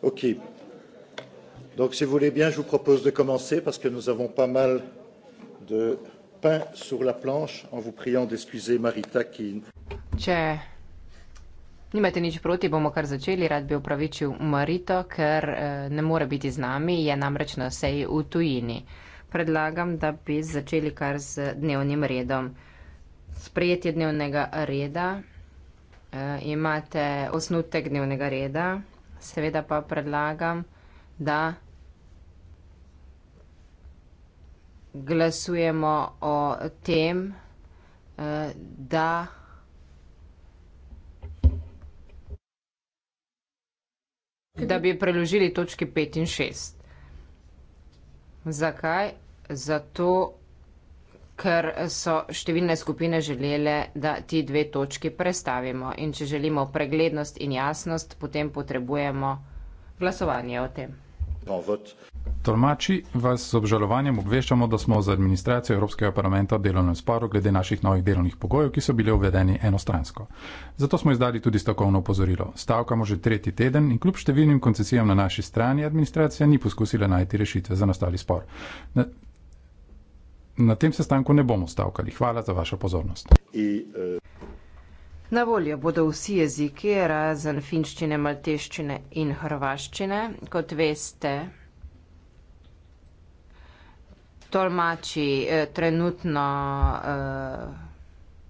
Ok. Donc, si vous voulez bien, je vous propose de commencer parce que nous avons pas mal de pain sur la planche en vous priant d'excuser Marita qui. Če nimate nič proti, bomo kar začeli. Rad bi upravičil Marito, ker eh, ne more biti z nami, je namreč na seji v tujini. Predlagam, da bi začeli kar z dnevnim redom. Sprejetje dnevnega reda. E, imate osnutek dnevnega reda seveda pa predlagam, da glasujemo o tem, eh, da da bi preložili točki 5 in 6. Zakaj? Zato, ker so številne skupine želele, da ti dve točki prestavimo. In če želimo preglednost in jasnost, potem potrebujemo glasovanje o tem. Tolmači vas z obžalovanjem obveščamo, da smo z administracijo Evropskega parlamenta delovno sporo glede naših novih delovnih pogojev, ki so bili uvedeni enostransko. Zato smo izdali tudi stavkovno opozorilo. Stavkamo že tretji teden in kljub številnim koncesijam na naši strani administracija ni poskusila najti rešitve za nastali spor. Na tem sestanku ne bomo stavkali. Hvala za vašo pozornost. Eh, na voljo bodo vsi jeziki, razen finščine, malteščine in hrvaščine. Kot veste, tolmači eh, trenutno eh,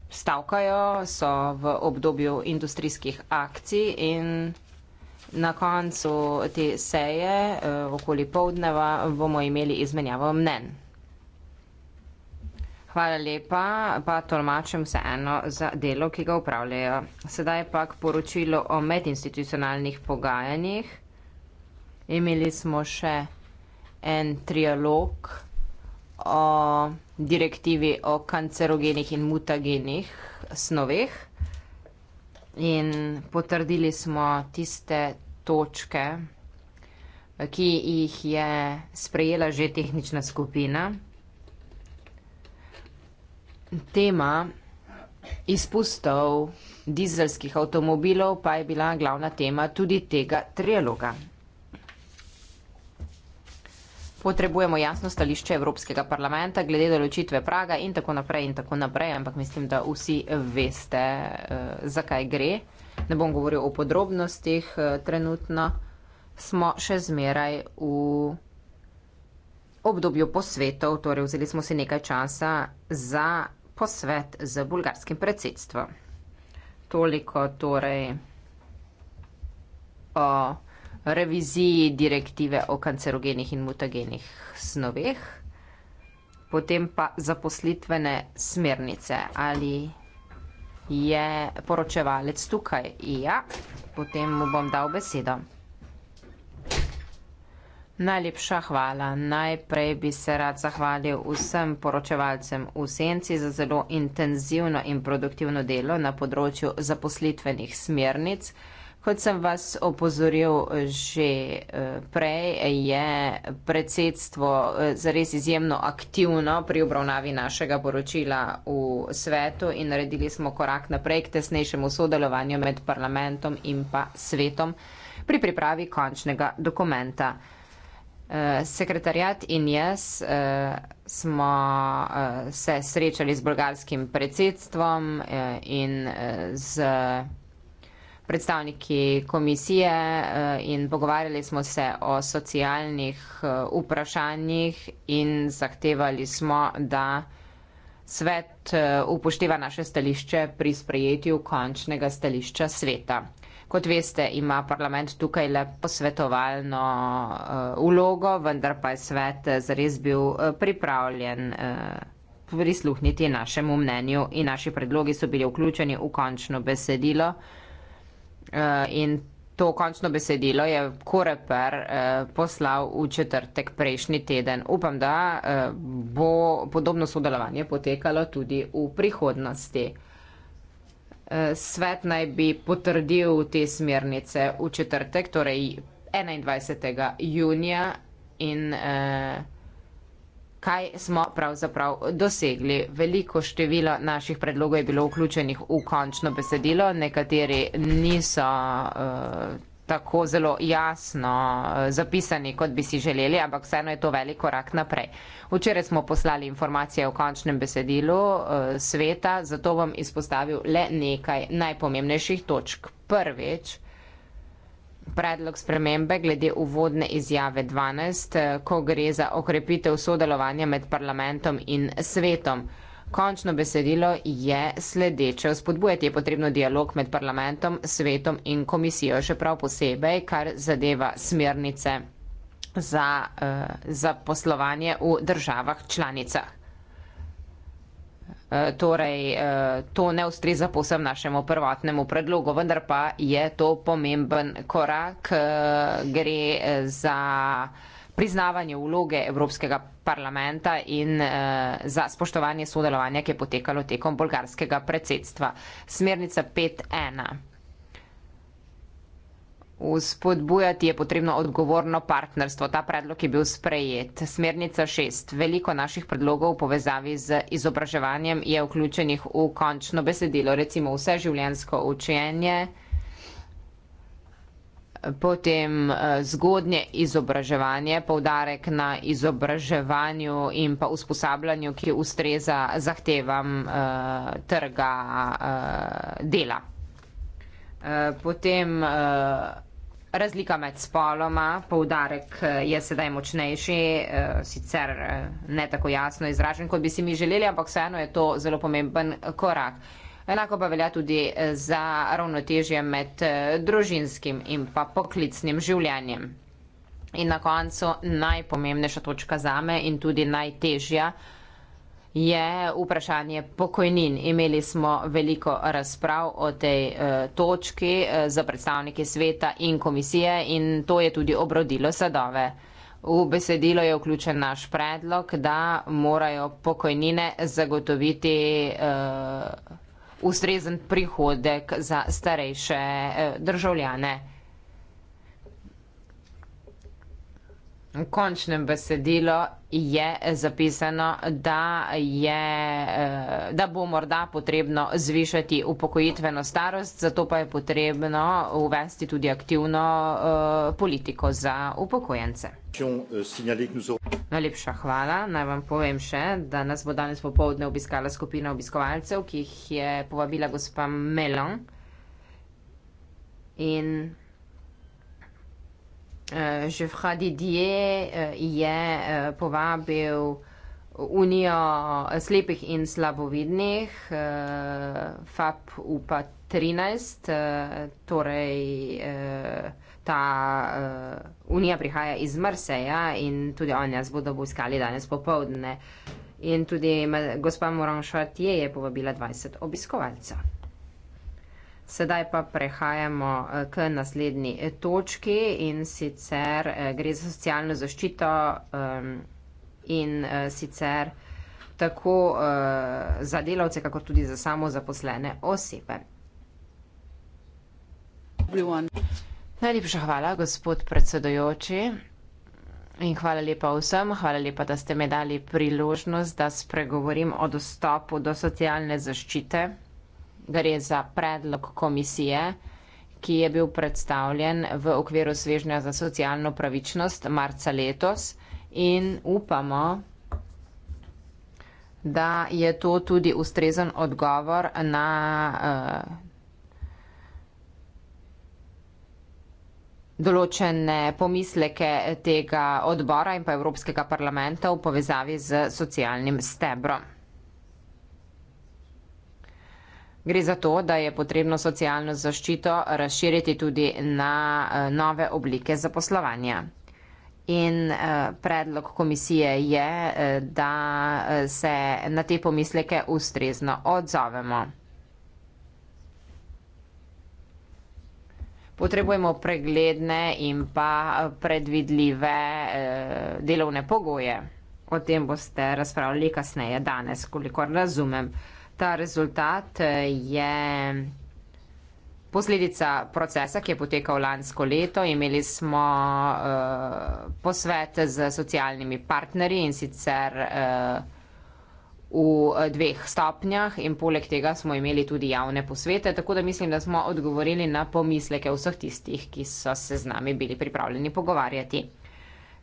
stavkajo, so v obdobju industrijskih akcij in na koncu te seje okoli povdneva bomo imeli izmenjavo mnen. Hvala lepa, pa tolmačem se eno za delo, ki ga upravljajo. Sedaj pa poročilo o medinstitucionalnih pogajanjih. Imeli smo še en trialog o direktivi o kancerogenih in mutagenih snoveh in potrdili smo tiste točke, ki jih je sprejela že tehnična skupina tema izpustov dizelskih avtomobilov pa je bila glavna tema tudi tega triloga. Potrebujemo jasno stališče Evropskega parlamenta glede določitve praga in tako naprej in tako naprej, ampak mislim, da vsi veste, uh, eh, zakaj gre. Ne bom govoril o podrobnostih, uh, trenutno smo še zmeraj v obdobju posvetov, torej vzeli smo si nekaj časa za posvet z bulgarskim predsedstvom. Toliko torej o reviziji direktive o kancerogenih in mutagenih snoveh, potem pa zaposlitvene smernice. Ali je poročevalec tukaj? Ja, potem mu bom dal besedo. Najlepša hvala. Najprej bi se rad zahvalil vsem poročevalcem v Senci za zelo intenzivno in produktivno delo na področju zaposlitvenih smernic. Kot sem vas opozoril že eh, prej, je predsedstvo eh, zares izjemno aktivno pri obravnavi našega poročila v svetu in naredili smo korak naprej k tesnejšemu sodelovanju med parlamentom in pa svetom pri pripravi končnega dokumenta. Uh, eh, sekretarjat in jaz uh, smo uh, se srečali z bolgarskim predsedstvom uh, in uh, z predstavniki komisije uh, in pogovarjali smo se o socialnih uh, vprašanjih in zahtevali smo, da svet uh, upošteva naše stališče pri sprejetju končnega stališča sveta. Kot veste, ima parlament tukaj le posvetovalno uh, eh, ulogo, vendar pa je svet eh, zares bil eh, pripravljen uh, prisluhniti našemu mnenju in naši predlogi so bili vključeni v končno besedilo. In to končno besedilo je Koreper poslal v četrtek prejšnji teden. Upam, da bo podobno sodelovanje potekalo tudi v prihodnosti. Svet naj bi potrdil te smernice v četrtek, torej 21. junija, in eh, kaj smo pravzaprav dosegli. Veliko število naših predlogov je bilo vključenih v končno besedilo, nekateri niso. Eh, tako zelo jasno eh, zapisani, kot bi si želeli, ampak vseeno je to velik korak naprej. Včeraj smo poslali informacije o končnem besedilu eh, sveta, zato bom izpostavil le nekaj najpomembnejših točk. Prvič, predlog spremembe glede uvodne izjave 12, eh, ko gre za okrepitev sodelovanja med parlamentom in svetom. Končno besedilo je sledeče. Spodbujati je potrebno dialog med parlamentom, svetom in komisijo, še prav posebej, kar zadeva smernice za, eh, za poslovanje v državah članicah. Eh, torej, eh, to ne ustreza posem našemu prvotnemu predlogu, vendar pa je to pomemben korak. Gre za priznavanje vloge Evropskega parlamenta in eh, za spoštovanje sodelovanja, ki je potekalo tekom bolgarskega predsedstva. Smernica 5.1. Vzpodbujati je potrebno odgovorno partnerstvo. Ta predlog je bil sprejet. Smernica šest. Veliko naših predlogov v povezavi z izobraževanjem je vključenih v končno besedilo, recimo vse življensko učenje potem eh, zgodnje izobraževanje, povdarek na izobraževanju in pa usposabljanju, ki ustreza zahtevam eh, trga eh, dela. Potem razlika med spoloma, povdarek je sedaj močnejši, sicer ne tako jasno izražen, kot bi si mi želeli, ampak vseeno je to zelo pomemben korak. Enako pa velja tudi eh, za ravnotežje med eh, družinskim in pa poklicnim življenjem. In na koncu najpomembnejša točka za me in tudi najtežja je vprašanje pokojnin. Imeli smo veliko razprav o tej eh, točki za predstavnike sveta in komisije in to je tudi obrodilo sadove. V besedilo je vključen naš predlog, da morajo pokojnine zagotoviti. Uh, ustrezen prihodek za starejše eh, državljane. končnem besedilo je zapisano, da, je, eh, da bo morda potrebno zvišati upokojitveno starost, zato pa je potrebno uvesti tudi aktivno eh, politiko za upokojence. Najlepša hvala. Naj vam povem še, da nas bo danes popovdne obiskala skupina obiskovalcev, ki jih je povabila gospa Melon. In Eh, že fra Didier eh, je eh, povabil Unijo slepih in slabovidnih, FAP UPA 13, torej ta Unija prihaja iz Marseja in tudi oni nas bodo poiskali danes popovdne. In tudi gospa Moran Šatje je povabila 20 obiskovalcev. Sedaj pa prehajamo eh, k naslednji eh, točki in sicer eh, gre za socialno zaščito ehm, in sicer tako za delavce, kako tudi za samo zaposlene osebe. Najlepša hvala, gospod predsedojoči. In hvala lepa vsem, hvala lepa, da ste me dali priložnost, da spregovorim o dostopu do socialne zaščite gre za predlog komisije, ki je bil predstavljen v okviru svežnja za socialno pravičnost marca letos in upamo, da je to tudi ustrezen odgovor na eh, določene pomisleke tega odbora in pa Evropskega parlamenta v povezavi z socialnim stebrom. Gre za to, da je potrebno socialno zaščito razširiti tudi na eh, nove oblike zaposlovanja. In eh, predlog komisije je, eh, da se na te pomisleke ustrezno odzovemo. Potrebujemo pregledne in pa predvidljive delovne pogoje. O tem boste razpravljali kasneje danes, kolikor razumem. Ta rezultat eh, je posledica procesa, ki je potekal lansko leto. Imeli smo uh, posvet z socialnimi partnerji in sicer uh, v dveh stopnjah in poleg tega smo imeli tudi javne posvete, tako da mislim, da smo odgovorili na pomisleke vseh tistih, ki so se z nami bili pripravljeni pogovarjati.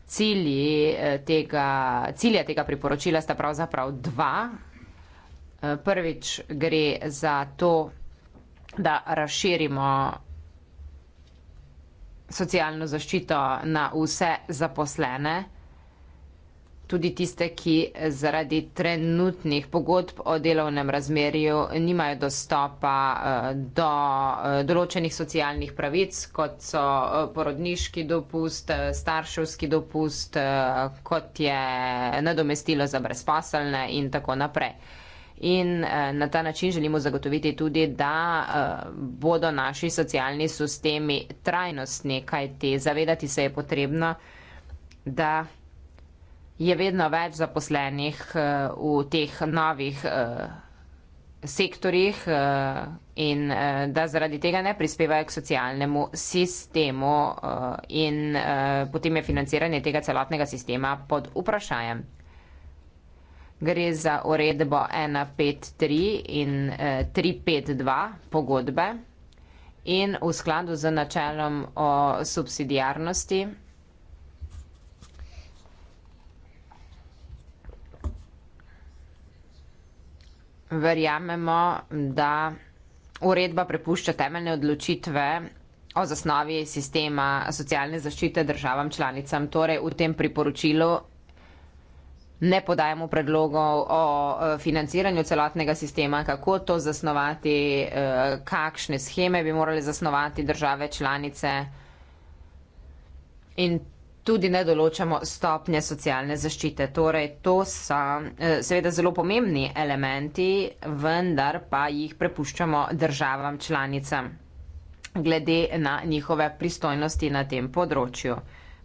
Cilji tega, cilja tega priporočila sta pravzaprav dva. Prvič gre za to, da razširimo socialno zaščito na vse zaposlene, tudi tiste, ki zaradi trenutnih pogodb o delovnem razmerju nimajo dostopa eh, do eh, določenih socialnih pravic, kot so eh, porodniški dopust, starševski dopust, kot je nadomestilo za brezposelne in tako naprej in eh, na ta način želimo zagotoviti tudi, da eh, bodo naši socialni sistemi trajnostni, kaj te zavedati se je potrebno, da je vedno več zaposlenih eh, v teh novih sektorjih in da zaradi tega ne prispevajo k socialnemu sistemu in potem je financiranje tega celotnega sistema pod vprašanjem. Gre za uredbo 153 in eh, 352 pogodbe in v skladu z načelom o subsidijarnosti verjamemo, da uredba prepušča temeljne odločitve o zasnovi sistema socialne zaščite državam članicam. Torej, v tem priporočilu ne podajamo predlogov o e, financiranju celotnega sistema, kako to zasnovati, e, kakšne scheme bi morali zasnovati države članice in tudi ne določamo stopnje socialne zaščite. Torej, to so e, seveda zelo pomembni elementi, vendar pa jih prepuščamo državam članicam glede na njihove pristojnosti na tem področju.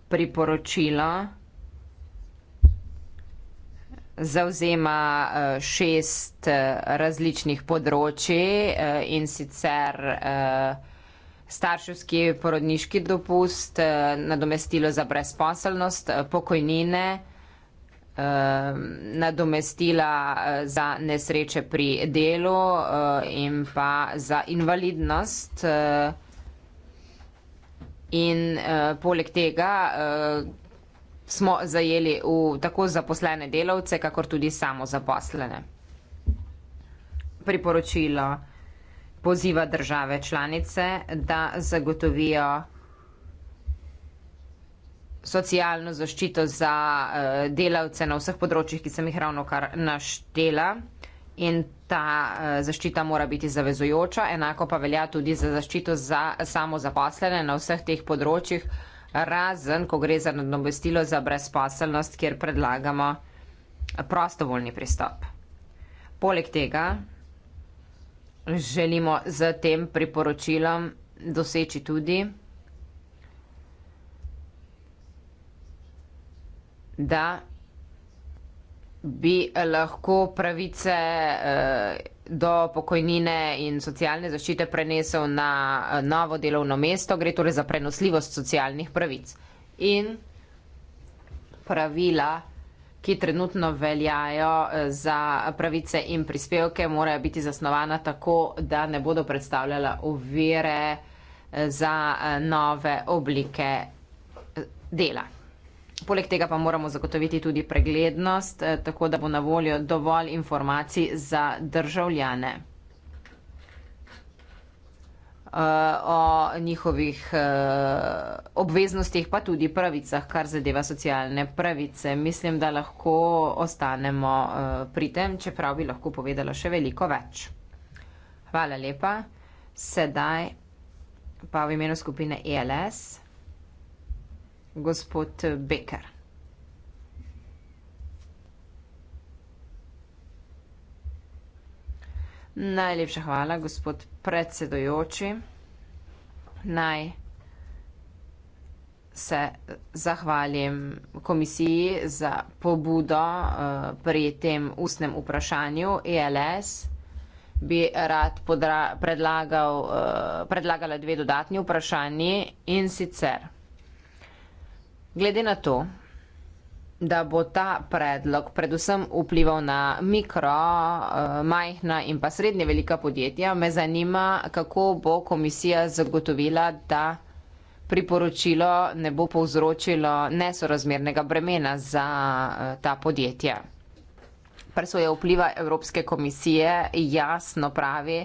Priporočilo zauzema eh, šest eh, različnih področji eh, in sicer starševski porodniški dopust, nadomestilo za brezposelnost, pokojnine, nadomestila za nesreče pri delu in pa za invalidnost. In poleg tega smo zajeli v tako zaposlene delavce, kakor tudi samo zaposlene. Priporočilo poziva države članice, da zagotovijo socialno zaščito za eh, delavce na vseh področjih, ki sem jih ravno kar naštela. In ta eh, zaščita mora biti zavezujoča, enako pa velja tudi za zaščito za samozaposlene na vseh teh področjih, razen, ko gre za nadomestilo za brezposelnost, kjer predlagamo prostovoljni pristop. Poleg tega želimo z tem priporočilom doseči tudi, da bi lahko pravice eh, do pokojnine in socialne zaščite prenesel na eh, novo delovno mesto, gre torej za prenosljivost socialnih pravic. In pravila, ki trenutno veljajo eh, za pravice in prispevke, morajo biti zasnovana tako, da ne bodo predstavljala uvire eh, za nove oblike dela. Poleg tega pa moramo zagotoviti tudi preglednost, eh, tako da bo na voljo dovolj informacij za državljane eh, o njihovih eh, obveznostih, pa tudi pravicah, kar zadeva socialne pravice. Mislim, da lahko ostanemo pri tem, čeprav bi lahko povedala še veliko več. Hvala lepa. Sedaj pa v imenu skupine ELS gospod Beker. Najlepša hvala, gospod predsedojoči. Naj se zahvalim komisiji za pobudo eh, pri tem ustnem vprašanju ELS. Bi rad predlagal, eh, predlagala dve dodatni vprašanji in sicer. Glede na to, da bo ta predlog predvsem vplival na mikro, eh, majhna in pa srednje velika podjetja, me zanima, kako bo komisija zagotovila, da priporočilo ne bo povzročilo nesorazmernega bremena za eh, ta podjetja. Presoja vpliva Evropske komisije jasno pravi,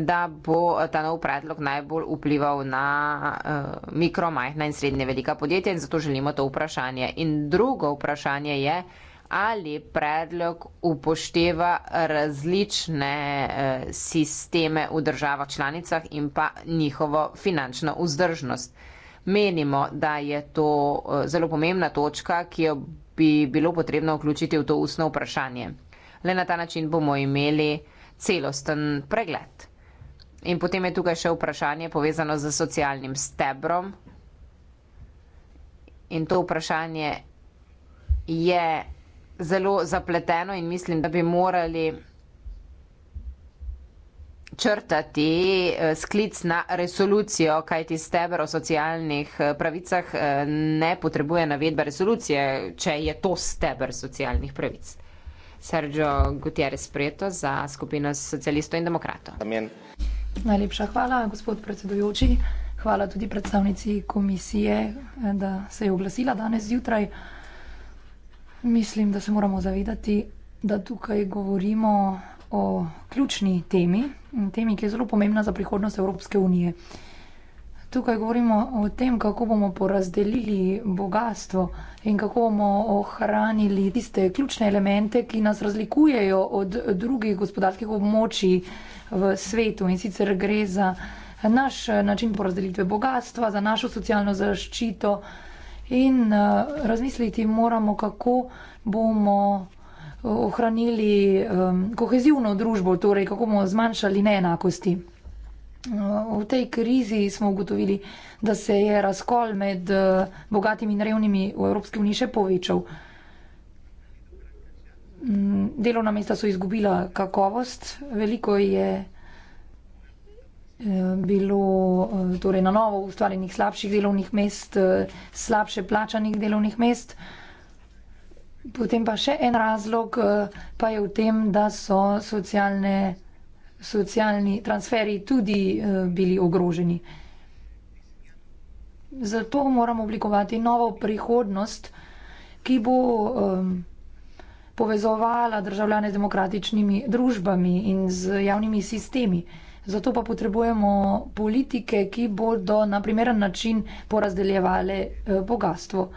da bo eh, ta nov predlog najbolj vplival na eh, mikro, majhna in srednje velika podjetja in zato želimo to vprašanje. In drugo vprašanje je, ali predlog upošteva različne eh, sisteme v državah članicah in pa njihovo finančno vzdržnost. Menimo, da je to zelo pomembna točka, ki jo bi bilo potrebno vključiti v to ustno vprašanje. Le na ta način bomo imeli celosten pregled. In potem je tukaj še vprašanje povezano z socialnim stebrom. In to vprašanje je zelo zapleteno in mislim, da bi morali črtati eh, sklic na resolucijo, kajti stebr o socialnih eh, pravicah eh, ne potrebuje navedba resolucije, če je to stebr socialnih pravic. Sergio Gutierrez Prieto za skupino socialistov in demokratov. Amen. Najlepša hvala, gospod predsedujoči. Hvala tudi predstavnici komisije, da se je oglasila danes zjutraj. Mislim, da se moramo zavedati, da tukaj govorimo o ključni temi, temi, ki je zelo pomembna za prihodnost Evropske unije. Uh, Tukaj govorimo o tem, kako bomo porazdelili bogatstvo in kako bomo ohranili tiste ključne elemente, ki nas razlikujejo od drugih gospodarskih območij v svetu. In sicer gre za naš način porazdelitve bogatstva, za našo socialno zaščito in eh, razmisliti moramo, kako bomo eh, ohranili um, kohezivno družbo, torej kako bomo zmanjšali neenakosti. V tej krizi smo ugotovili, da se je razkol med eh, bogatimi in revnimi v Evropski uniji še povečal. Mm, delovna mesta so izgubila kakovost, veliko je eh, bilo eh, torej, na novo ustvarjenih slabših delovnih mest, slabše plačanih delovnih mest. Potem pa še en razlog pa je v tem, da so socialne socialni transferi tudi eh, bili ogroženi. Zato moramo oblikovati novo prihodnost, ki bo ehm, povezovala državljane z demokratičnimi družbami in z javnimi sistemi. Zato pa potrebujemo politike, ki bodo na primeren način porazdeljevale eh, bogatstvo.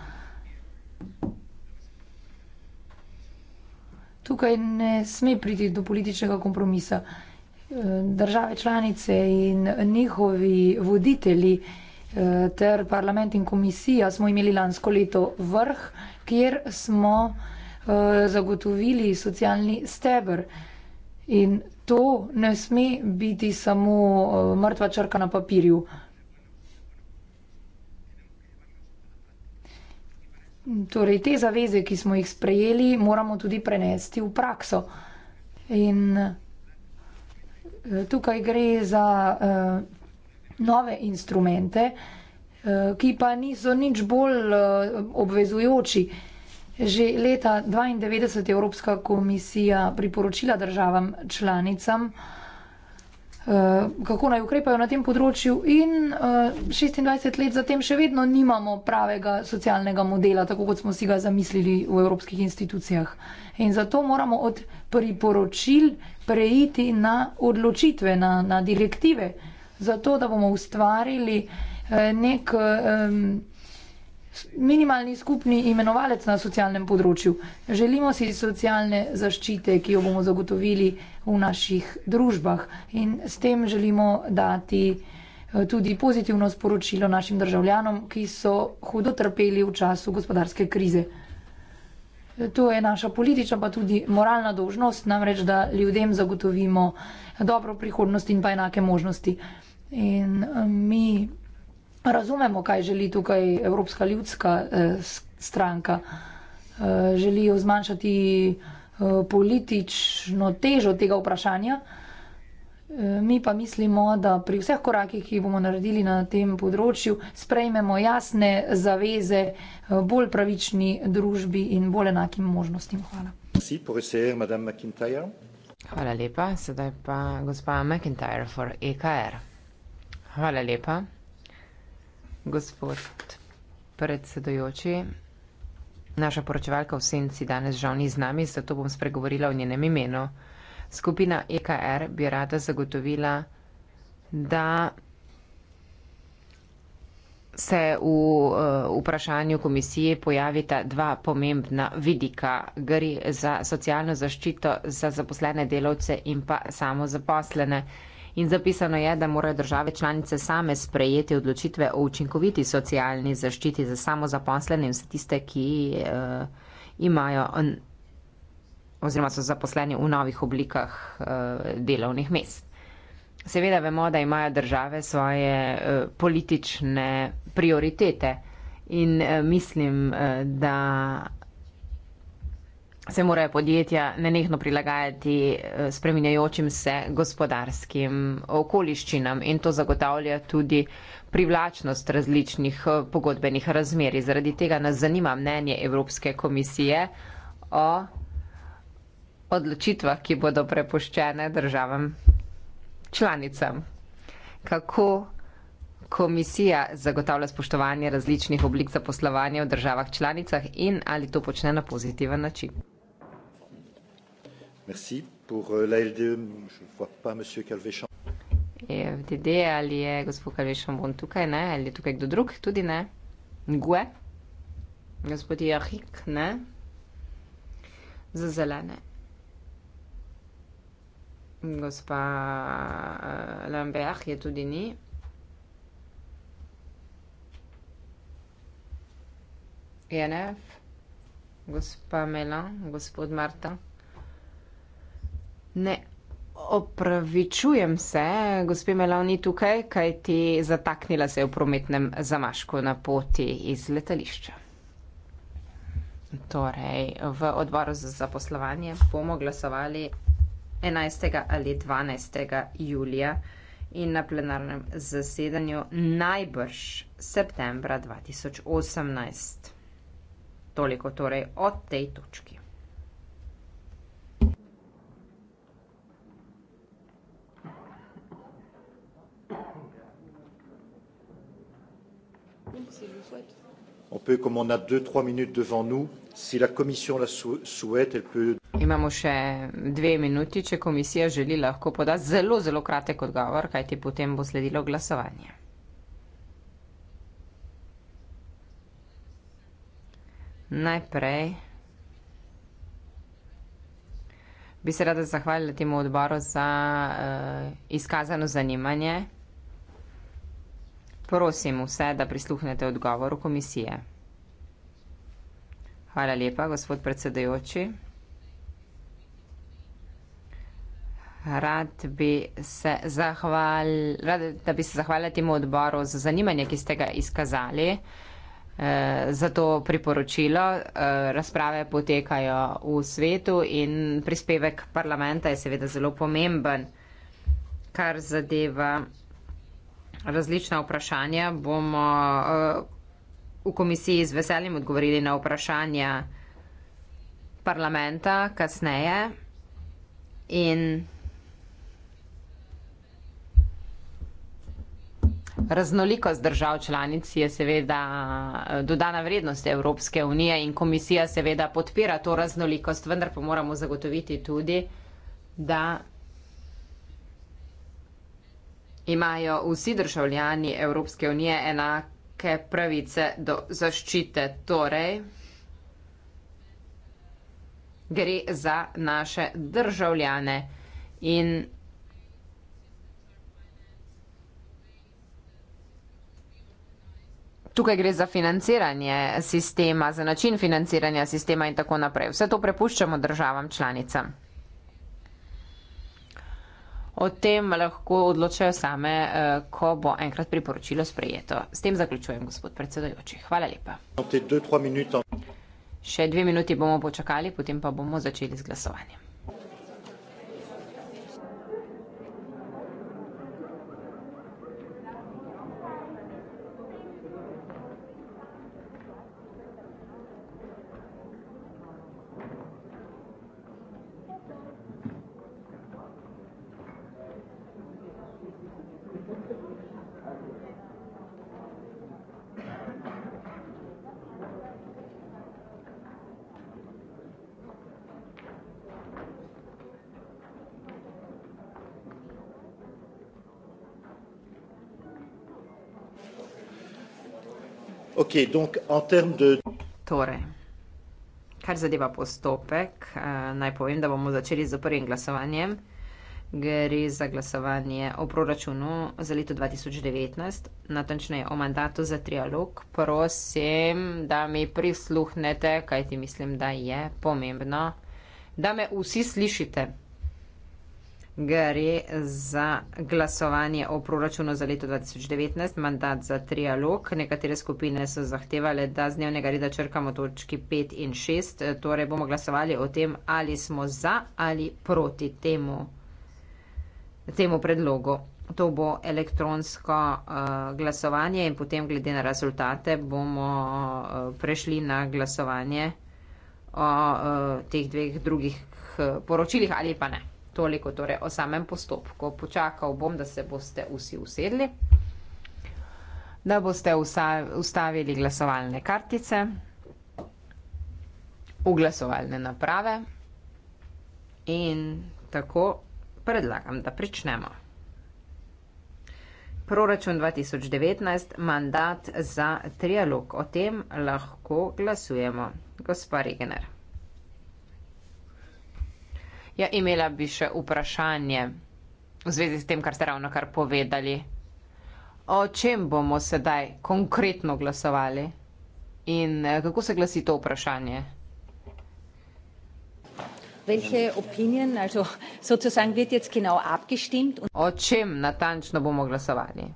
Tukaj ne sme priti do političnega kompromisa države članice in njihovi voditelji eh, ter parlament in komisija smo imeli lansko leto vrh, kjer smo eh, zagotovili socialni stebr. In to ne sme biti samo eh, mrtva črka na papirju. Torej, te zaveze, ki smo jih sprejeli, moramo tudi prenesti v prakso. In tukaj gre za uh, nove instrumente, uh, ki pa niso nič bolj uh, obvezujoči. Že leta 1992 je Evropska komisija priporočila državam članicam, kako naj ukrepajo na tem področju in 26 let zatem še vedno nimamo pravega socialnega modela, tako kot smo si ga zamislili v evropskih institucijah. In zato moramo od priporočil preiti na odločitve, na, na direktive, zato da bomo ustvarili eh, nek um, minimalni skupni imenovalec na socialnem področju. Želimo si socialne zaščite, ki jo bomo zagotovili v naših družbah in s tem želimo dati eh, tudi pozitivno sporočilo našim državljanom, ki so hudo trpeli v času gospodarske krize. To je naša politična, pa tudi moralna dožnost, namreč, da ljudem zagotovimo dobro prihodnost in pa enake možnosti. In eh, mi razumemo, kaj želi tukaj Evropska ljudska eh, stranka. Eh, želijo zmanjšati politično težo tega vprašanja. Mi pa mislimo, da pri vseh korakih, ki bomo naredili na tem področju, sprejmemo jasne zaveze eh, bolj pravični družbi in bolj enakim možnostim. Hvala. Hvala lepa. Sedaj pa gospa McIntyre for EKR. Hvala lepa. Gospod predsedojoči, naša poročevalka v senci danes žal ni z nami, zato bom spregovorila v njenem imenu. Skupina EKR bi rada zagotovila, da se v eh, vprašanju komisije pojavita dva pomembna vidika. Gre za socialno zaščito za zaposlene delavce in pa samozaposlene. In zapisano je, da morajo države članice same sprejeti odločitve o učinkoviti socialni zaščiti za samozaposlene in vse tiste, ki uh, imajo oziroma so zaposleni v novih oblikah uh, delovnih mest. Seveda vemo, da imajo države svoje uh, politične prioritete in uh, mislim, uh, da se morajo podjetja nenehno prilagajati uh, spreminjajočim se gospodarskim okoliščinam in to zagotavlja tudi privlačnost različnih uh, pogodbenih razmeri. Zaradi tega nas zanima mnenje Evropske komisije o odločitvah, ki bodo prepuščene državam članicam. Kako komisija zagotavlja spoštovanje različnih oblik zaposlovanja v državah članicah in ali to počne na pozitiven način? Merci. Pour euh, la LDE, je ne vois pas monsieur Calvechon. FDD ali je gospod Calvechon bon tukaj, ne? Ali je tukaj kdo drug? Tudi ne. Ngue? Gospod Jahik, ne? Za zelene gospa eh, Lambert je tudi ni. Janev, e gospa Melan, gospod Marta. Ne, opravičujem se, gospe Melan ni tukaj, kaj ti zataknila se je v prometnem zamašku na poti iz letališča. Torej, v odboru za zaposlovanje bomo glasovali 11. ali 12. julija in na plenarnem zasedanju najbrž septembra 2018. Toliko torej o tej točki. Si je bil fajn. Imamo še dve minuti, če komisija želi lahko podati zelo, zelo kratek odgovor, kajti potem bo sledilo glasovanje. Najprej bi se rada zahvalila temu odboru za uh, izkazano zanimanje. Prosim vse, da prisluhnete odgovoru komisije. Hvala lepa, gospod predsedajoči. Rad bi se zahval, rad, da bi se zahvalila temu odboru za zanimanje, ki ste ga izkazali eh, za to priporočilo. Eh, razprave potekajo v svetu in prispevek parlamenta je seveda zelo pomemben, kar zadeva različna vprašanja. Bomo eh, v komisiji z veseljem odgovorili na vprašanja parlamenta kasneje. In raznolikost držav članic je seveda eh, dodana vrednost Evropske unije in komisija seveda podpira to raznolikost, vendar pa moramo zagotoviti tudi, da. Imajo vsi državljani Evropske unije enake pravice do zaščite, torej gre za naše državljane in Tukaj gre za financiranje sistema, za način financiranja sistema in tako naprej. Vse to prepuščamo državam članicam. O tem lahko odločajo same, eh, ko bo enkrat priporočilo sprejeto. S tem zaključujem, gospod predsedojoči. Hvala lepa. Še dve minuti bomo počakali, potem pa bomo začeli z glasovanjem. Okay, donc, en termes de... Torej, kar zadeva postopek, eh, naj povem, da bomo začeli z prvim glasovanjem. Gre za glasovanje o proračunu za leto 2019, natančneje o mandatu za trialog. Prosim, da mi prisluhnete, kajti mislim, da je pomembno, da me vsi slišite gre za glasovanje o proračunu za leto 2019, mandat za trialog. Nekatere skupine so zahtevale, da z dnevnega reda črkamo točki 5 in 6, torej bomo glasovali o tem, ali smo za ali proti temu, temu predlogu. To bo elektronsko uh, glasovanje in potem glede na rezultate bomo uh, prešli na glasovanje o uh, teh dveh drugih poročilih ali pa ne. Toliko torej o samem postopku. Počakal bom, da se boste vsi usedli, da boste ustavili glasovalne kartice v glasovalne naprave in tako predlagam, da pričnemo. Proračun 2019, mandat za trialog. O tem lahko glasujemo. Gospa Regener. Ja, imela bi še vprašanje v zvezi s tem, kar ste ravno kar povedali. O čem bomo sedaj konkretno glasovali in eh, kako se glasi to vprašanje? O čem natančno bomo glasovali?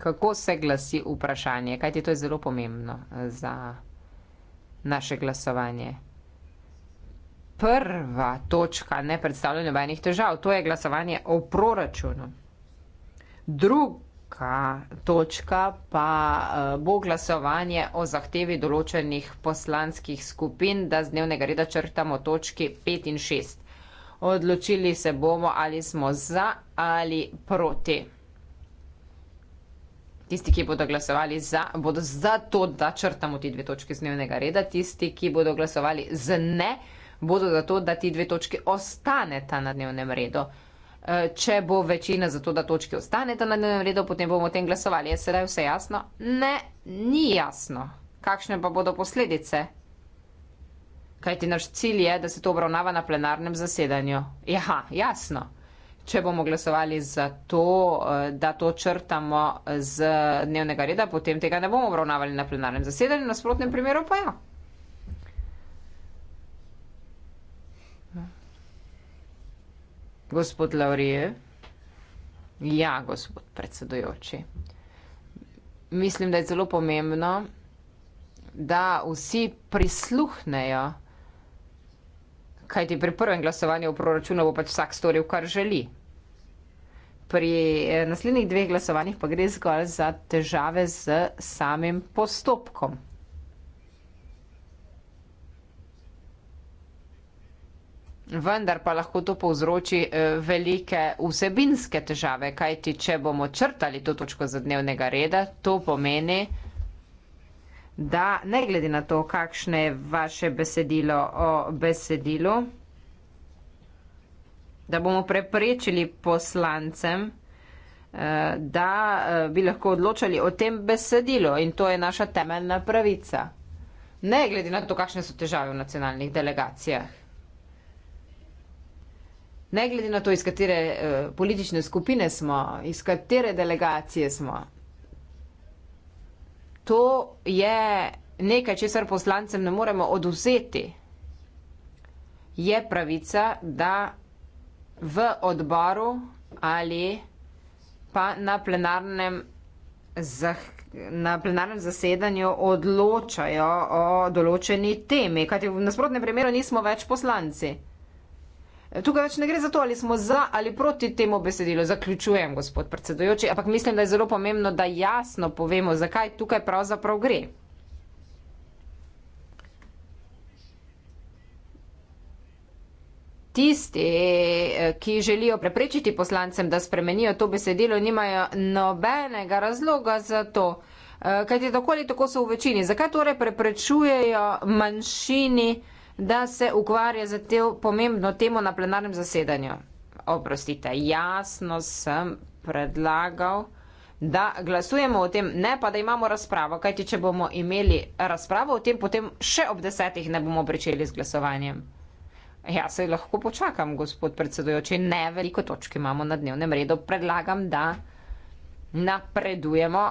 Kako se glasi vprašanje? Kaj ti to je zelo pomembno eh, za naše glasovanje? prva točka ne predstavlja nobenih težav, to je glasovanje o proračunu. Druga točka pa eh, bo glasovanje o zahtevi določenih poslanskih skupin, da z dnevnega reda črtamo točki 5 in 6. Odločili se bomo, ali smo za ali proti. Tisti, ki bodo glasovali za, bodo za to, da črtamo ti dve točki z dnevnega reda. Tisti, ki bodo glasovali z ne, bodo za to, da ti dve točki ostaneta na dnevnem redu. E, če bo večina za to, da točke ostaneta na dnevnem redu, potem bomo o tem glasovali. Je sedaj vse jasno? Ne, ni jasno. Kakšne pa bodo posledice? Kajti naš cilj je, da se to obravnava na plenarnem zasedanju. Jaha, jasno. Če bomo glasovali za to, e, da to črtamo z dnevnega reda, potem tega ne bomo obravnavali na plenarnem zasedanju, nasprotnem primeru pa ja. Gospod Laurije? Ja, gospod predsedujoči. Mislim, da je zelo pomembno, da vsi prisluhnejo, kajti pri prvem glasovanju v proračunu bo pač vsak storil, kar želi. Pri eh, naslednjih dveh glasovanjih pa gre zgolj za težave z samim postopkom. vendar pa lahko to povzroči eh, velike vsebinske težave, kajti če bomo črtali to točko za dnevnega reda, to pomeni, da ne glede na to, kakšne je vaše besedilo o besedilu, da bomo preprečili poslancem, eh, da eh, bi lahko odločali o tem besedilu in to je naša temeljna pravica. Ne glede na to, kakšne so težave v nacionalnih delegacijah ne glede na to, iz katere uh, politične skupine smo, iz katere delegacije smo. To je nekaj, česar poslancem ne moremo oduzeti. Je pravica, da v odboru ali pa na plenarnem, zah, na plenarnem zasedanju odločajo o določeni temi, kajti v nasprotnem primeru nismo več poslanci. Tukaj več ne gre za to, ali smo za ali proti temu besedilu. Zaključujem, gospod predsedujoči, ampak mislim, da je zelo pomembno, da jasno povemo, zakaj tukaj pravzaprav gre. Tisti, eh, ki želijo preprečiti poslancem, da spremenijo to besedilo, nimajo nobenega razloga za to, eh, kajti tako ali tako so v večini. Zakaj torej preprečujejo manjšini? da se ukvarja za to pomembno temo na plenarnem zasedanju. Oprostite, jasno sem predlagal, da glasujemo o tem, ne pa da imamo razpravo, kajti če bomo imeli razpravo o tem, potem še ob desetih ne bomo pričeli z glasovanjem. Ja, se lahko počakam, gospod predsedujoči, ne veliko točk imamo na dnevnem redu. Predlagam, da napredujemo.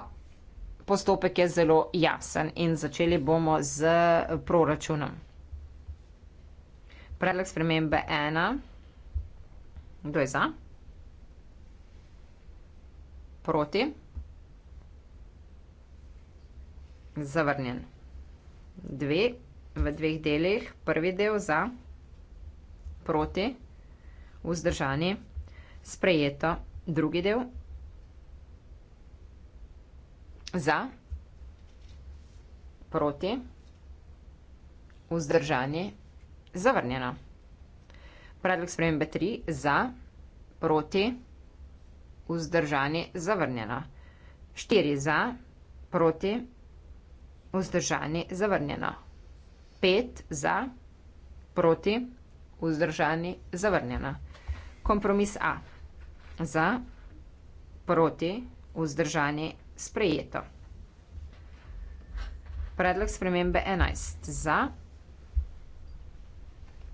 Postopek je zelo jasen in začeli bomo z proračunom. Predlog spremembe ena. Kdo je za? Proti? Zavrnjen. Dve v dveh delih. Prvi del za, proti, vzdržani, sprejeto. Drugi del za, proti, vzdržani, zavrnjena. Predlog spremembe 3 za, proti, vzdržani, zavrnjena. 4 za, proti, vzdržani, zavrnjena. 5 za, proti, vzdržani, zavrnjena. Kompromis A. Za, proti, vzdržani, sprejeto. Predlog spremembe 11. Za, proti, vzdržani, zavrnjena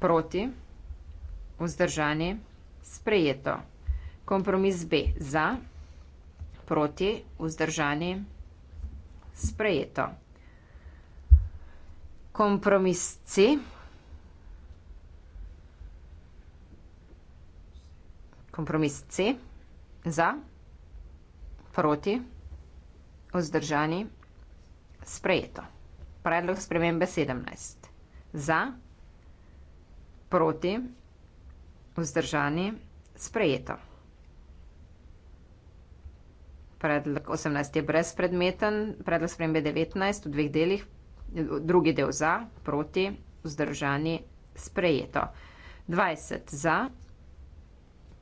proti, vzdržani, sprejeto. Kompromis B za, proti, vzdržani, sprejeto. Kompromis C kompromis C za, proti, vzdržani, sprejeto. Predlog spremembe sedemnajst. Za, Proti, vzdržani, sprejeto. Predlog 18 je brezpredmeten, predlog spremembe 19 v dveh delih, drugi del za, proti, vzdržani, sprejeto. 20 za,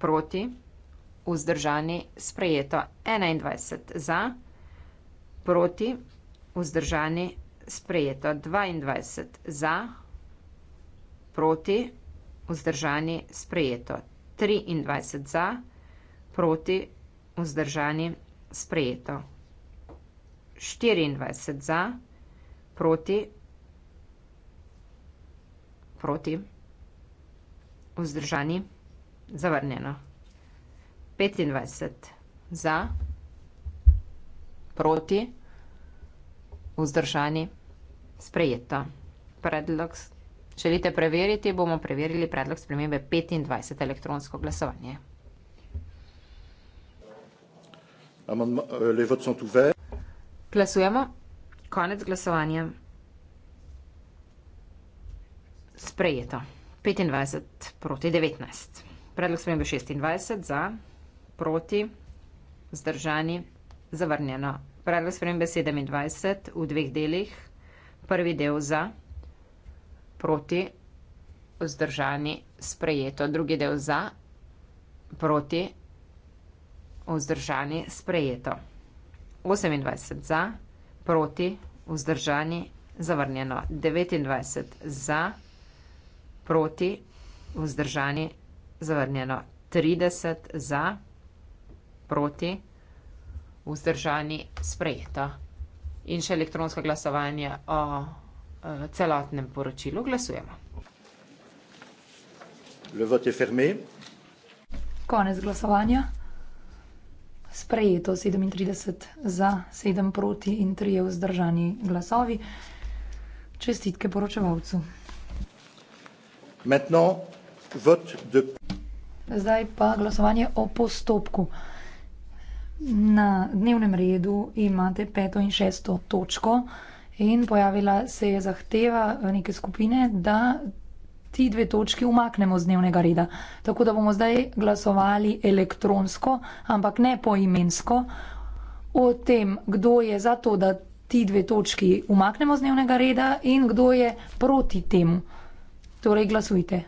proti, vzdržani, sprejeto. 21 za, proti, vzdržani, sprejeto. 22 za, proti, vzdržani, sprejeto vzdržani, sprejeto. 23 za, proti, vzdržani, sprejeto. 24 za, proti, proti, vzdržani, zavrnjeno. 25 za, proti, vzdržani, sprejeto. Predlog sprejeto. Želite preveriti, bomo preverili predlog spremembe 25 elektronsko glasovanje. Eh, Glasujemo. Konec glasovanja. Sprejeto. 25 proti 19. Predlog spremembe 26 za, proti, zdržani, zavrnjeno. Predlog spremembe 27 v dveh delih. Prvi del za proti, vzdržani, sprejeto, drugi del za, proti, vzdržani, sprejeto. 28 za, proti, vzdržani, zavrnjeno. 29 za, proti, vzdržani, zavrnjeno. 30 za, proti, vzdržani, sprejeto. In še elektronsko glasovanje o. Oh. Eh, celotnem poročilu glasujemo. Konec glasovanja. Sprejeto 37 za, 7 proti in 3 vzdržani glasovi. Čestitke poročevalcu. De... Zdaj pa glasovanje o postopku. Na dnevnem redu imate peto in šesto točko in pojavila se je zahteva eh, neke skupine, da ti dve točki umaknemo z dnevnega reda. Tako da bomo zdaj glasovali elektronsko, ampak ne poimensko, o tem, kdo je za to, da ti dve točki umaknemo z dnevnega reda in kdo je proti temu. Torej glasujte.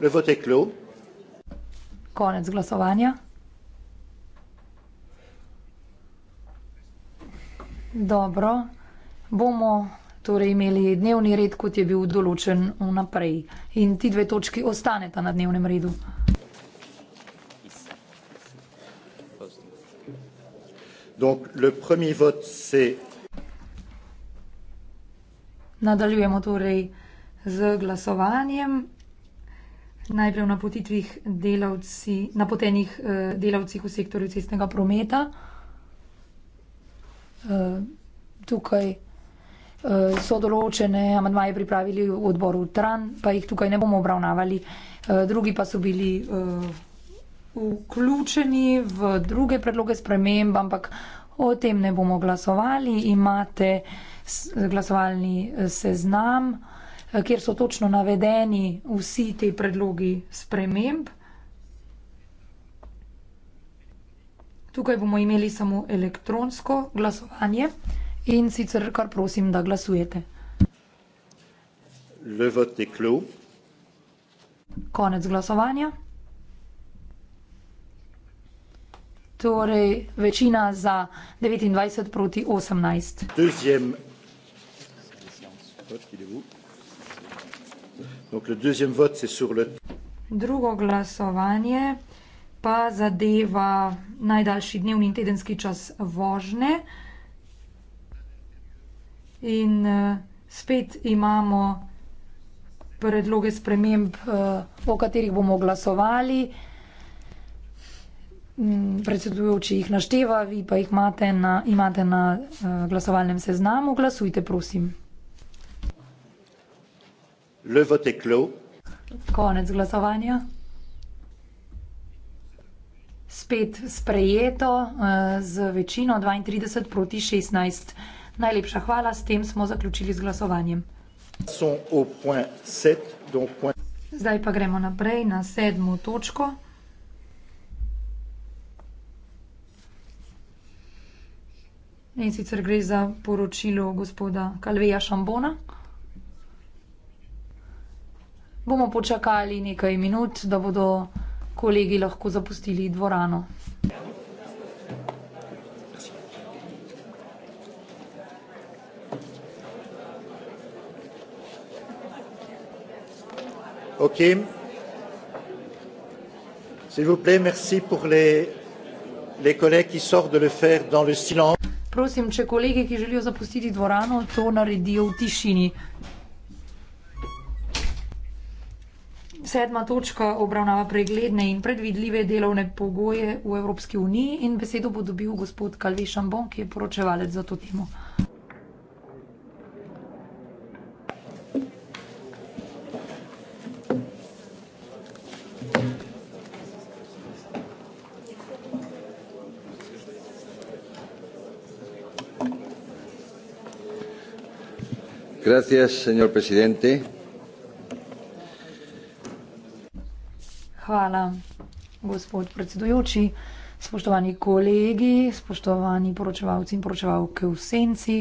Le vote est clos konec glasovanja. Dobro, bomo torej imeli dnevni red, kot je bil določen vnaprej. In ti dve točki ostaneta na dnevnem redu. Donc, le premier vote, c'est... Nadaljujemo torej z glasovanjem najprej v napotitvah delavci, napotenih eh, delavcih v sektorju cestnega prometa. Eh, tukaj eh, so določene amadmaje pripravili v odboru TRAN, pa jih tukaj ne bomo obravnavali. Drugi pa so bili vključeni v druge predloge sprememb, ampak o tem ne bomo glasovali. Imate glasovalni seznam. Eh, kjer so točno navedeni vsi te predlogi sprememb. Tukaj bomo imeli samo elektronsko glasovanje in sicer kar prosim, da glasujete. Le vote clou. Konec glasovanja. Torej, večina za 29 proti 18. Deuxième Drugo glasovanje pa zadeva najdaljši dnevni in tedenski čas vožnje. In eh, spet imamo predloge sprememb, eh, o katerih bomo glasovali. Mm, predsedujoči jih našteva, vi pa jih imate na, imate na eh, glasovalnem seznamu. Glasujte, prosim. Le vote est clos. Konec glasovanja. Spet sprejeto eh, z večino 32 proti 16. Najlepša hvala, s tem smo zaključili z glasovanjem. Zdaj pa gremo naprej na sedmo točko. In sicer gre za poročilo gospoda Kalveja Šambona bomo počakali nekaj minut, da bodo kolegi lahko zapustili dvorano. Ok. S'il vous plaît, merci pour les, les collègues qui sortent de le faire dans le silence. Prosim, če kolegi, ki želijo zapustiti dvorano, to naredijo v tišini. Sedma točka obravnava pregledne in predvidljive delovne pogoje v Evropski uniji in besedo bo dobil gospod Kalvi Šambon, ki je poročevalec za to temo. Gracias, señor presidente. Hvala, gospod predsedujoči, spoštovani kolegi, spoštovani poročevalci in poročevalke v senci.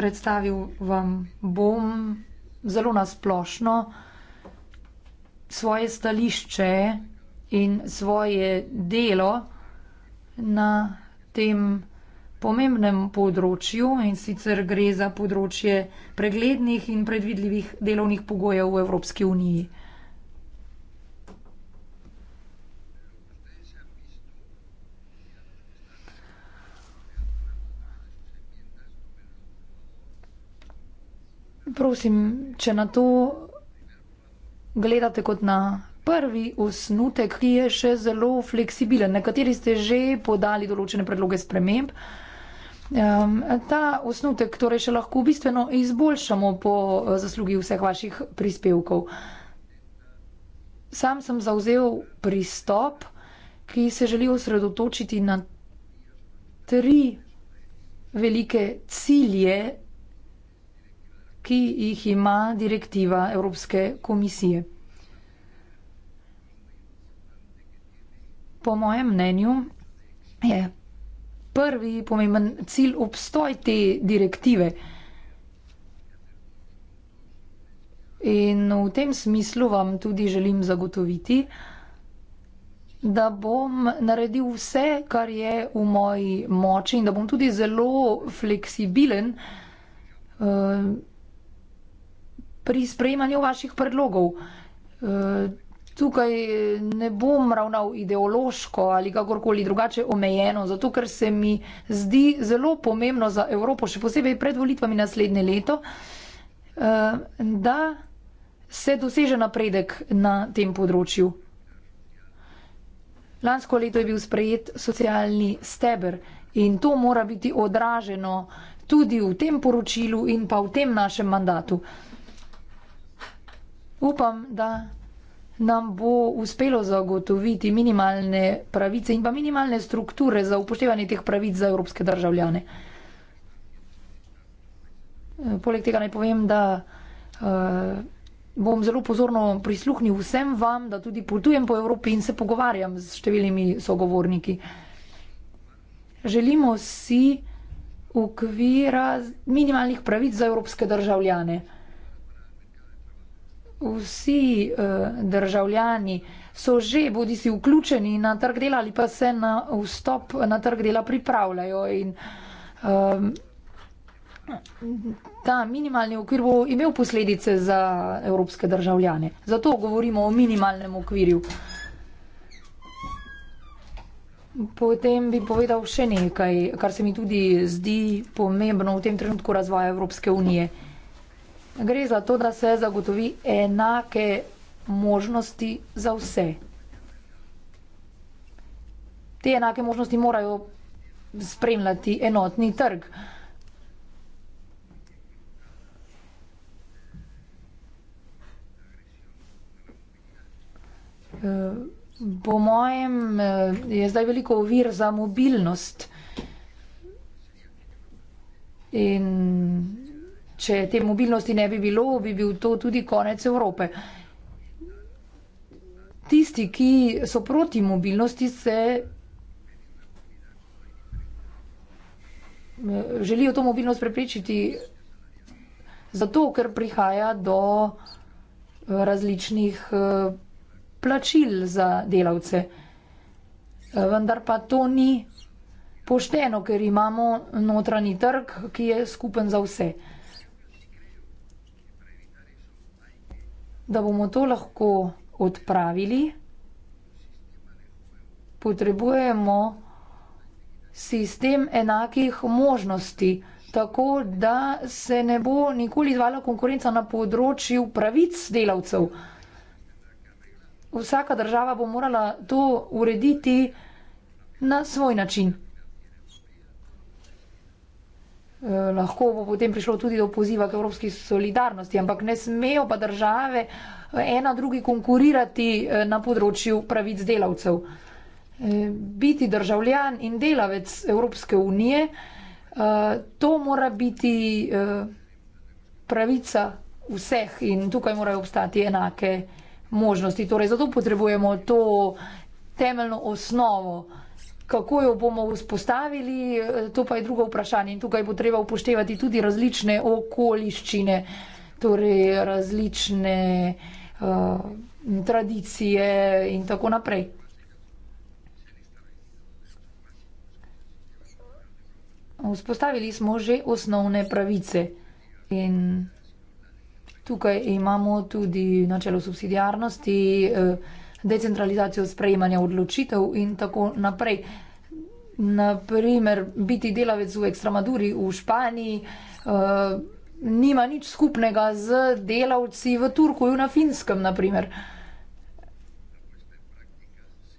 Predstavil vam bom zelo nasplošno svoje stališče in svoje delo na tem področju pomembnem področju in sicer gre za področje preglednih in predvidljivih delovnih pogojev v Evropski uniji. Prosim, če na to gledate kot na prvi osnutek, ki je še zelo fleksibilen. Nekateri ste že podali določene predloge sprememb. Ta osnutek torej še lahko bistveno izboljšamo po eh, zaslugi vseh vaših prispevkov. Sam sem zauzel pristop, ki se želi osredotočiti na tri velike cilje, ki jih ima direktiva Evropske komisije. Po mojem mnenju je prvi pomemben cilj obstoj te direktive. In v tem smislu vam tudi želim zagotoviti, da bom naredil vse, kar je v moji moči in da bom tudi zelo fleksibilen uh, pri sprejemanju vaših predlogov. Uh, tukaj eh, ne bom ravnal ideološko ali kakorkoli drugače omejeno, zato ker se mi zdi zelo pomembno za Evropo, še posebej pred volitvami naslednje leto, eh, da se doseže napredek na tem področju. Lansko leto je bil sprejet socialni steber in to mora biti odraženo tudi v tem poročilu in pa v tem našem mandatu. Upam, da nam bo uspelo zagotoviti minimalne pravice in pa minimalne strukture za upoštevanje teh pravic za evropske državljane. Eh, poleg tega naj povem, da uh, bom zelo pozorno prisluhnil vsem vam, da tudi potujem po Evropi in se pogovarjam z številnimi sogovorniki. Želimo si ukvira minimalnih pravic za evropske državljane vsi uh, državljani so že bodi si vključeni na trg dela ali pa se na vstop na trg dela pripravljajo. In, um, ta minimalni okvir bo imel posledice za evropske državljane. Zato govorimo o minimalnem okvirju. Potem bi povedal še nekaj, kar se mi tudi zdi pomembno v tem trenutku razvoja Evropske unije. Uh, Gre za to, da se zagotovi enake možnosti za vse. Te enake možnosti morajo spremljati enotni trg. Po mojem je zdaj veliko ovir za mobilnost in če te mobilnosti ne bi bilo, bi bil to tudi konec Evrope. Tisti, ki so proti mobilnosti, se eh, želijo to mobilnost prepričiti zato, ker prihaja do eh, različnih eh, plačil za delavce. Vendar pa to ni pošteno, ker imamo notranji trg, ki je skupen za vse. da bomo to lahko odpravili, potrebujemo sistem enakih možnosti, tako da se ne bo nikoli izvala konkurenca na področju pravic delavcev. Vsaka država bo morala to urediti na svoj način. Eh, lahko bo potem prišlo tudi do poziva k evropski solidarnosti, ampak ne smejo pa države eh, ena drugi konkurirati eh, na področju pravic delavcev. Biti državljan in delavec Evropske unije, to mora biti pravica vseh in tukaj morajo obstati enake možnosti. Torej, zato potrebujemo to temeljno osnovo kako jo bomo vzpostavili, eh, to pa je drugo vprašanje. In tukaj bo treba upoštevati tudi različne okoliščine, torej različne uh, tradicije in tako naprej. Vzpostavili smo že osnovne pravice in tukaj imamo tudi načelo subsidijarnosti. Uh, eh, decentralizacijo sprejemanja odločitev in tako naprej. Naprimer, biti delavec v Ekstremaduri v Španiji uh, nima nič skupnega z delavci v Turkuju na Finskem, naprimer.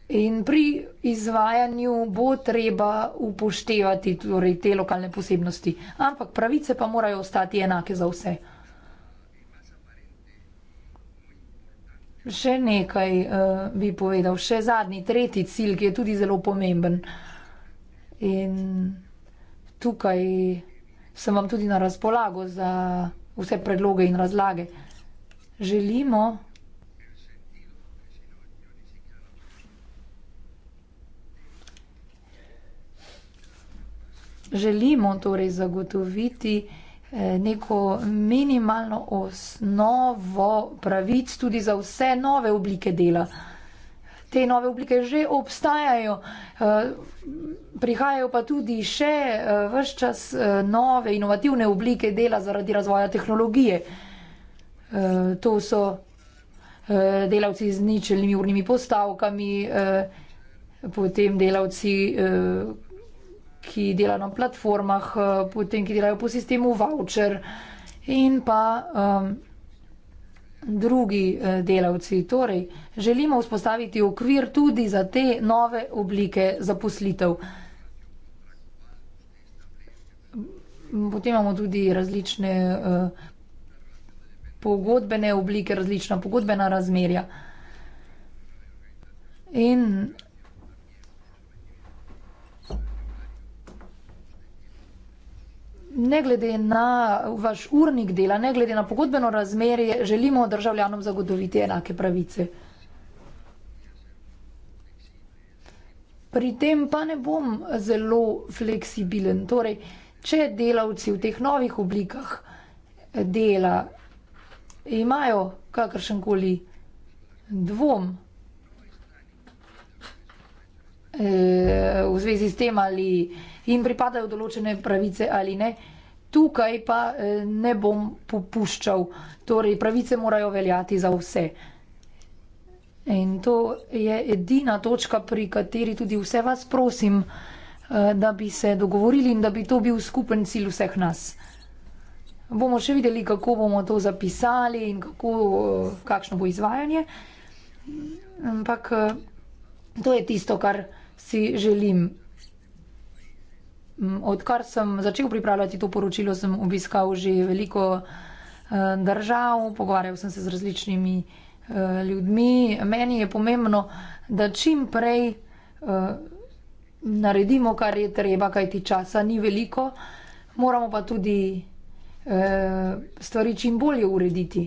In pri izvajanju bo treba upoštevati torej, te lokalne posebnosti, ampak pravice pa morajo ostati enake za vse. Še nekaj uh, bi povedal, še zadnji, tretji cilj, ki je tudi zelo pomemben. In tukaj sem vam tudi na razpolago za vse predloge in razlage. Želimo, želimo torej zagotoviti, da Eh, neko minimalno osnovo pravic tudi za vse nove oblike dela. Te nove oblike že obstajajo, eh, prihajajo pa tudi še eh, vse čas nove inovativne oblike dela zaradi razvoja tehnologije. To so delavci z ničelnimi urnimi postavkami, potem delavci, ki delajo na platformah, eh, potem ki delajo po sistemu voucher in pa um, drugi eh, delavci. Torej, želimo vzpostaviti okvir tudi za te nove oblike zaposlitev. Potem imamo tudi različne uh, pogodbene oblike, različna pogodbena razmerja. In ne glede na vaš urnik dela, ne glede na pogodbeno razmerje, želimo državljanom zagotoviti enake pravice. Pri tem pa ne bom zelo fleksibilen. Torej, če delavci v teh novih oblikah dela imajo kakršenkoli dvom eh, v zvezi s tem, ali jim pripadajo določene pravice ali ne. Tukaj pa eh, ne bom popuščal. Torej, pravice morajo veljati za vse. In to je edina točka, pri kateri tudi vse vas prosim, eh, da bi se dogovorili in da bi to bil skupen cilj vseh nas. Bomo še videli, kako bomo to zapisali in kako, eh, kakšno bo izvajanje. Ampak to je tisto, kar si želim Mm, odkar sem začel pripravljati to poročilo, sem obiskal že veliko eh, držav, pogovarjal sem se z različnimi eh, ljudmi. Meni je pomembno, da čim prej eh, naredimo, kar je treba, kajti časa ni veliko, moramo pa tudi stvari čim bolje urediti.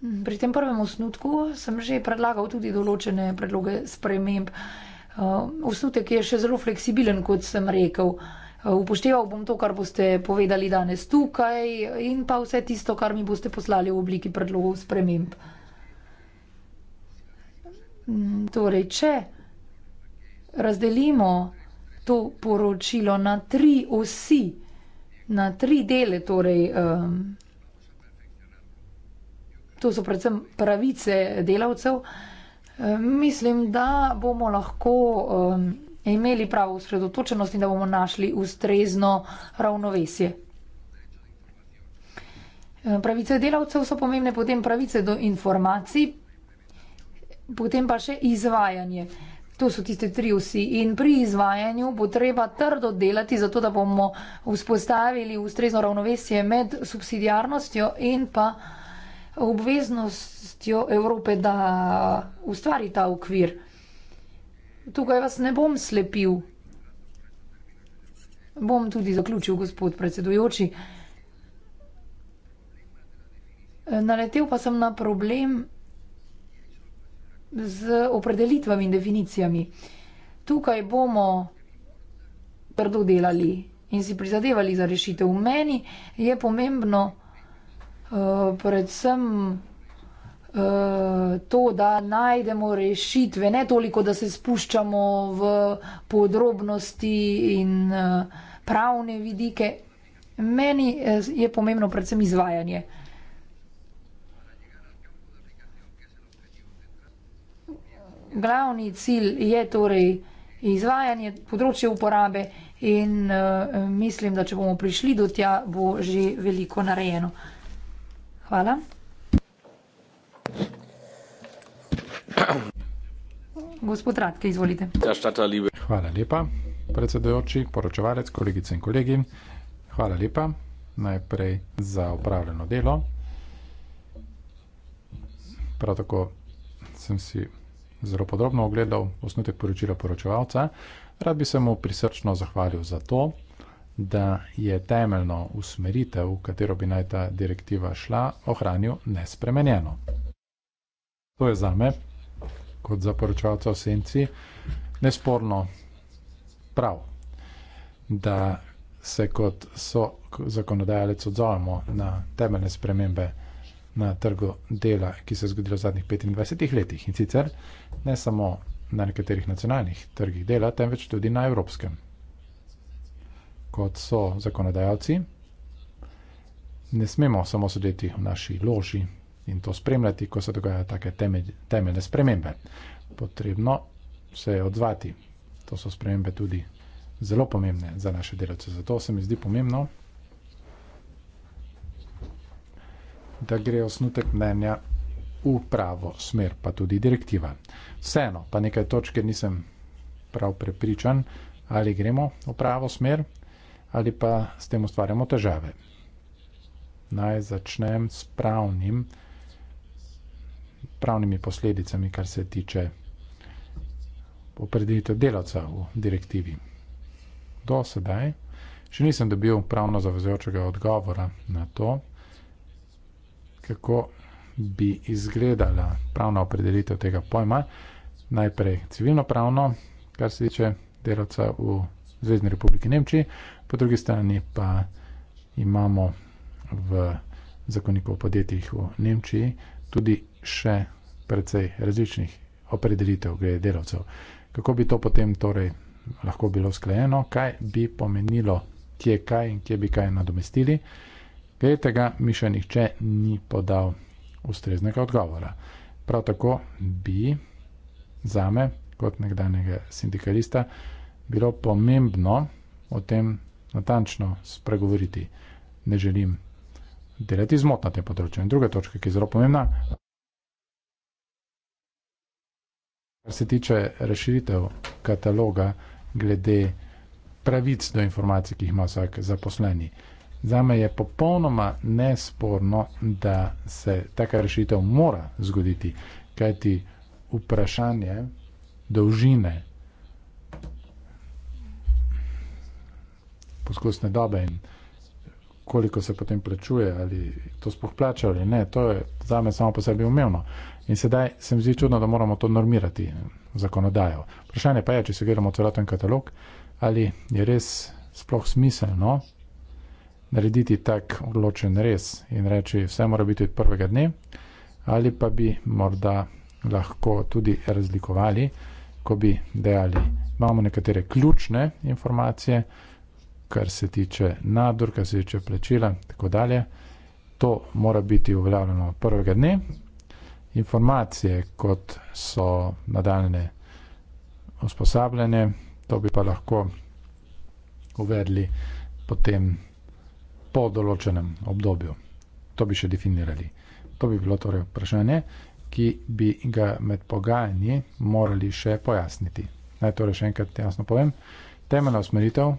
Pri tem prvem osnutku sem že predlagal tudi določene predloge sprememb. Eh, osnutek je še zelo fleksibilen, kot sem rekel. Eh, upošteval bom to, kar boste povedali danes tukaj in pa vse tisto, kar mi boste poslali v obliki predlogov sprememb. Mm, torej, če razdelimo to poročilo na tri osi, na tri dele, torej um, to so predvsem pravice delavcev. Eh, mislim, da bomo lahko um, imeli pravo usredotočenost in da bomo našli ustrezno ravnovesje. Eh, pravice delavcev so pomembne, potem pravice do informacij, potem pa še izvajanje. To so tiste tri vsi. In pri izvajanju bo treba trdo delati, zato da bomo vzpostavili ustrezno ravnovesje med subsidijarnostjo in pa obveznostjo Evrope, da ustvari ta okvir. Tukaj vas ne bom slepil. Bom tudi zaključil, gospod predsedujoči. Naletel pa sem na problem z opredelitvami in definicijami. Tukaj bomo trdo delali in si prizadevali za rešitev. Meni je pomembno, da. Eh, predvsem eh, to, da najdemo rešitve, ne toliko, da se spuščamo v podrobnosti in eh, pravne vidike. Meni je pomembno predvsem izvajanje. Glavni cilj je torej izvajanje področje uporabe in mislim, da če bomo prišli do tja, bo že veliko narejeno. Hvala. Gospod Radke, izvolite. Hvala lepa, predsedojoči, poročevalec, kolegice in kolegi. Hvala lepa najprej za upravljeno delo. Prav tako sem si zelo podrobno ogledal osnutek poročila poročevalca. Rad bi se mu prisrčno zahvalil za to, da je temeljno usmeritev, v katero bi naj ta direktiva šla, ohranil nespremenjeno. To je za me, kot za poročevalca v senci, nesporno prav, da se kot so zakonodajalec odzovemo na temeljne spremembe na trgu dela, ki se je zgodilo v zadnjih 25 letih in sicer ne samo na nekaterih nacionalnih trgih dela, temveč tudi na evropskem kot so zakonodajalci, ne smemo samo sedeti v naši loži in to spremljati, ko se dogajajo take temeljne spremembe. Potrebno se je odzvati. To so spremembe tudi zelo pomembne za naše delavce. Zato se mi zdi pomembno, da gre osnutek mnenja v pravo smer, pa tudi direktiva. Vseeno, pa nekaj točke nisem prav prepričan, ali gremo v pravo smer, ali pa s tem ustvarjamo težave. Naj začnem s pravnim, pravnimi posledicami, kar se tiče opreditev delavca v direktivi. Do sedaj še nisem dobil pravno zavezujočega odgovora na to, kako bi izgledala pravna opredelitev tega pojma, najprej civilno pravno, kar se tiče delavca v Zvezdni republiki Nemčiji, po drugi strani pa imamo v zakonikov podjetjih v Nemčiji tudi še precej različnih opredelitev glede delavcev. Kako bi to potem torej lahko bilo sklejeno, kaj bi pomenilo, kje kaj in kje bi kaj nadomestili, glede tega mi še nihče ni podal ustreznega odgovora. Prav tako bi zame, kot nekdanjega sindikalista, bilo pomembno o tem natančno spregovoriti. Ne želim delati zmot na tem področju. In druga točka, ki je zelo pomembna, kar se tiče razširitev kataloga glede pravic do informacij, ki jih ima vsak zaposleni. Zame je popolnoma nesporno, da se taka rešitev mora zgoditi, kajti vprašanje dolžine poskusne dobe in koliko se potem plačuje, ali to sploh plača ali ne, to je za me samo po sebi umevno. In sedaj se mi zdi čudno, da moramo to normirati zakonodajo. Vprašanje pa je, če se gledamo celoten katalog, ali je res sploh smiselno narediti tak odločen res in reči, vse mora biti od prvega dne, ali pa bi morda lahko tudi razlikovali, ko bi dejali, imamo nekatere ključne informacije, kar se tiče nadur, kar se tiče plačila in tako dalje. To mora biti uveljavljeno od prvega dne. Informacije, kot so nadaljne usposabljanje, to bi pa lahko uvedli potem po določenem obdobju. To bi še definirali. To bi bilo torej vprašanje, ki bi ga med pogajanji morali še pojasniti. Naj torej še enkrat jasno povem. Temeljna usmeritev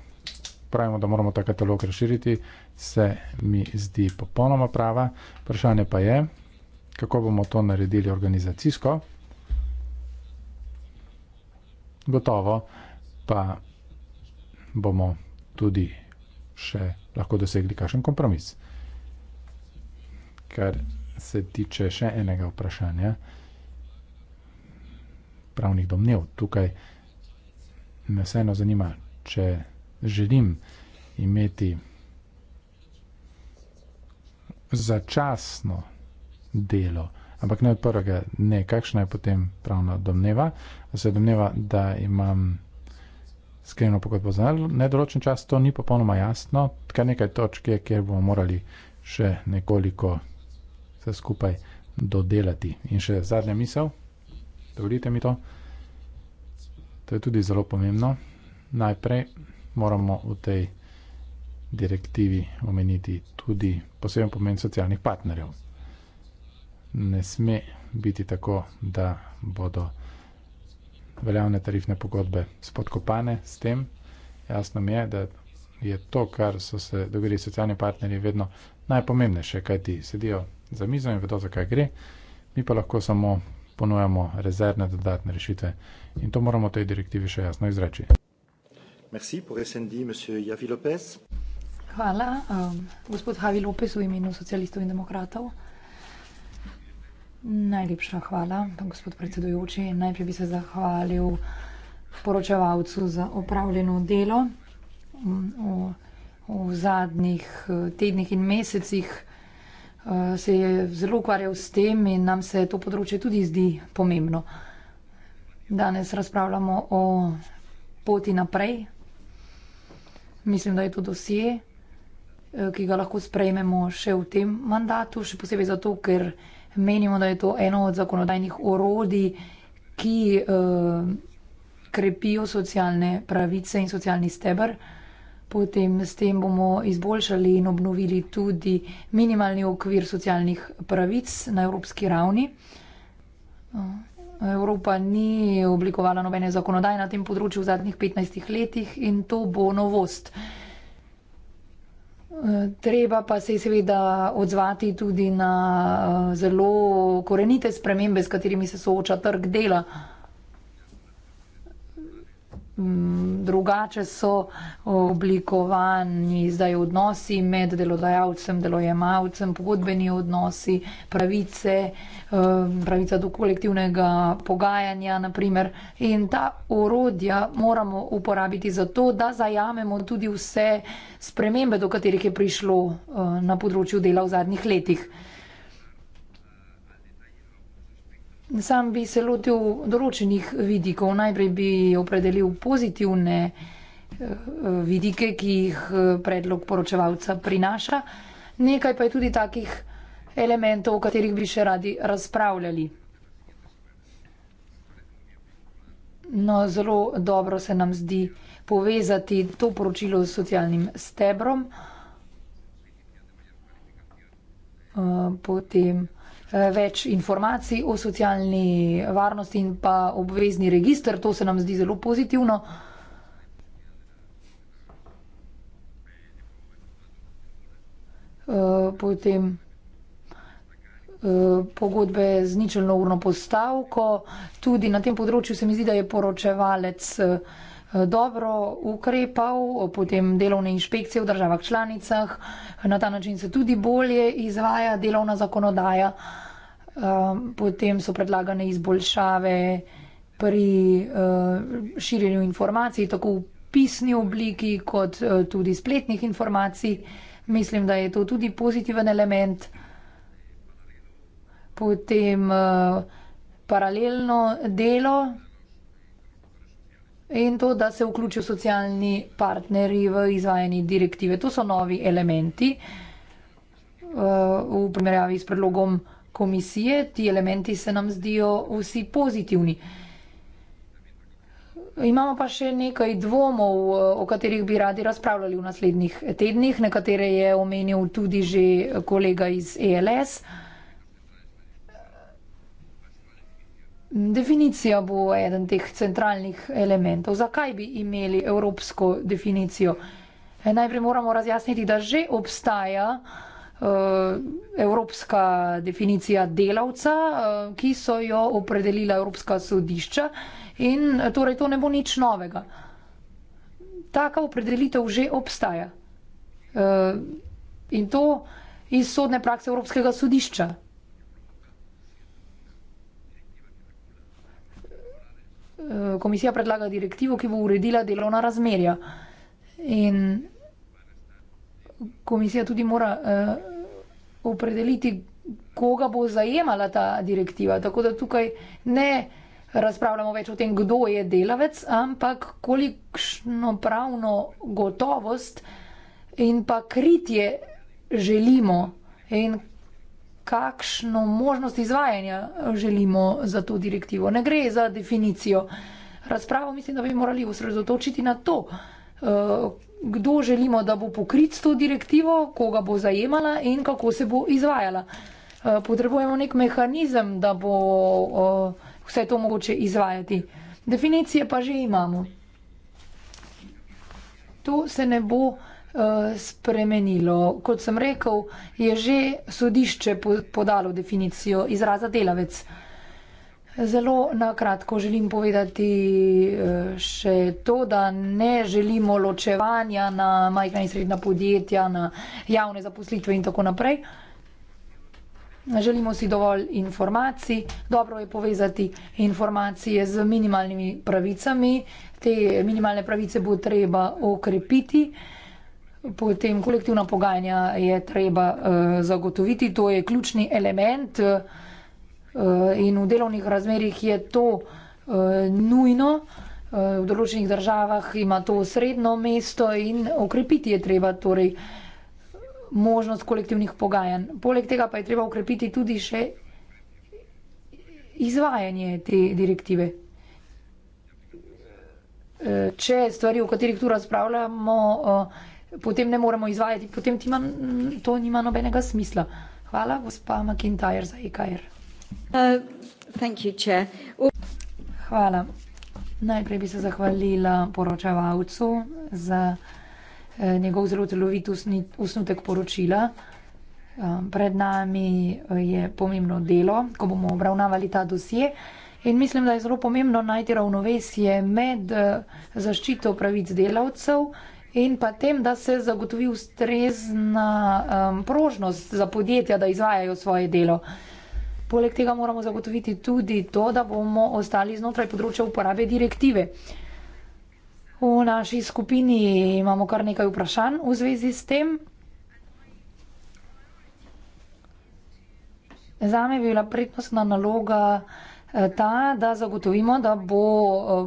pravimo, da moramo ta katalog razširiti, se mi zdi popolnoma prava. Vprašanje pa je, kako bomo to naredili organizacijsko. Gotovo pa bomo tudi še lahko dosegli kakšen kompromis. Kar se tiče še enega vprašanja, pravnih domnev, tukaj me vseeno zanima, če želim imeti začasno delo, ampak ne od prvega dne, kakšna je potem pravna domneva, da se domneva, da imam skrivno pogodbo za nedoročen čas, to ni popolnoma jasno, kar nekaj točk je, kjer bomo morali še nekoliko se skupaj dodelati. In še zadnja misel, dovolite mi to, to je tudi zelo pomembno, najprej moramo v tej direktivi omeniti tudi poseben pomen socialnih partnerjev. Ne sme biti tako, da bodo veljavne tarifne pogodbe spodkopane s tem. Jasno mi je, da je to, kar so se dogovorili socialni partnerji, vedno najpomembnejše, kaj ti sedijo za mizo in vedo, zakaj gre. Mi pa lahko samo ponujamo rezervne dodatne rešitve in to moramo v tej direktivi še jasno izreči. Merci pour SND, Monsieur Javi Lopez. Hvala, um, gospod Javi Lopez v imenu socialistov in demokratov. Najlepša hvala, gospod predsedujoči. Najprej bi se zahvalil poročevalcu za opravljeno delo. Um, v, v zadnjih eh, tednih in mesecih uh, se je zelo ukvarjal s tem in nam se to področje tudi zdi pomembno. Danes razpravljamo o poti naprej, Mislim, da je to dosje, eh, ki ga lahko sprejmemo še v tem mandatu, še posebej zato, ker menimo, da je to eno od zakonodajnih orodij, ki eh, krepijo socialne pravice in socialni stebr. Potem s tem bomo izboljšali in obnovili tudi minimalni okvir socialnih pravic na evropski ravni. Eh, Evropa ni oblikovala nobene zakonodaje na tem področju v zadnjih 15 letih in to bo novost. Treba pa se je seveda odzvati tudi na eh, zelo korenite spremembe, s katerimi se sooča trg dela. Mm, drugače so oblikovani zdaj odnosi med delodajalcem, delojemalcem, pogodbeni odnosi, pravice, eh, pravica do kolektivnega pogajanja, naprimer. In ta orodja moramo uporabiti za to, da zajamemo tudi vse spremembe, do katerih je prišlo eh, na področju dela v zadnjih letih. Sam bi se lotil določenih vidikov. Najprej bi opredelil pozitivne eh, vidike, ki jih eh, predlog poročevalca prinaša, nekaj pa je tudi takih elementov, o katerih bi še radi razpravljali. No, zelo dobro se nam zdi povezati to poročilo s socialnim stebrom. Eh, potem več informacij o socialni varnosti in pa obvezni registr. To se nam zdi zelo pozitivno. Eh, potem eh, pogodbe z ničelno urno postavko. Tudi na tem področju se mi zdi, da je poročevalec. Eh, Eh, dobro ukrepal, potem delovne inšpekcije v državah članicah, na ta način se tudi bolje izvaja delovna zakonodaja, eh, potem so predlagane izboljšave pri eh, širjenju informacij, tako v pisni obliki kot tudi spletnih informacij. Mislim, da je to tudi pozitiven element. Potem uh, paralelno delo, in to, da se vključijo socialni partnerji v izvajanje direktive. To so novi elementi eh, v primerjavi s predlogom komisije. Ti elementi se nam zdijo vsi pozitivni. Imamo pa še nekaj dvomov, eh, o katerih bi radi razpravljali v naslednjih tednih. Nekatere je omenil tudi že kolega iz ELS. Definicija bo eden teh centralnih elementov. Zakaj bi imeli evropsko definicijo? Najprej moramo razjasniti, da že obstaja uh, evropska definicija delavca, uh, ki so jo opredelila Evropska sodišča in uh, torej to ne bo nič novega. Taka opredelitev že obstaja uh, in to iz sodne prakse Evropskega sodišča. Eh, komisija predlaga direktivo, ki bo uredila delovna razmerja. In komisija tudi mora uh, opredeliti, koga bo zajemala ta direktiva. Tako da tukaj ne razpravljamo več o tem, kdo je delavec, ampak kolikšno pravno gotovost in pa kritje želimo in kakšno možnost izvajanja želimo za to direktivo. Ne gre za definicijo. Razpravo mislim, da bi morali osredotočiti na to, eh, kdo želimo, da bo pokrit s to direktivo, koga bo zajemala in kako se bo izvajala. Eh, potrebujemo nek mehanizem, da bo eh, vse to mogoče izvajati. Definicije pa že imamo. To se ne bo. Eh, spremenilo. Kot sem rekel, je že sodišče podalo definicijo izraza delavec. Zelo na kratko želim povedati eh, še to, da ne želimo ločevanja na majhna in srednja podjetja, na javne zaposlitve in tako naprej. Želimo si dovolj informacij, dobro je povezati informacije z minimalnimi pravicami. Te minimalne pravice bo treba okrepiti potem kolektivna pogajanja je treba uh, zagotoviti, to je ključni element uh, in v delovnih razmerih je to uh, nujno, uh, v določenih državah ima to srednjo mesto in okrepiti je treba torej možnost kolektivnih pogajanj. Poleg tega pa je treba okrepiti tudi še izvajanje te direktive. Uh, če stvari, o katerih tu razpravljamo, uh, potem ne moremo izvajati, potem ima, to nima nobenega smisla. Hvala, gospa McIntyre, za IKR. E uh, you, Hvala. Najprej bi se zahvalila poročevalcu za eh, njegov zelo celovit usnutek poročila. Um, pred nami eh, je pomembno delo, ko bomo obravnavali ta dosje. In mislim, da je zelo pomembno najti ravnovesje med uh, zaščito pravic delavcev In pa tem, da se zagotovi ustrezna um, prožnost za podjetja, da izvajajo svoje delo. Poleg tega moramo zagotoviti tudi to, da bomo ostali znotraj področja uporabe direktive. V naši skupini imamo kar nekaj vprašanj v zvezi s tem. Zame je bila prednostna naloga Eh, ta, da zagotovimo, da bo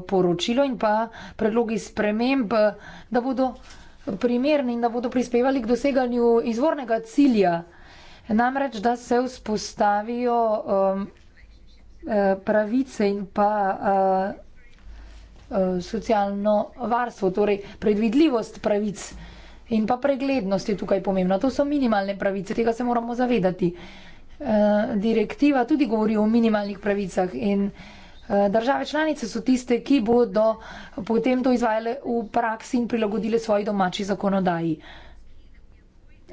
eh, poročilo in pa predlogi sprememb, da bodo primerni in da bodo prispevali k doseganju izvornega cilja. Namreč, da se vzpostavijo um, pravice in pa uh, socialno varstvo, torej predvidljivost pravic in pa preglednost je tukaj pomembna. To so minimalne pravice, tega se moramo zavedati. Uh, Eh, direktiva tudi govori o minimalnih pravicah in eh, države članice so tiste, ki bodo potem to izvajale v praksi in prilagodile svoji domači zakonodaji.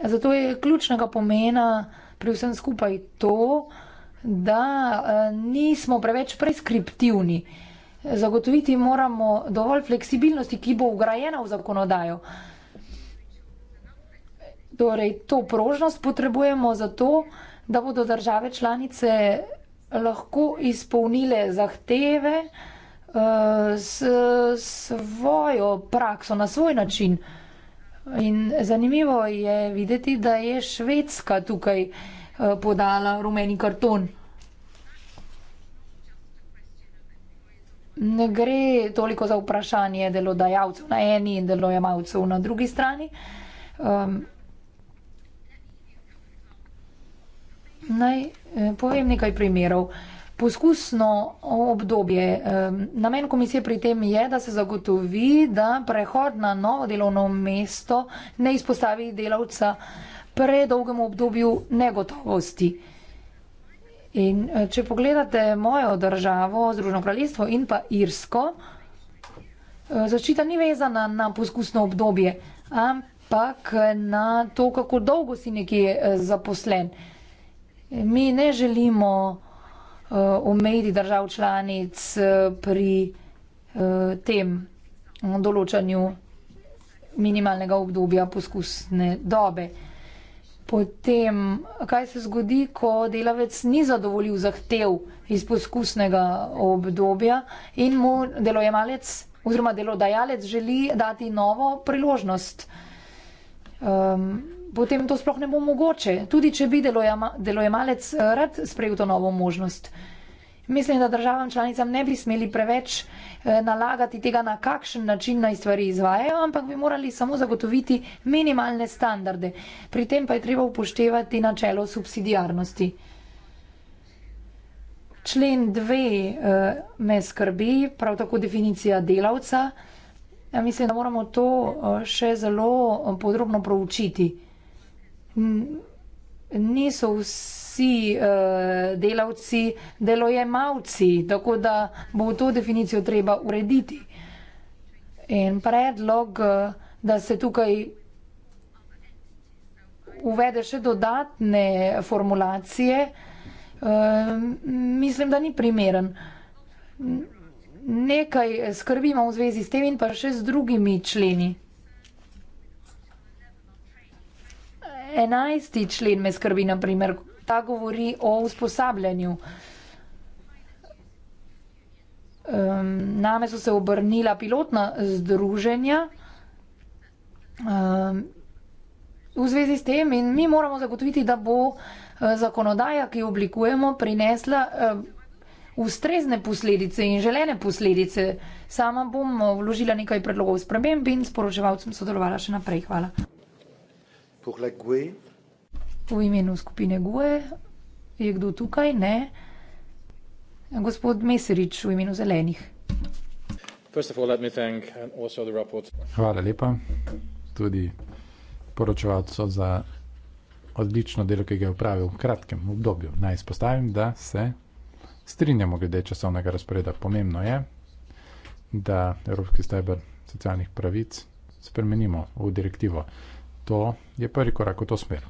Zato je ključnega pomena pri vsem skupaj to, da eh, nismo preveč preskriptivni. Zagotoviti moramo dovolj fleksibilnosti, ki bo ugrajena v zakonodajo. Torej, to prožnost potrebujemo za to, da da bodo države članice lahko izpolnile zahteve eh, s svojo prakso na svoj način. In zanimivo je videti, da je Švedska tukaj eh, podala rumeni karton. Ne gre toliko za vprašanje delodajalcev na eni in delojemalcev na drugi strani. Ehm, Naj eh, povem nekaj primerov. Poskusno obdobje. Eh, namen komisije pri tem je, da se zagotovi, da prehod na novo delovno mesto ne izpostavi delavca predolgem obdobju negotovosti. In eh, če pogledate mojo državo, Združeno kraljestvo in pa Irsko, eh, zaščita ni vezana na poskusno obdobje, ampak na to, kako dolgo si nekje eh, zaposlen. Mi ne želimo eh, omejiti uh, držav članic eh, pri uh, tem določanju minimalnega obdobja poskusne dobe. Potem, kaj se zgodi, ko delavec ni zadovoljil zahtev iz poskusnega obdobja in mu delojemalec oziroma delodajalec želi dati novo priložnost. Um, potem to sploh ne bo mogoče. Tudi če bi delojemalec eh, rad sprejel to novo možnost. Mislim, da državam članicam ne bi smeli preveč eh, nalagati tega, na kakšen način naj stvari izvajajo, ampak bi morali samo zagotoviti minimalne standarde. Pri tem pa je treba upoštevati načelo subsidijarnosti. Člen 2 eh, me skrbi, prav tako definicija delavca. Ja, mislim, da moramo to še zelo podrobno proučiti niso vsi uh, delavci delojemalci, tako da bo to definicijo treba urediti. In predlog, eh, da se tukaj uvede še dodatne formulacije, uh, mislim, da ni primeren. Nekaj skrbimo v zvezi s tem in pa še z drugimi členi. 11. člen me skrbi, naprimer, ta govori o usposabljanju. Um, name so se obrnila pilotna združenja um, v zvezi s tem in mi moramo zagotoviti, da bo eh, zakonodaja, ki jo oblikujemo, prinesla uh, ustrezne posledice in želene posledice. Sama bom eh, vložila nekaj predlogov sprememb in sporočevalcem sodelovala še naprej. Hvala pour la GUE. V imenu skupine GUE je kdo tukaj? Ne. Gospod Meserič v imenu zelenih. Hvala lepa tudi poročevalcu za odlično delo, ki ga je upravil v kratkem obdobju. Naj izpostavim, da se strinjamo glede časovnega razporeda. Pomembno je, da Evropski stebr socialnih pravic spremenimo v direktivo to je prvi korak v to smer.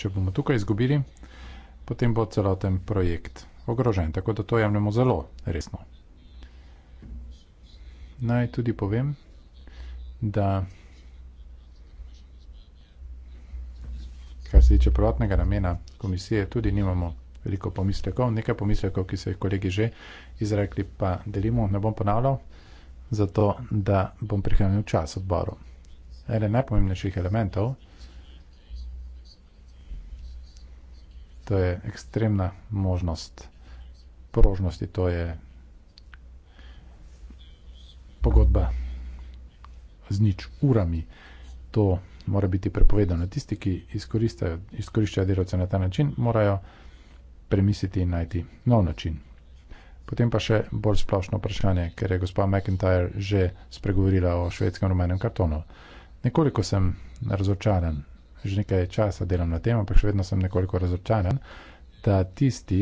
Če bomo tukaj izgubili, potem bo celoten projekt ogrožen, tako da to jemljemo zelo resno. Naj tudi povem, da kar se tiče prvotnega namena komisije, tudi nimamo veliko pomislekov, nekaj pomislekov, ki so jih kolegi že izrekli, pa delimo, ne bom ponavljal, zato da bom prihranil čas odboru eden najpomembnejših elementov, to je ekstremna možnost porožnosti, to je pogodba z nič urami, to mora biti prepovedano. Tisti, ki izkoriščajo delovce na ta način, morajo premisliti in najti nov način. Potem pa še bolj splošno vprašanje, ker je gospa McIntyre že spregovorila o švedskem rumenem kartonu. Nekoliko sem razočaran, že nekaj časa delam na tem, ampak še vedno sem nekoliko razočaran, da tisti,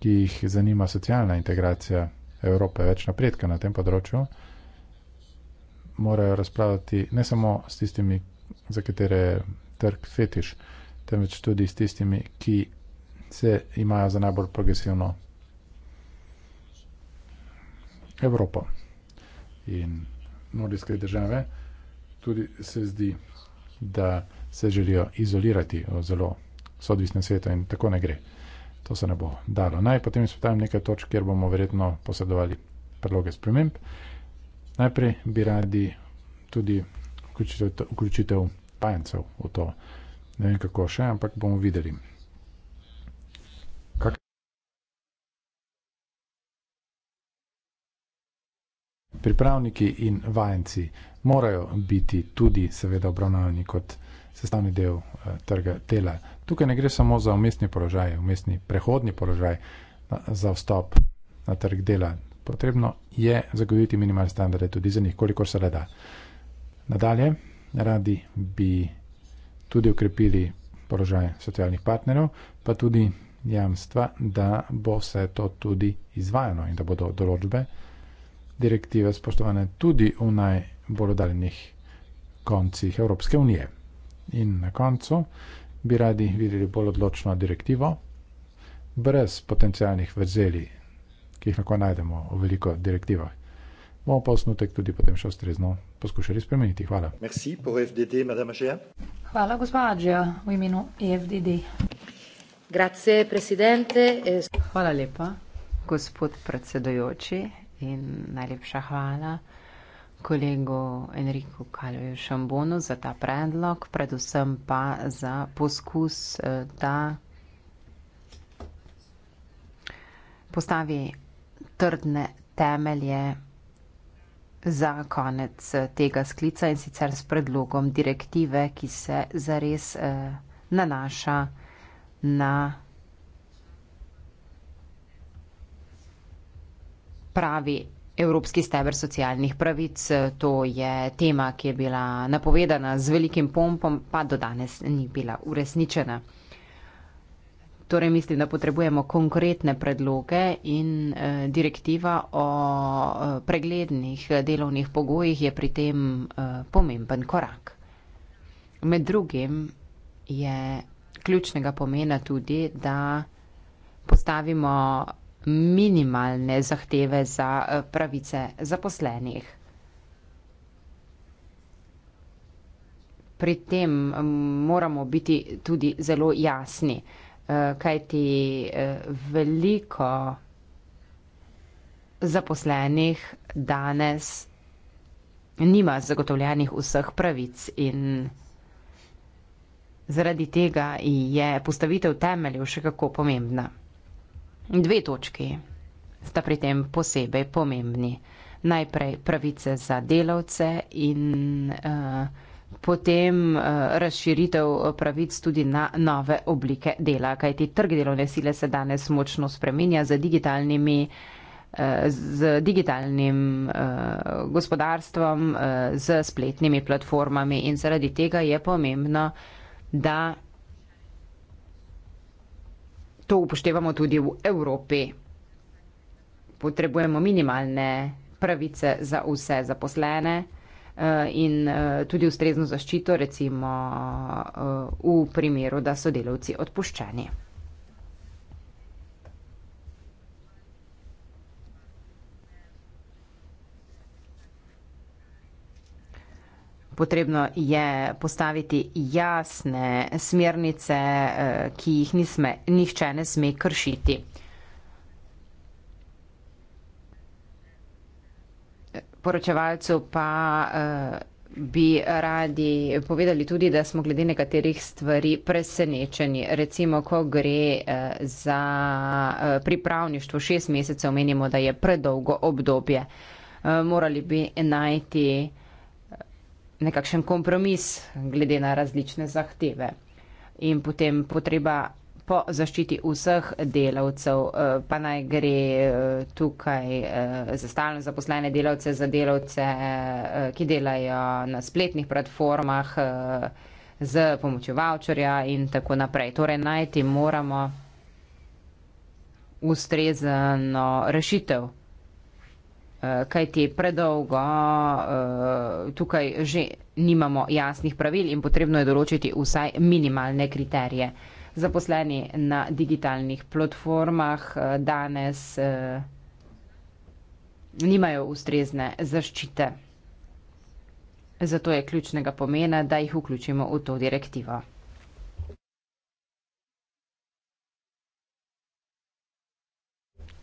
ki jih zanima socialna integracija Evrope, več napredka na tem področju, morajo razpravljati ne samo s tistimi, za katere je trg fetiš, temveč tudi s tistimi, ki se imajo za najbolj progresivno Evropo. In nordijske države tudi se zdi, da se želijo izolirati od zelo sodvisne sveta in tako ne gre. To se ne bo dalo. Naj potem izpostavim nekaj točk, kjer bomo verjetno posredovali predloge sprememb. Najprej bi radi tudi vključitev, vključitev pajancev v to. Ne vem kako še, ampak bomo videli. Pripravniki in vajenci morajo biti tudi seveda obravnavani kot sestavni del uh, trga dela. Tukaj ne gre samo za umestni položaj, umestni prehodni položaj na, za vstop na trg dela. Potrebno je zagoditi minimalne standarde tudi za njih, kolikor se le da. Nadalje, radi bi tudi ukrepili položaj socialnih partnerjev, pa tudi jamstva, da bo vse to tudi izvajano in da bodo določbe direktive spoštovane tudi v najbolj oddaljenih koncih Evropske unije. In na koncu bi radi videli bolj odločno direktivo, brez potencijalnih vrzeli, ki jih lahko najdemo v veliko direktivah. Bomo pa osnutek tudi potem še ustrezno poskušali spremeniti. Hvala. Merci, FDD, Hvala, gospa Adžija, v imenu EFDD. Grazie, Hvala lepa, gospod predsedojoči, in najlepša hvala kolegu Enriku Kaljoju Šambonu za ta predlog, predvsem pa za poskus, eh, da postavi trdne temelje za konec eh, tega sklica in sicer s predlogom direktive, ki se zares eh, nanaša na. pravi evropski steber socialnih pravic. To je tema, ki je bila napovedana z velikim pompom, pa do danes ni bila uresničena. Torej mislim, da potrebujemo konkretne predloge in eh, direktiva o eh, preglednih delovnih pogojih je pri tem eh, pomemben korak. Med drugim je ključnega pomena tudi, da postavimo minimalne zahteve za eh, pravice zaposlenih. Pri tem moramo biti tudi zelo jasni, eh, kajti eh, veliko zaposlenih danes nima zagotovljenih vseh pravic in zaradi tega je postavitev temeljev še kako pomembna. Dve točki sta pri tem posebej pomembni. Najprej pravice za delavce in uh, potem uh, razširitev eh, pravic tudi na nove oblike dela, kajti trg delovne sile se danes močno spremenja z digitalnimi. Z digitalnim eh, gospodarstvom, eh, z spletnimi platformami, in zaradi tega je pomembno, da to upoštevamo tudi v Evropi. Potrebujemo minimalne pravice za vse zaposlene eh, in eh, tudi ustrezno zaščito, recimo eh, v primeru, da so delavci odpuščeni. potrebno je postaviti jasne smernice, eh, ki jih nisme, nihče ne sme kršiti. Poročevalcu pa eh, bi radi povedali tudi, da smo glede nekaterih stvari presenečeni. Recimo, ko gre eh, za pripravništvo šest mesecev, menimo, da je predolgo obdobje. Morali bi najti nekakšen kompromis glede na različne zahteve in potem potreba po zaščiti vseh delavcev, eh, pa naj gre eh, tukaj eh, za stalno zaposlene delavce, za delavce, ki delajo na spletnih platformah z pomočjo voucherja in tako naprej. Torej najti moramo ustrezano rešitev. Eh, kaj te predolgo, eh, tukaj že nimamo jasnih pravil in potrebno je določiti vsaj minimalne kriterije. Zaposleni na digitalnih platformah eh, danes nimajo ustrezne zaščite. Zato je ključnega pomena, da jih vključimo v to direktivo.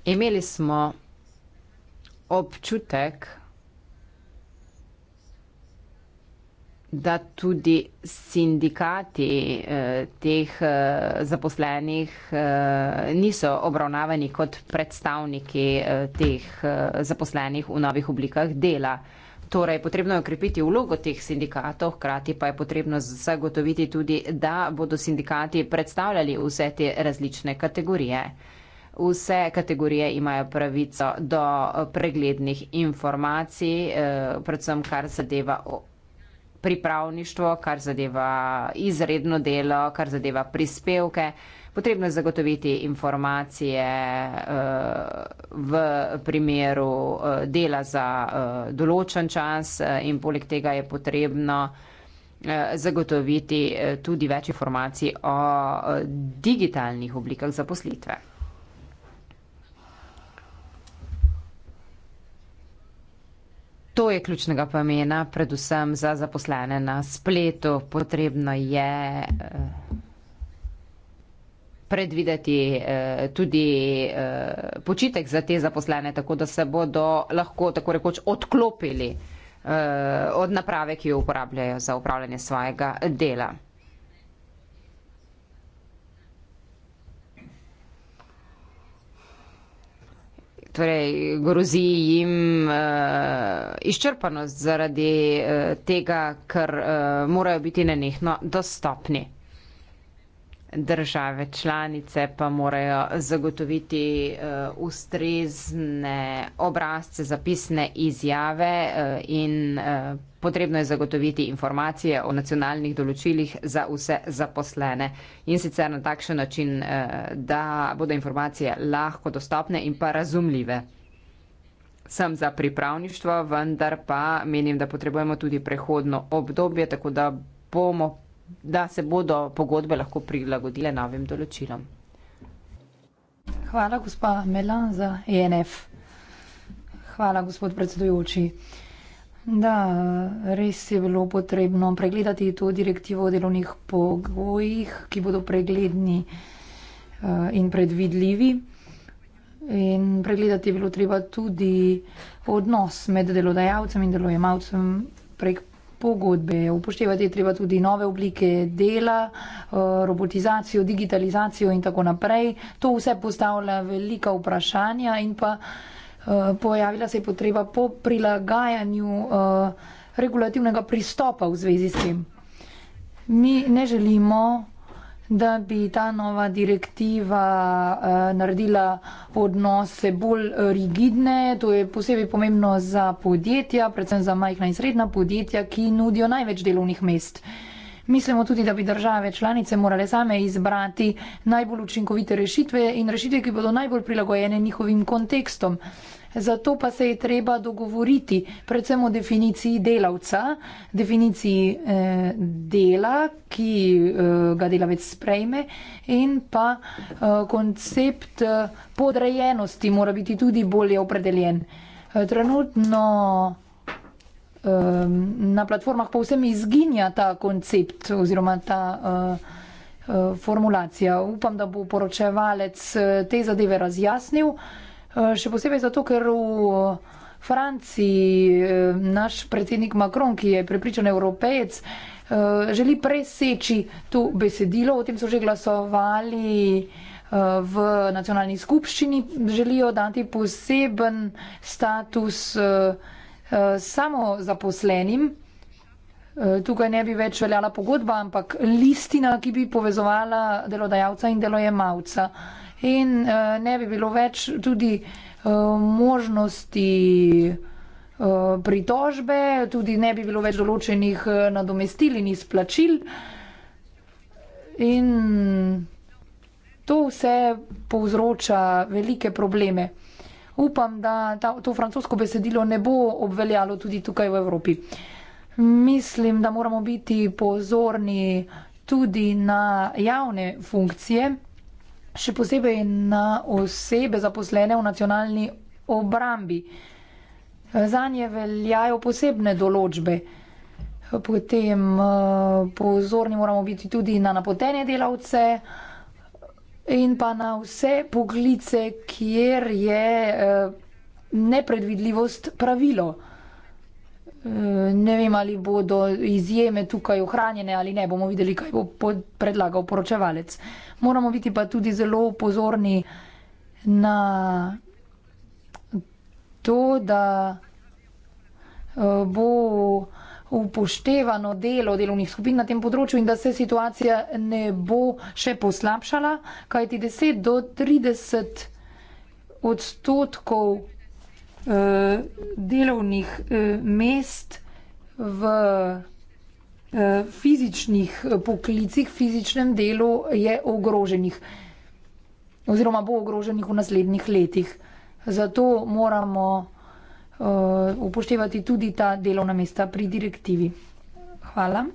Imeli smo občutek, da tudi sindikati eh, teh eh, zaposlenih eh, niso obravnavani kot predstavniki teh zaposlenih v novih oblikah dela. Torej, potrebno je okrepiti vlogo teh sindikatov, hkrati pa je potrebno zagotoviti tudi, da bodo sindikati predstavljali vse te različne kategorije. Vse kategorije imajo pravico do eh, preglednih informacij, eh, predvsem kar zadeva pripravništvo, kar zadeva izredno delo, kar zadeva prispevke. Potrebno je zagotoviti informacije eh, v primeru dela za določen čas in poleg tega je potrebno zagotoviti tudi več informacij o digitalnih oblikah zaposlitve. to je ključnega pomena, predvsem za zaposlene na spletu. Potrebno je eh, predvideti eh, tudi eh, počitek za te zaposlene, tako da se bodo lahko tako rekoč odklopili eh, od naprave, ki jo uporabljajo za upravljanje svojega dela. torej, grozi jim uh, izčrpanost zaradi uh, tega, ker uh, morajo biti nenehno dostopni države članice pa morajo zagotoviti uh, ustrezne obrazce, zapisne izjave uh, in uh, Potrebno je zagotoviti informacije o nacionalnih določilih za vse zaposlene in sicer na takšen način, da bodo informacije lahko dostopne in pa razumljive. Sem za pripravništvo, vendar pa menim, da potrebujemo tudi prehodno obdobje, tako da bomo da se bodo pogodbe lahko prilagodile novim določilom. Hvala, gospa Mela, za ENF. Hvala, gospod predsedujoči. Da, res je bilo potrebno pregledati to direktivo o delovnih pogojih, ki bodo pregledni eh, in predvidljivi. In pregledati je bilo treba tudi odnos med delodajalcem in delojemalcem prek pogodbe. Upoštevati je treba tudi nove oblike dela, eh, robotizacijo, digitalizacijo in tako naprej. To vse postavlja velika vprašanja in pa eh, pojavila se je potreba po prilagajanju eh, regulativnega pristopa v zvezi s tem. Mi ne želimo da bi ta nova direktiva eh, naredila odnose bolj rigidne. To je posebej pomembno za podjetja, predvsem za majhna in srednja podjetja, ki nudijo največ delovnih mest. Mislimo tudi, da bi države članice morale same izbrati najbolj učinkovite rešitve in rešitve, ki bodo najbolj prilagojene njihovim kontekstom zato pa se je treba dogovoriti predvsem o definiciji delavca, definiciji eh, dela, ki eh, ga delavec sprejme in pa eh, koncept eh, podrejenosti mora biti tudi bolje opredeljen. Eh, trenutno eh, na platformah povsem izginja ta koncept oziroma ta. Eh, eh Formulacija. Upam, da bo poročevalec eh, te zadeve razjasnil. Eh, še posebej zato, ker v Franciji eh, naš predsednik Macron, ki je prepričan evropejec, eh, želi preseči to besedilo, o tem so že glasovali v nacionalni skupščini, želijo dati poseben status samo zaposlenim. Tukaj ne bi več veljala pogodba, ampak listina, ki bi povezovala delodajalca in delojemalca in uh, ne bi bilo več tudi uh, možnosti uh, pritožbe, tudi ne bi bilo več določenih uh, nadomestil in izplačil. In to vse povzroča velike probleme. Upam, da ta, to francosko besedilo ne bo obveljalo tudi tukaj v Evropi. Mislim, da moramo biti pozorni tudi na javne funkcije še posebej na osebe zaposlene v nacionalni obrambi. Za nje veljajo posebne določbe. Potem eh, pozorni moramo biti tudi na napotene delavce in pa na vse poklice, kjer je eh, nepredvidljivost pravilo. Ne vem, ali bodo izjeme tukaj ohranjene ali ne, bomo videli, kaj bo predlagal poročevalec. Moramo biti pa tudi zelo pozorni na to, da eh, bo upoštevano delo delovnih skupin na tem področju in da se situacija ne bo še poslabšala, kajti 10 do 30 odstotkov Eh, delovnih eh, mest v eh, fizičnih poklicih, fizičnem delu je ogroženih oziroma bo ogroženih v naslednjih letih. Zato moramo upoštevati tudi ta delovna mesta pri direktivi. Hvala.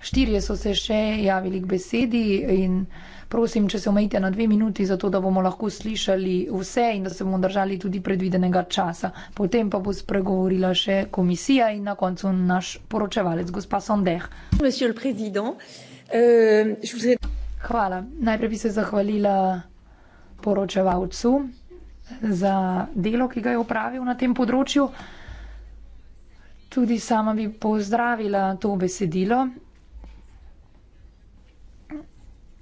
Štirje so se še javili k besedi in vsega prosim, če se omejite na dve minuti, zato da bomo lahko slišali vse in da se bomo držali tudi predvidenega časa. Potem pa bo spregovorila še komisija in na koncu naš poročevalec, gospa Sondeh. Euh, Hvala. Najprej bi se zahvalila poročevalcu za delo, ki ga je opravil na tem področju. Tudi sama bi pozdravila to besedilo.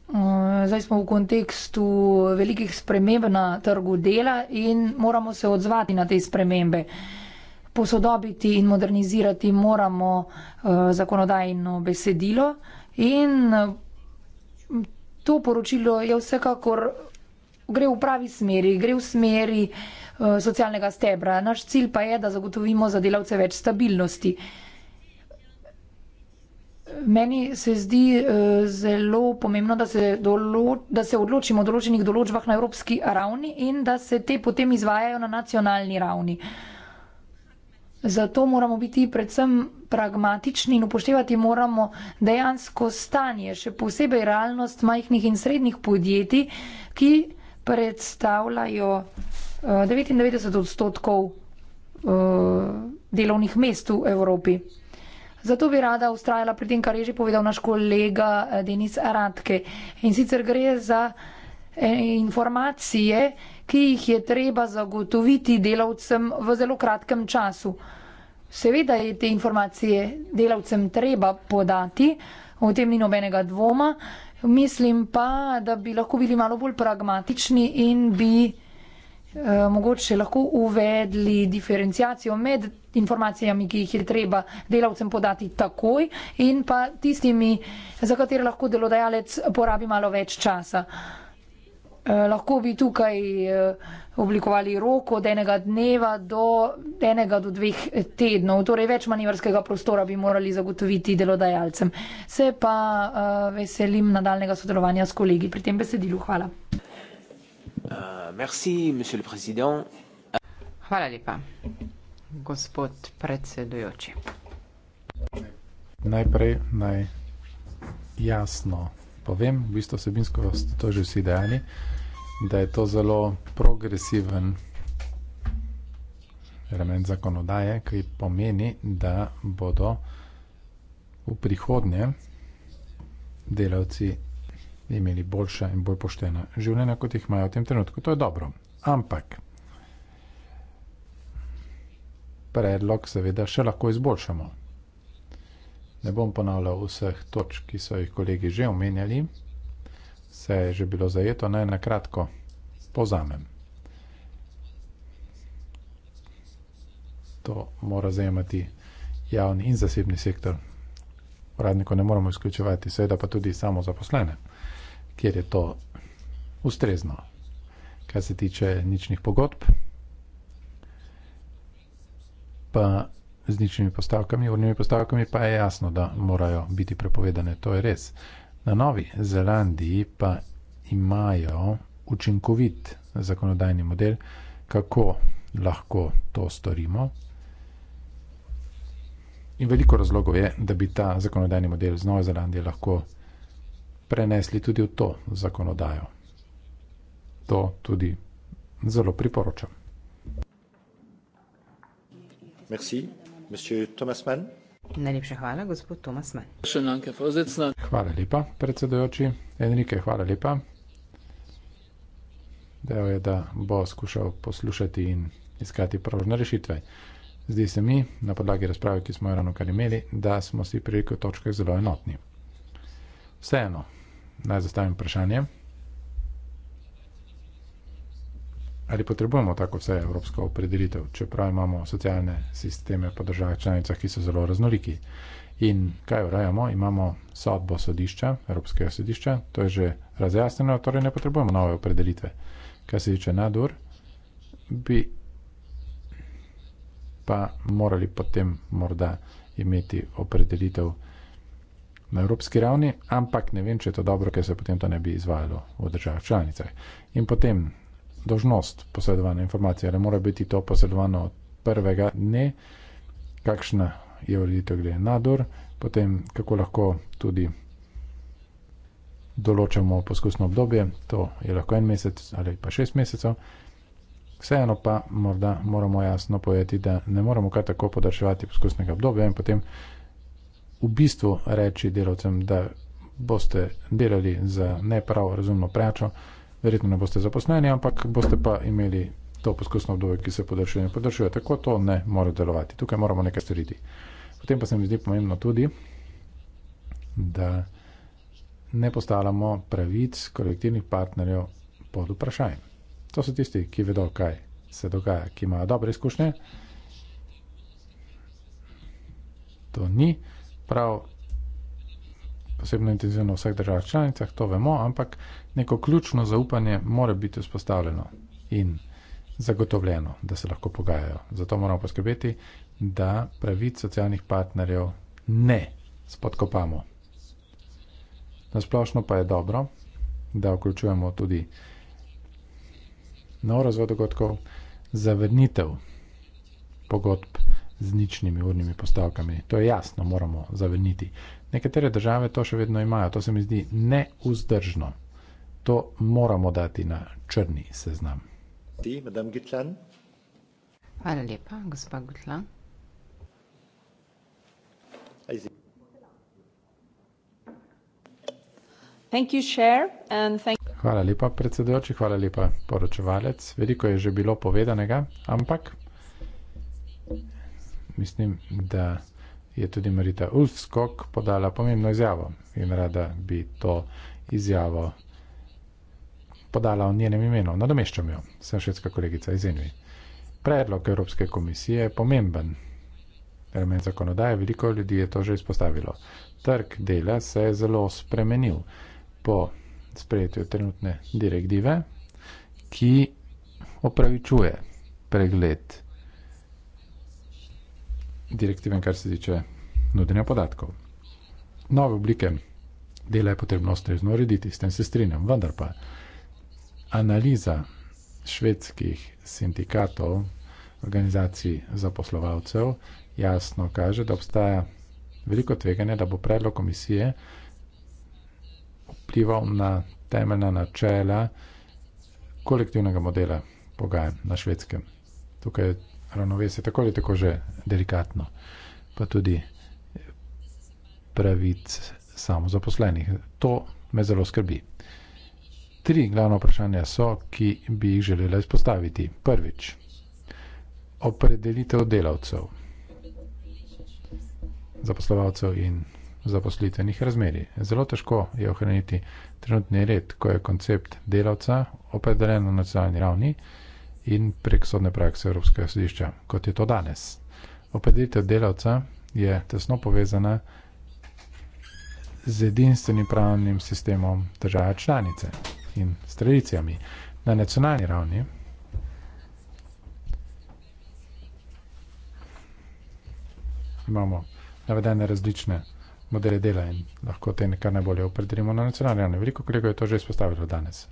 Eh, zdaj smo v kontekstu velikih sprememb na trgu dela in moramo se odzvati na te spremembe. Posodobiti in modernizirati moramo eh, zakonodajno besedilo in eh, to poročilo je vsekakor gre v pravi smeri, gre v smeri socialnega stebra. Naš cilj pa je, da zagotovimo za delavce več stabilnosti. Meni se zdi eh, zelo pomembno, da se, da se odločimo o določenih določbah na evropski ravni in da se te potem izvajajo na nacionalni ravni. Zato moramo biti predvsem pragmatični in upoštevati moramo dejansko stanje, še posebej realnost majhnih in srednjih podjetij, ki predstavljajo 99 eh, odstotkov eh, delovnih mest v Evropi. Zato bi rada ustrajala pri tem, kar je že povedal naš kolega eh, Denis Aratke. In sicer gre za eh, informacije, ki jih je treba zagotoviti delavcem v zelo kratkem času. Seveda je te informacije delavcem treba podati, o tem ni nobenega dvoma. Mislim pa, da bi lahko bili malo bolj pragmatični in bi Eh, mogoče lahko uvedli diferencijacijo med informacijami, ki jih je treba delavcem podati takoj in pa tistimi, za katere lahko delodajalec porabi malo več časa. Eh, lahko bi tukaj eh, oblikovali rok od enega dneva do enega do dveh tednov, torej več manjvrskega prostora bi morali zagotoviti delodajalcem. Se pa veselim nadaljnega sodelovanja s kolegi pri tem besedilu. Hvala. Euh, merci, monsieur le président. Hvala lepa, gospod predsedujoči. Najprej naj jasno povem, v bistvu sebinsko ste to že vsi dejali, da je to zelo progresiven element zakonodaje, ki pomeni, da bodo v prihodnje delavci imeli boljša in bolj poštena življenja, kot jih imajo v tem trenutku. To je dobro. Ampak predlog seveda še lahko izboljšamo. Ne bom ponavljal vseh točk, ki so jih kolegi že omenjali, vse je že bilo zajeto, naj na kratko povzamem. To mora zajemati javni in zasebni sektor. Uradnikov ne moremo izključevati, seveda pa tudi samo zaposlene kjer je to ustrezno. Kar se tiče ničnih pogodb, pa z ničnimi postavkami, urnimi postavkami, pa je jasno, da morajo biti prepovedane. To je res. Na Novi Zelandiji pa imajo učinkovit zakonodajni model, kako lahko to storimo. In veliko razlogov je, da bi ta zakonodajni model z Novo Zelandijo lahko prenesli tudi v to zakonodajo. To tudi zelo priporočam. Merci, monsieur Thomas Mann. Najlepša hvala, gospod Tomas Mann. Hvala lepa, predsedojoči. Enrike, hvala lepa. Dejal je, da bo skušal poslušati in iskati pravne rešitve. Zdi se mi, na podlagi razprave, ki smo jo ravno kar imeli, da smo si pri reko točke zelo enotni. Vseeno, naj zastavim vprašanje. Ali potrebujemo tako vse evropsko opredelitev, čeprav imamo socialne sisteme po državah članicah, ki so zelo raznoliki? In kaj urajamo? Imamo sodbo sodišča, Evropskega sodišča, to je že razjasneno, torej ne potrebujemo nove opredelitve. Kar se tiče nadur, bi pa morali potem morda imeti opredelitev na evropski ravni, ampak ne vem, če je to dobro, ker se potem to ne bi izvajalo v državah članicah. In potem dožnost posredovanja informacije, ali mora biti to posredovano od prvega dne, kakšna je ureditev glede nadur, potem kako lahko tudi določamo poskusno obdobje, to je lahko en mesec ali pa šest mesecev. Vseeno pa morda moramo jasno povedati, da ne moramo kar tako podaljševati poskusnega obdobja in potem v bistvu reči delavcem, da boste delali za neprav razumno plačo, verjetno ne boste zaposleni, ampak boste pa imeli to poskusno obdobje, ki se podaljšuje in podaljšuje. Tako to ne more delovati. Tukaj moramo nekaj storiti. Potem pa se mi zdi pomembno tudi, da ne postavljamo pravic kolektivnih partnerjev pod vprašanje. To so tisti, ki vedo, kaj se dogaja, ki imajo dobre izkušnje. To ni prav posebno intenzivno v vseh državah članicah, to vemo, ampak neko ključno zaupanje mora biti vzpostavljeno in zagotovljeno, da se lahko pogajajo. Zato moramo poskrbeti, da pravic socialnih partnerjev ne spodkopamo. Na splošno pa je dobro, da vključujemo tudi nov razvoj dogodkov, zavrnitev pogodb z ničnimi urnimi postavkami. To je jasno, moramo zavrniti. Nekatere države to še vedno imajo, to se mi zdi neuzdržno. To moramo dati na črni seznam. Ti, madame Gitlan? Hvala lepa, gospa Gitlan. Hvala lepa, predsedujoči, hvala lepa, poročevalec. Veliko je že bilo povedanega, ampak mislim, da je tudi Marita Ulfskog podala pomembno izjavo in rada bi to izjavo podala v njenem imenu. Nadomeščam jo, sem švedska kolegica iz Envi. Predlog Evropske komisije je pomemben element zakonodaje, veliko ljudi je to že izpostavilo. Trg dela se je zelo spremenil po sprejetju trenutne direktive, ki opravičuje pregled direktiven, kar se tiče nudenja podatkov. Nove oblike dela je potrebno ustrezno urediti, s tem se strinjam, vendar pa analiza švedskih sindikatov, organizacij zaposlovalcev jasno kaže, da obstaja veliko tveganje, da bo predlog komisije vplival na temeljna načela kolektivnega modela pogajanj na švedskem. Tukaj ravnovesje, tako ali tako že delikatno, pa tudi pravic samozaposlenih. To me zelo skrbi. Tri glavne vprašanja so, ki bi jih želela izpostaviti. Prvič, opredelitev delavcev, zaposlovalcev in zaposlitevnih razmerij. Zelo težko je ohraniti trenutni red, ko je koncept delavca opredeljen na nacionalni ravni in prek sodne prakse Evropskega sodišča, kot je to danes. Opredelitev delavca je tesno povezana z edinstvenim pravnim sistemom države članice in s tradicijami. Na nacionalni ravni imamo navedene različne modele dela in lahko te nekaj najbolje opredelimo na nacionalni ravni. Veliko kolego je to že izpostavilo danes.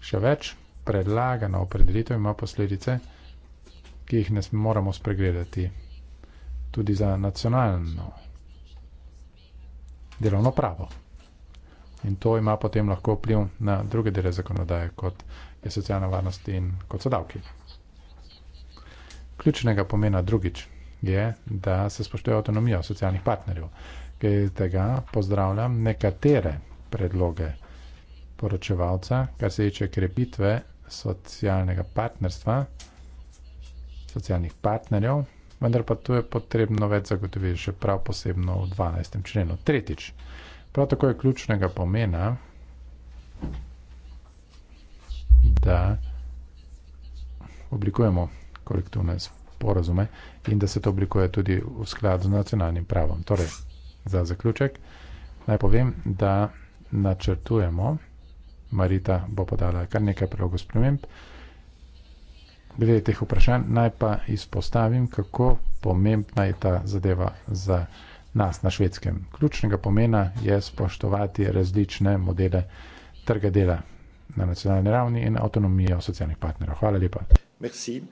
Še več, predlagana opredelitev ima posledice, ki jih ne moramo spregledati tudi za nacionalno delovno pravo. In to ima potem lahko vpliv na druge dele zakonodaje, kot je socialna varnost in kot so davki. Ključnega pomena drugič je, da se spoštuje avtonomija socialnih partnerjev. Glede tega pozdravljam nekatere predloge poročevalca, kar se tiče krepitve socialnega partnerstva, socialnih partnerjev, vendar pa tu je potrebno več zagotoviti, še prav posebno v 12. členu. Tretjič, prav tako je ključnega pomena, da oblikujemo kolektivne sporazume in da se to oblikuje tudi v skladu z nacionalnim pravom. Torej, za zaključek naj povem, da načrtujemo, Marita bo podala kar nekaj prilogov sprememb. Glede teh vprašanj naj pa izpostavim, kako pomembna je ta zadeva za nas na švedskem. Ključnega pomena je spoštovati različne modele trga dela na nacionalni ravni in avtonomijo socialnih partnerov. Hvala lepa. Merci.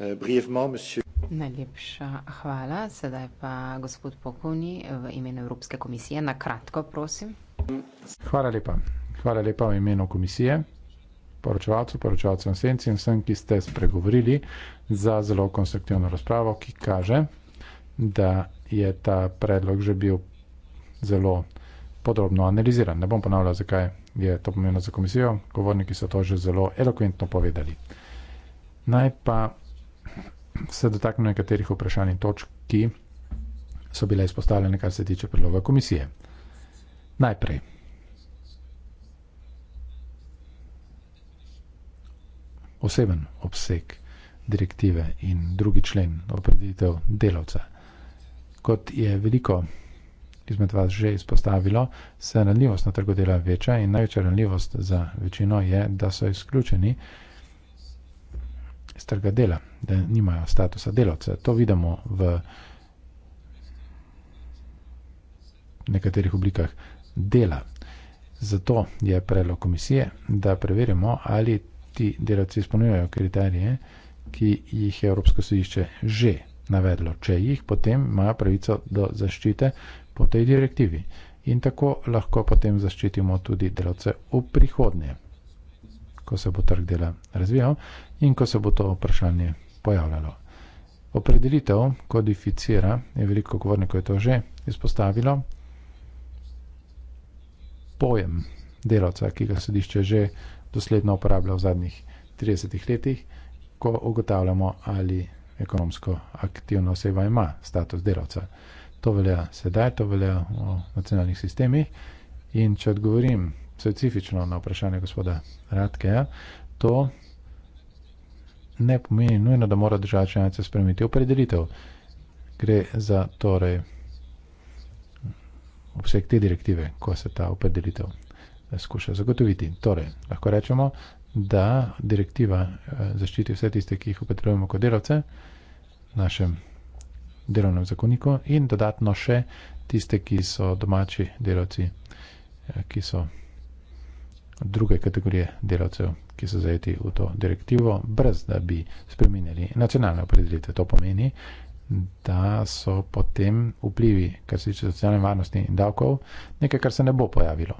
Euh, Brievement, monsieur. Najlepša hvala. Sedaj pa gospod Pokovni v imenu Evropske komisije. Na kratko, prosim. Hvala lepa. Hvala lepa v imenu komisije, poročevalcu, poročevalcu Senci in vsem, ki ste spregovorili za zelo konstruktivno razpravo, ki kaže, da je ta predlog že bil zelo podrobno analiziran. Ne bom ponavljal, zakaj je to pomembno za komisijo. Govorniki so to že zelo elokventno povedali. Naj pa se dotaknem nekaterih vprašanj in točk, ki so bile izpostavljene, kar se tiče predloga komisije. Najprej. poseben obseg direktive in drugi člen opreditev delavca. Kot je veliko izmed vas že izpostavilo, se ranljivost na trgu dela veča in največja ranljivost za večino je, da so izključeni iz trga dela, da nimajo statusa delavca. To vidimo v nekaterih oblikah dela. Zato je predlog komisije, da preverimo, ali ti delavci izpolnjujejo kriterije, ki jih je Evropsko sodišče že navedlo. Če jih, potem imajo pravico do zaščite po tej direktivi. In tako lahko potem zaščitimo tudi delavce v prihodnje, ko se bo trg dela razvijal in ko se bo to vprašanje pojavljalo. Opredelitev kodificira, je veliko govornikov je to že izpostavilo, pojem delavca, ki ga sodišče že dosledno uporablja v zadnjih 30 letih, ko ugotavljamo, ali ekonomsko aktivna oseba ima status delavca. To velja sedaj, to velja v nacionalnih sistemih. In če odgovorim specifično na vprašanje gospoda Radkeja, to ne pomeni nujno, da mora država članica spremeniti opredelitev. Gre za torej obseg te direktive, ko se ta opredelitev skuša zagotoviti. Torej, lahko rečemo, da direktiva eh, zaščiti vse tiste, ki jih upotrebujemo kot delavce v našem delovnem zakoniku in dodatno še tiste, ki so domači delavci, eh, ki so druge kategorije delavcev, ki so zajeti v to direktivo, brez da bi spremenili nacionalne opredelitve. To pomeni, da so potem vplivi, kar se tiče socialne varnosti in davkov, nekaj, kar se ne bo pojavilo.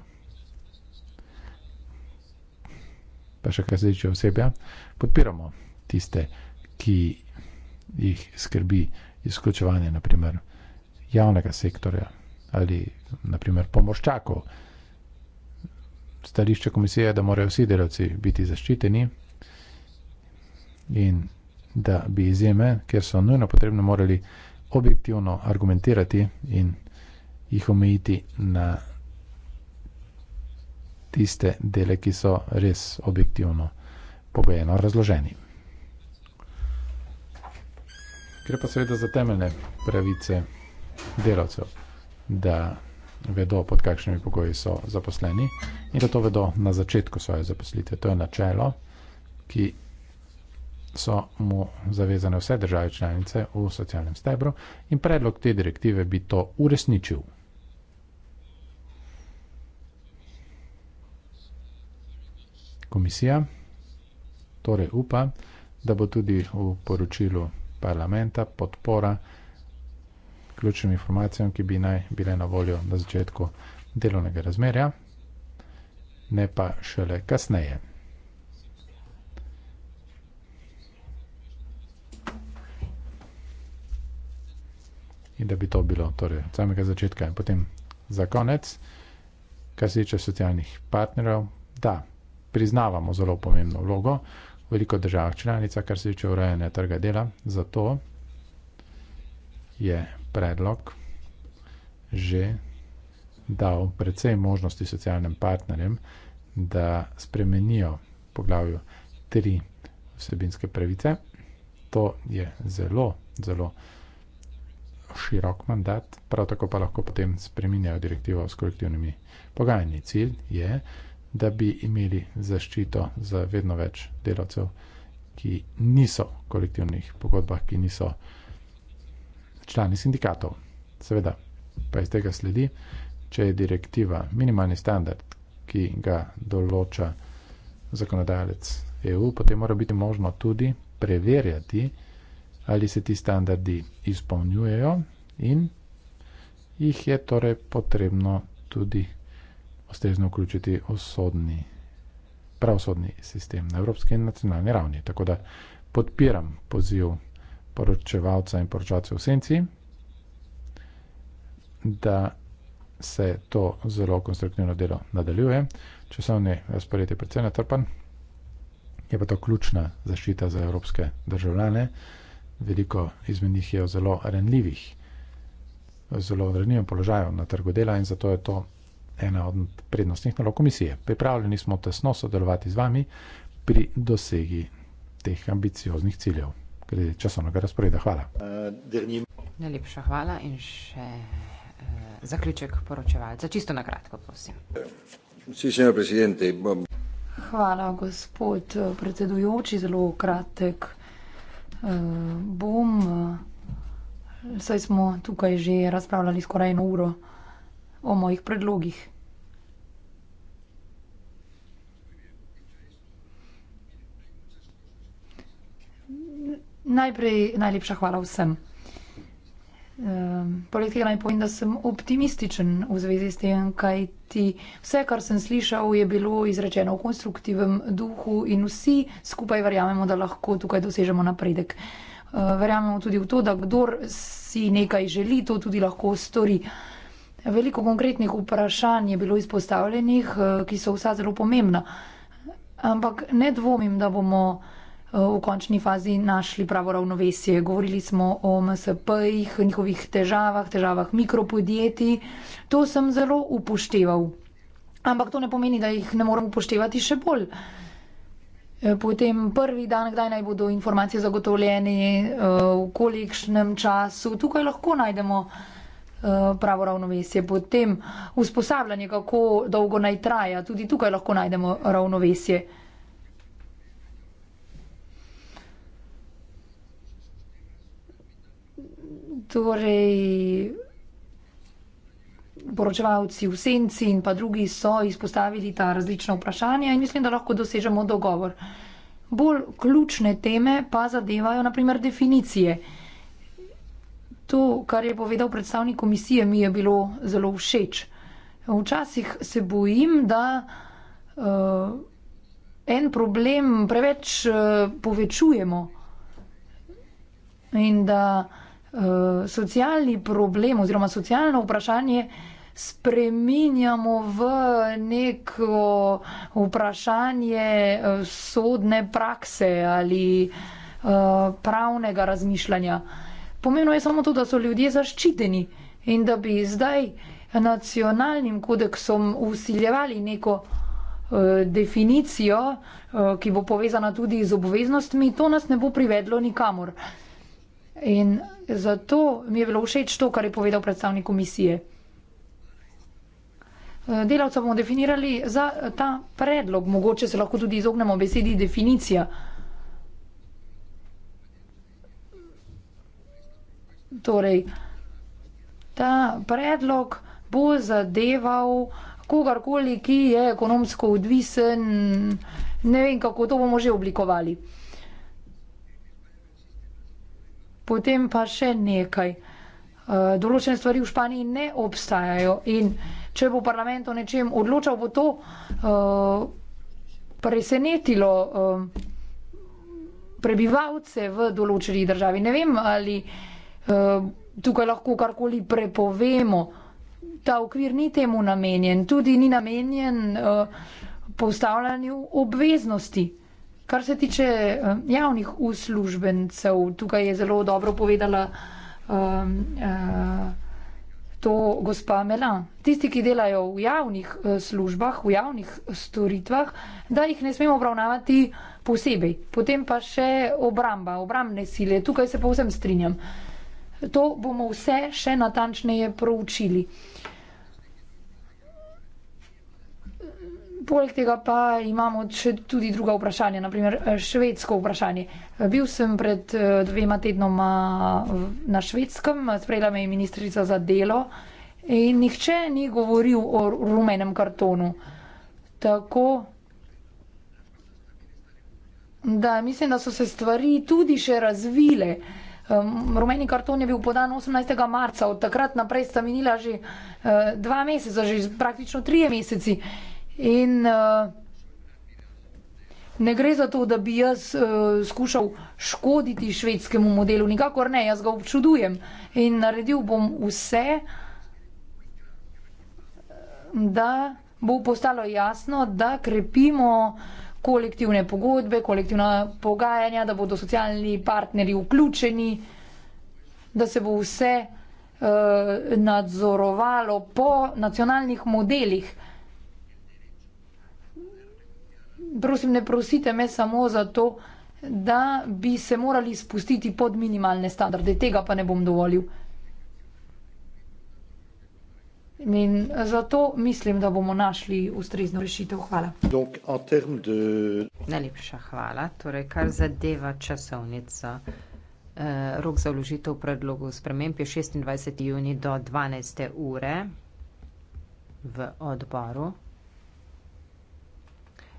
vaša kazajoča osebja, podpiramo tiste, ki jih skrbi izključevanje naprimer javnega sektorja ali naprimer pomorščakov. Stališče komisije je, da morajo vsi delavci biti zaščiteni in da bi izjeme, kjer so nujno potrebne, morali objektivno argumentirati in jih omejiti na tiste dele, ki so res objektivno pogojeno razloženi. Gre pa seveda za temeljne pravice delavcev, da vedo, pod kakšnimi pogoji so zaposleni in da to vedo na začetku svoje zaposlitve. To je načelo, ki so mu zavezane vse države članice v socialnem stebru in predlog te direktive bi to uresničil. komisija torej upa, da bo tudi v poročilu parlamenta podpora ključnim informacijam, ki bi naj bile na voljo na začetku delovnega razmerja, ne pa šele kasneje. In da bi to bilo torej, od samega začetka in potem za konec, kar se tiče socialnih partnerjev, da, priznavamo zelo pomembno vlogo v veliko državah članica, kar se tiče urejanja trga dela. Zato je predlog že dal predvsej možnosti socialnim partnerjem, da spremenijo poglavju tri vsebinske pravice. To je zelo, zelo širok mandat, prav tako pa lahko potem spreminjajo direktivo s kolektivnimi pogajanji. Cilj je, da bi imeli zaščito za vedno več delavcev, ki niso v kolektivnih pogodbah, ki niso člani sindikatov. Seveda pa iz tega sledi, če je direktiva minimalni standard, ki ga določa zakonodajalec EU, potem mora biti možno tudi preverjati, ali se ti standardi izpolnjujejo in jih je torej potrebno tudi ustrezno vključiti v sodni, pravosodni sistem na evropski in nacionalni ravni. Tako da podpiram poziv poročevalca in poročevalcev v senci, da se to zelo konstruktivno delo nadaljuje. Časovni razpored je predvsem natrpan, je pa to ključna zaščita za evropske državljane. Veliko izmed njih je v zelo renljivih, zelo renljivem položaju na trgu dela in zato je to ena od prednostnih nalog komisije. Pripravljeni smo tesno sodelovati z vami pri dosegi teh ambicioznih ciljev. Glede časovnega razporeda, hvala. Najlepša hvala in še eh, zaključek poročevalca. Čisto na kratko, prosim. Hvala, gospod eh, predsedujoči, zelo kratek eh, bom. Eh, saj smo tukaj že razpravljali skoraj eno uro o mojih predlogih. Najprej najlepša hvala vsem. Ehm, poleg tega naj povem, da sem optimističen v zvezi s tem, kaj ti vse, kar sem slišal, je bilo izrečeno v konstruktivnem duhu in vsi skupaj verjamemo, da lahko tukaj dosežemo napredek. Ehm, verjamemo tudi v to, da kdor si nekaj želi, to tudi lahko stori. Veliko konkretnih vprašanj je bilo izpostavljenih, eh, ki so vsa zelo pomembna. Ampak ne dvomim, da bomo eh, v končni fazi našli pravo ravnovesje. Govorili smo o MSP-jih, njihovih težavah, težavah mikropodjetij. To sem zelo upošteval. Ampak to ne pomeni, da jih ne moram upoštevati še bolj. Eh, potem prvi dan, kdaj naj bodo informacije zagotovljene, v kolikšnem času. Tukaj lahko najdemo Eh, pravo ravnovesje, potem usposabljanje, kako dolgo naj traja, tudi tukaj lahko najdemo ravnovesje. Torej, poročevalci v senci in pa drugi so izpostavili ta različna vprašanja in mislim, da lahko dosežemo dogovor. Bolj ključne teme pa zadevajo naprimer definicije. To, kar je povedal predstavnik komisije, mi je bilo zelo všeč. Včasih se bojim, da uh, en problem preveč uh, povečujemo in da uh, socialni problem oziroma socialno vprašanje spreminjamo v neko vprašanje uh, sodne prakse ali uh, pravnega razmišljanja. Uh, Pomembno je samo to, da so ljudje zaščiteni in da bi zdaj nacionalnim kodeksom usiljevali neko eh, definicijo, eh, ki bo povezana tudi z obveznostmi, to nas ne bo privedlo nikamor. In zato mi je bilo všeč to, kar je povedal predstavnik komisije. Eh, delavca bomo definirali za ta predlog, mogoče se lahko tudi izognemo besedi definicija. Eh, Torej, ta predlog bo zadeval kogarkoli, ki je ekonomsko odvisen, ne vem, kako to bomo že oblikovali. Potem pa še nekaj. Eh, določene stvari v Španiji ne obstajajo in če bo parlament o nečem odločal, bo to eh, presenetilo eh, prebivalce v določeni državi. Ne vem, ali je Eh, tukaj lahko karkoli prepovemo. Ta okvir ni temu namenjen, tudi ni namenjen eh, postavljanju obveznosti. Kar se tiče eh, javnih uslužbencev, tukaj je zelo dobro povedala um, uh, to gospa Mela. Tisti, ki delajo v javnih službah, v javnih storitvah, da jih ne smemo obravnavati posebej. Potem pa še obramba, obrambne sile. Tukaj se povsem strinjam. Uh, To bomo vse še natančneje proučili. Poleg tega pa imamo tudi druga vprašanja, naprimer eh, švedsko vprašanje. Bil sem pred eh, dvema tednoma na švedskem, sprejela me je ministrica za delo in nihče ni govoril o rumenem kartonu. Tako, da mislim, da so se stvari tudi še razvile. Um, rumeni karton je bil podan 18. marca, od takrat naprej sta minila že uh, dva meseca, že praktično tri meseci. In uh, ne gre za to, da bi jaz uh, skušal škoditi švedskemu modelu, nikakor ne, jaz ga občudujem in naredil bom vse, da bo postalo jasno, da krepimo kolektivne pogodbe, kolektivna pogajanja, da bodo socialni partnerji vključeni, da se bo vse uh, nadzorovalo po nacionalnih modelih. Prosim, ne prosite me samo za to, da bi se morali spustiti pod minimalne standarde. Tega pa ne bom dovolil. In zato mislim, da bomo našli ustrezno rešitev. Hvala. De... Najlepša hvala. Torej, kar zadeva časovnico. Eh, rok za vložitev predlogu sprememb je 26. juni do 12. ure v odboru.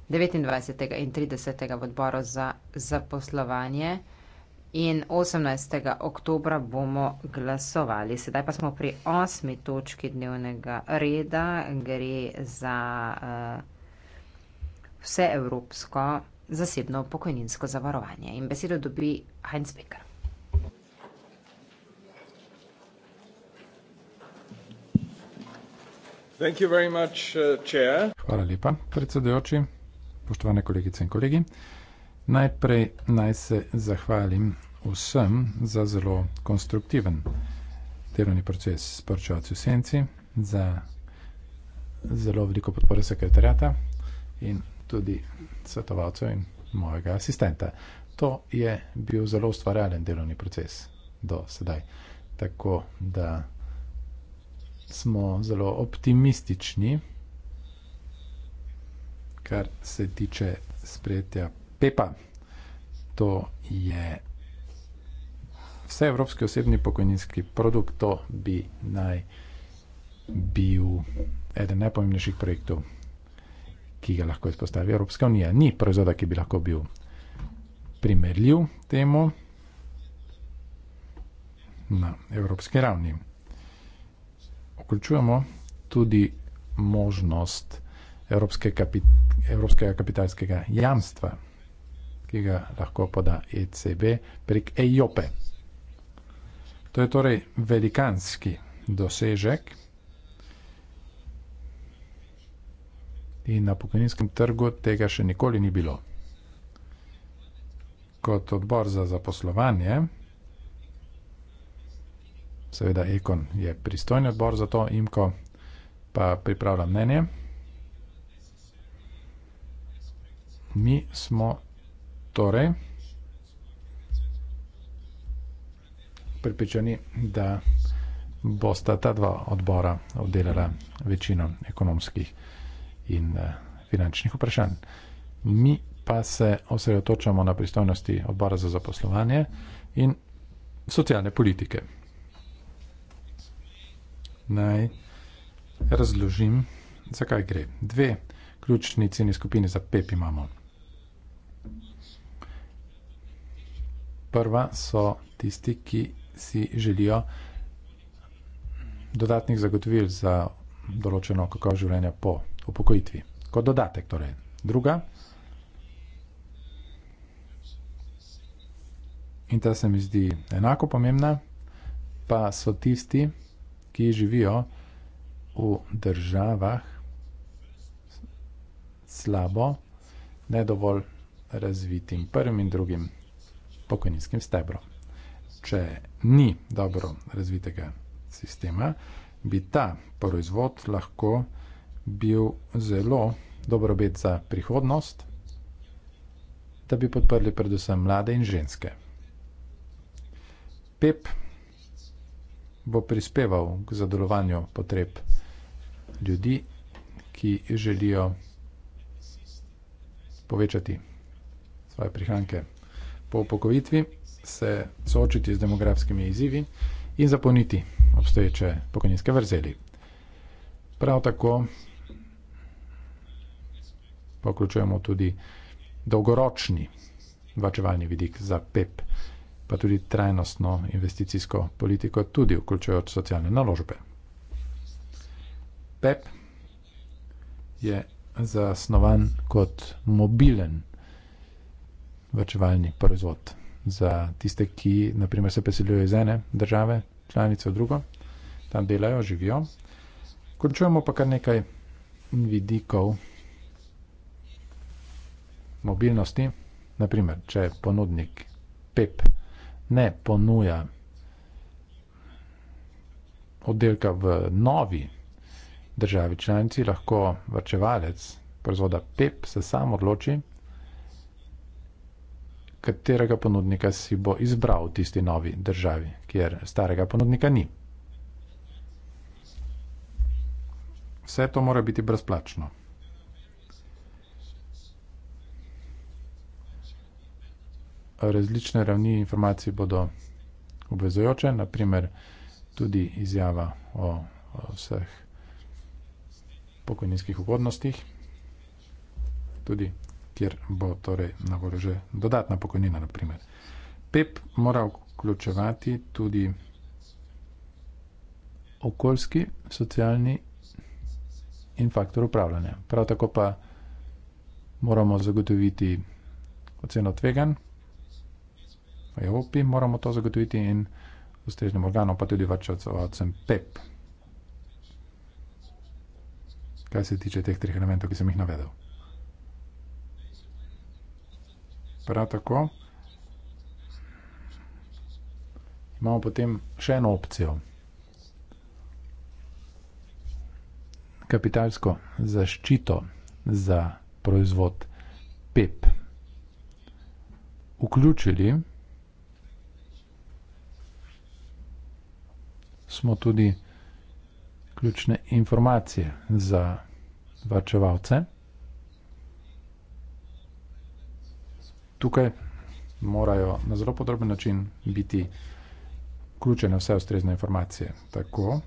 29. in 30. v odboru za zaposlovanje. In 18. oktobra bomo glasovali. Sedaj pa smo pri osmi točki dnevnega reda. Gre za uh, eh, vse evropsko zasebno pokojninsko zavarovanje. In besedo dobi Heinz Becker. Much, eh, Hvala lepa, predsedujoči, poštovane kolegice in kolegi. Uh, Najprej naj se zahvalim vsem za zelo konstruktiven delovni proces s poročevalci v senci, za zelo veliko podpore sekretarjata in tudi svetovalcev in mojega asistenta. To je bil zelo ustvarjalen delovni proces do sedaj. Tako da smo zelo optimistični, kar se tiče sprejetja PEPA. To je vseevropski osebni pokojninski produkt, to bi naj bil eden najpomembnejših projektov, ki ga lahko izpostavi Evropska unija. Ni proizvoda, ki bi lahko bil primerljiv temu na evropski ravni. Vključujemo tudi možnost evropske kapit evropskega kapitalskega jamstva ki ga lahko poda ECB prek EIOPE. To je torej velikanski dosežek in na pokojninskem trgu tega še nikoli ni bilo. Kot odbor za zaposlovanje, seveda Ekon je pristojni odbor za to, IMKO pa pripravlja mnenje, mi smo torej pripričani, da bosta ta dva odbora obdelala večino ekonomskih in eh, finančnih vprašanj. Mi pa se osredotočamo na pristojnosti odbora za zaposlovanje in socialne politike. Naj razložim, zakaj gre. Dve ključni ceni skupine za PEP imamo. prva so tisti, ki si želijo dodatnih zagotovil za določeno kakov življenja po upokojitvi. Kot dodatek torej. Druga, in ta se mi zdi enako pomembna, pa so tisti, ki živijo v državah slabo, nedovolj razvitim prvim in drugim državam pokojninskim stebrom. Če ni dobro razvitega sistema, bi ta proizvod lahko bil zelo dobrobit za prihodnost, da bi podprli predvsem mlade in ženske. PEP bo prispeval k zadolovanju potreb ljudi, ki želijo povečati svoje prihranke po upokojitvi se soočiti z demografskimi izzivi in zapolniti obstoječe pokojninske vrzeli. Prav tako poključujemo tudi dolgoročni vačevalni vidik za PEP, pa tudi trajnostno investicijsko politiko, tudi vključujoč socialne naložbe. PEP je zasnovan kot mobilen vsega, vrčevalni proizvod za tiste, ki naprimer, se preselijo iz ene države, članice v drugo, tam delajo, živijo. Končujemo pa kar nekaj vidikov mobilnosti. Naprimer, če ponudnik PEP ne ponuja oddelka v novi državi članici, lahko vrčevalec proizvoda PEP se sam odloči, katerega ponudnika si bo izbral v tisti novi državi, kjer starega ponudnika ni. Vse to mora biti brezplačno. Različne ravni informacij bodo obvezojoče, naprimer tudi izjava o, o vseh pokojninskih ugodnostih, tudi kjer bo torej na voljo že dodatna pokojnina, naprimer. PEP mora vključevati tudi okoljski, socialni in faktor upravljanja. Prav tako pa moramo zagotoviti oceno tvegan, v Evropi moramo to zagotoviti in ustreznim organom, pa tudi vrčevalcem PEP. Kaj se tiče teh treh elementov, ki sem jih navedel. prav tako. Imamo potem še eno opcijo. Kapitalsko zaščito za proizvod PEP. Vključili smo tudi ključne informacije za varčevalce. tukaj morajo na zelo podroben način biti vključene vse ustrezne informacije. Tako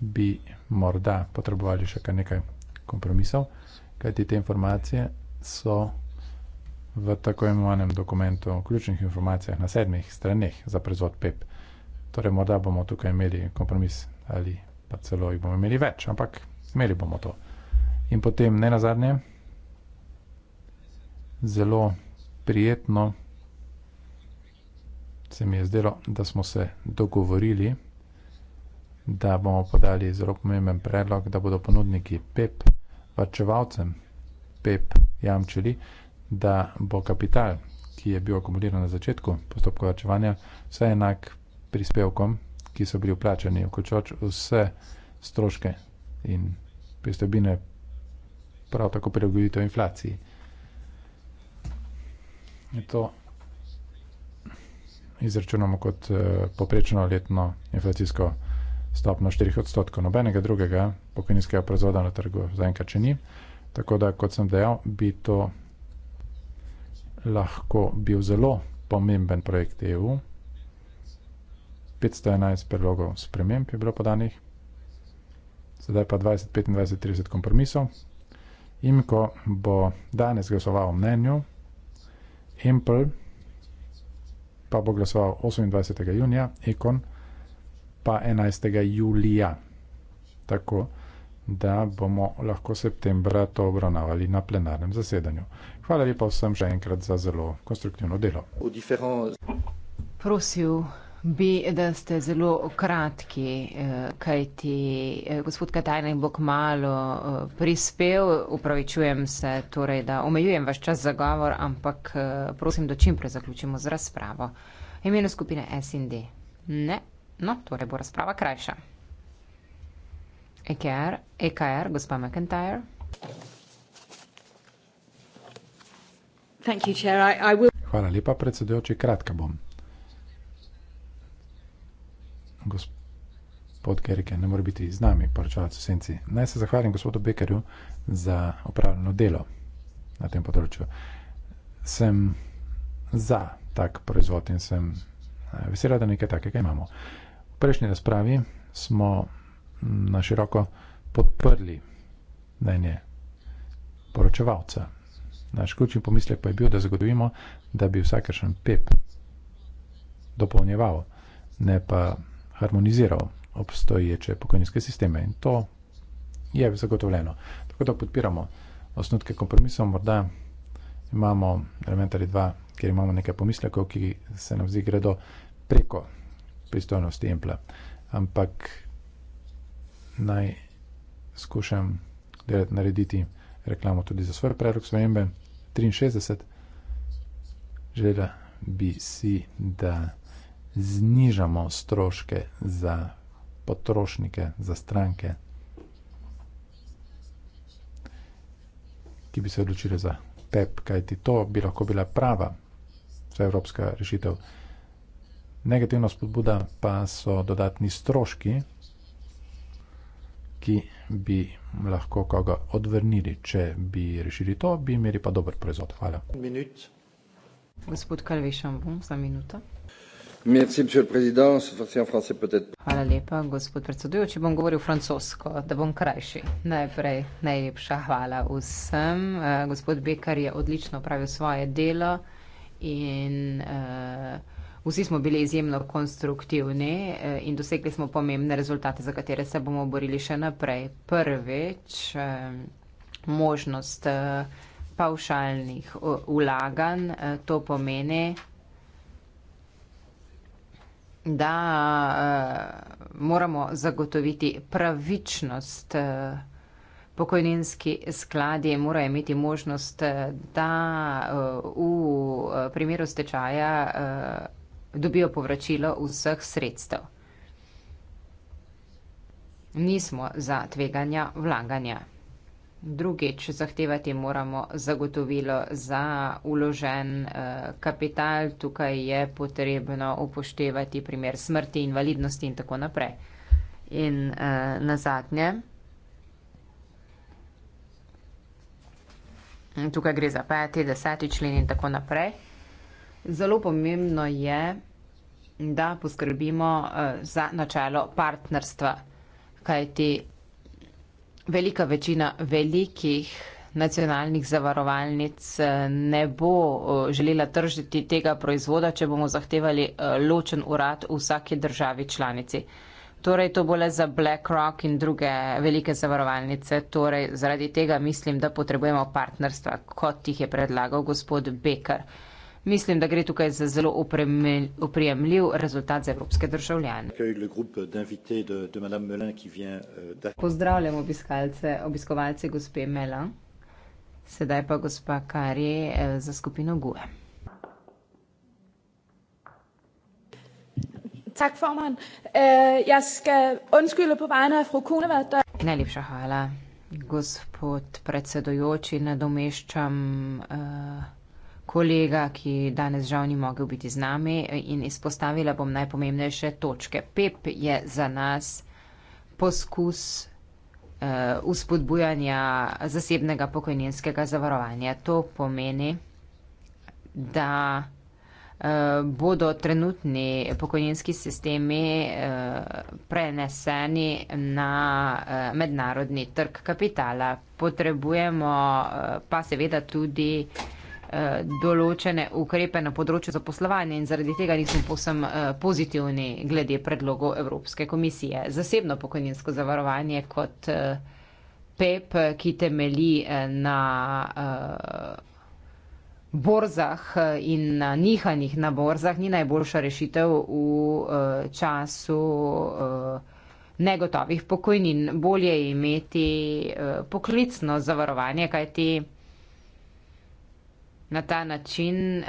bi morda potrebovali še kar nekaj kompromisov, kajti te informacije so v tako imenovanem dokumentu o ključnih informacijah na sedmih straneh za proizvod PEP. Torej, morda bomo tukaj imeli kompromis ali pa celo jih bomo imeli več, ampak imeli bomo to. In potem, ne nazadnje, zelo prijetno. Se mi je zdelo, da smo se dogovorili, da bomo podali zelo pomemben predlog, da bodo ponudniki PEP vrčevalcem PEP jamčili, da bo kapital, ki je bil akumuliran na začetku postopka vrčevanja, vse enak prispevkom, ki so bili vplačani, vključujoč vse stroške in pristojbine, prav tako prilagoditev inflaciji je to izračunamo kot eh, poprečno letno inflacijsko stopno 4 odstotkov. Nobenega drugega pokojninskega proizvoda na trgu zaenkrat še ni. Tako da, kot sem dejal, bi to lahko bil zelo pomemben projekt EU. 511 predlogov sprememb je bilo podanih, sedaj pa 20, 25, 30 kompromisov. In ko bo danes glasoval o mnenju, Impel pa bo glasoval 28. junija, Ekon pa 11. julija. Tako da bomo lahko septembra to obravnavali na plenarnem zasedanju. Hvala lepa vsem še enkrat za zelo konstruktivno delo. Prosil bi, da ste zelo kratki, eh, kajti eh, gospod Katajnik bo k malu eh, prispel, upravičujem se, torej, da omejujem vaš čas za govor, ampak prosim, da čim prej zaključimo z razpravo. Imeno skupine SND. Ne, no, torej bo razprava krajša. EKR, EKR, gospa McIntyre. Hvala lepa, predsedujoči, kratka bom gospod Gerike, ne more biti z nami, poročalec v senci. Naj se zahvalim gospodu Bekerju za opravljeno delo na tem področju. Sem za tak proizvod in sem eh, vesela, da nekaj takega imamo. V prejšnji razpravi smo na široko podprli mnenje poročevalca. Naš ključni pomislek pa je bil, da zagotovimo, da bi vsakršen pep dopolnjeval, ne pa harmoniziral obstoječe pokojninske sisteme in to je zagotovljeno. Tako da podpiramo osnutke kompromisov, morda imamo element ali dva, kjer imamo nekaj pomislekov, ki se nam zdi gredo preko pristojnosti empla. Ampak naj skušam delati, narediti reklamo tudi za svoj predlog svojembe 63. Želela bi si, da znižamo stroške za potrošnike, za stranke, ki bi se odločili za PEP, kajti to bi lahko bila prava evropska rešitev. Negativna spodbuda pa so dodatni stroški, ki bi lahko koga odvrnili. Če bi rešili to, bi imeli pa dober proizvod. Hvala. Minut. Gospod Kalvešan, bom za minuto. Hvala lepa, gospod predsedujoči. Bom govoril francosko, da bom krajši. Najprej najlepša hvala vsem. Eh, gospod Bekar je odlično pravil svoje delo in eh, vsi smo bili izjemno konstruktivni eh, in dosegli smo pomembne rezultate, za katere se bomo borili še naprej. Prvič, možnost pavšalnih ulaganj, to pomeni, da da eh, moramo zagotoviti pravičnost. Eh, pokojninski skladi morajo imeti možnost, eh, da v primeru stečaja dobijo povračilo vseh sredstev. Nismo za tveganja vlaganja drugič zahtevati moramo zagotovilo za uložen eh, kapital, tukaj je potrebno upoštevati primer smrti, invalidnosti in tako naprej. In eh, na zadnje, tukaj gre za peti, deseti člen in tako naprej, zelo pomembno je, da poskrbimo eh, za načelo partnerstva, kajti Velika večina velikih nacionalnih zavarovalnic eh, ne bo eh, želela tržiti tega proizvoda, če bomo zahtevali eh, ločen urad v vsaki državi članici. Torej, to bo le za BlackRock in druge velike zavarovalnice. Torej, zaradi tega mislim, da potrebujemo partnerstva, kot jih je predlagal gospod Becker. Mislim, da gre tukaj za zelo oprijemljiv rezultat za evropske državljane. Euh, Pozdravljam obiskalce, obiskovalce gospe Mela. Sedaj pa gospa Karje eh, za skupino GUE. Tak, formand. Uh, eh, jaz skal undskylde po vegne af fru Kunevad. Der... Najlepša hvala. Gospod predsedujoči, nadomeščam uh, kolega, ki danes žal ni mogel biti z nami in izpostavila bom najpomembnejše točke. PEP je za nas poskus uspodbujanja eh, uh, zasebnega pokojninskega zavarovanja. To pomeni, da eh, bodo trenutni pokojninski sistemi eh, preneseni na mednarodni trg kapitala. Potrebujemo pa seveda tudi Eh, določene ukrepe na področju zaposlovanja in zaradi tega nismo posem eh, pozitivni glede predlogov Evropske komisije. Zasebno pokojninsko zavarovanje kot eh, PEP, ki temeli na borzah in na nihanjih na borzah, ni najboljša rešitev v času negotovih pokojnin. Bolje je imeti poklicno zavarovanje, kajti na ta način uh,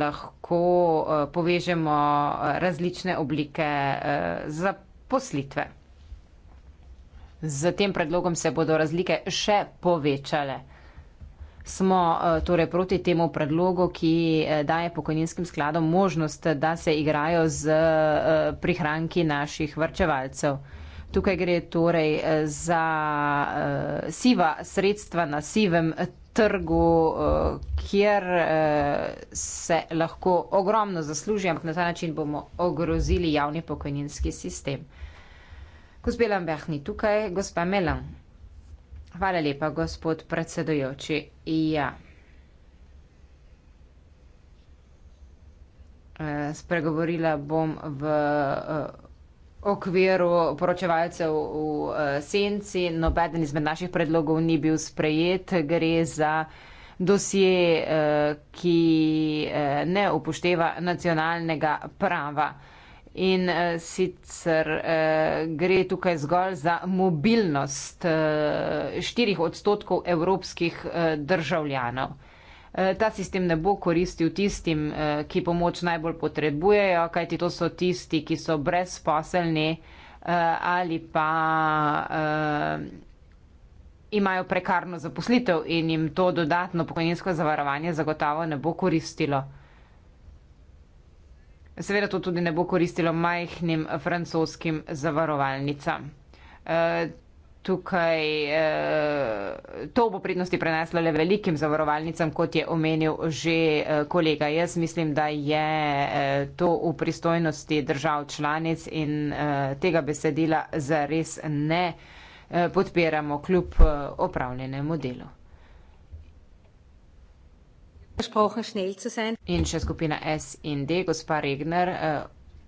lahko uh, povežemo uh, različne oblike uh, zaposlitve. Z tem predlogom se bodo razlike še povečale. Smo torej proti temu predlogu, ki daje pokojninskim skladom možnost, da se igrajo z prihranki naših vrčevalcev. Tukaj gre torej za siva sredstva na sivem trgu, eh, kjer eh, se lahko ogromno zaslužijo, ampak na ta način bomo ogrozili javni pokojninski sistem. Gospod Lambeh ni tukaj, gospa Melan. Hvala lepa, gospod predsedojoči. Ja. Eh, spregovorila bom v okviru poročevalcev v eh, senci. Nobeden izmed naših predlogov ni bil sprejet. Gre za dosje, eh, ki eh, ne upošteva nacionalnega prava. In sicer gre tukaj zgolj za mobilnost štirih odstotkov evropskih državljanov. Eh, ta sistem ne bo koristil tistim, eh, ki pomoč najbolj potrebujejo, kajti to so tisti, ki so brezposelni eh, ali pa imajo prekarno zaposlitev in jim to dodatno pokojninsko zavarovanje zagotovo ne bo koristilo. Seveda to tudi ne bo koristilo majhnim francoskim zavarovalnicam tukaj eh, to bo prednosti preneslo le velikim zavarovalnicam, kot je omenil že eh, kolega. Jaz mislim, da je eh, to v pristojnosti držav članic in eh, tega besedila zares ne eh, podpiramo kljub eh, opravljenemu delu. In še skupina S in D, gospa Regner. Eh,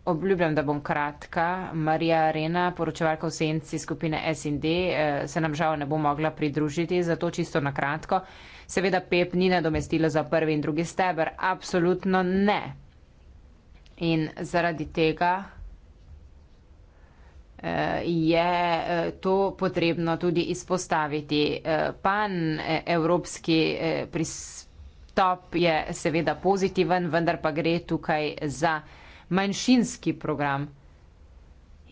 Obljubljam, da bom kratka. Marija Arena, poročevalka v senci skupine SND, eh, se nam žal ne bo mogla pridružiti, zato čisto na kratko. Seveda PEP ni nadomestilo za prvi in drugi steber, absolutno ne. In zaradi tega eh, je eh, to potrebno tudi izpostaviti. Pan evropski pristop je seveda pozitiven, vendar pa gre tukaj za manjšinski program.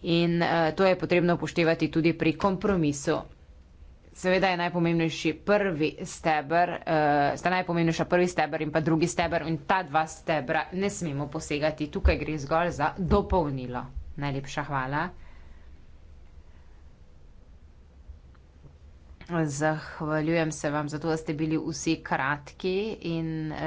In uh, to je potrebno upoštevati tudi pri kompromisu. Seveda je najpomembnejši prvi steber, uh, sta najpomembnejša prvi steber in pa drugi steber in ta dva stebra ne smemo posegati. Tukaj gre zgolj za dopolnilo. Najlepša hvala. Zahvaljujem se vam za to, da ste bili vsi kratki in uh,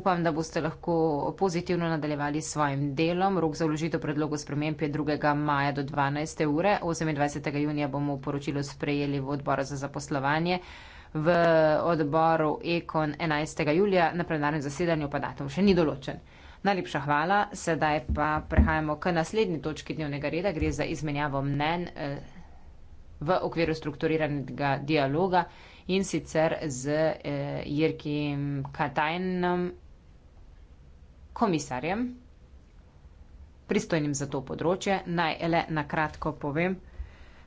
upam, da boste lahko pozitivno nadaljevali s svojim delom. Rok za vložitev predlogov sprememb je 2. maja do 12. ure. 28. junija bomo poročilo sprejeli v odboru za zaposlovanje, v odboru Ekon 11. julija, na plenarnem zasedanju pa datum še ni določen. Najlepša hvala, sedaj pa prehajamo k naslednji točki dnevnega reda, gre za izmenjavo mnen. Uh, v okviru strukturiranega dialoga in sicer z eh, Jirkim Katajnom, komisarjem, pristojnim za to področje. Naj le na kratko povem,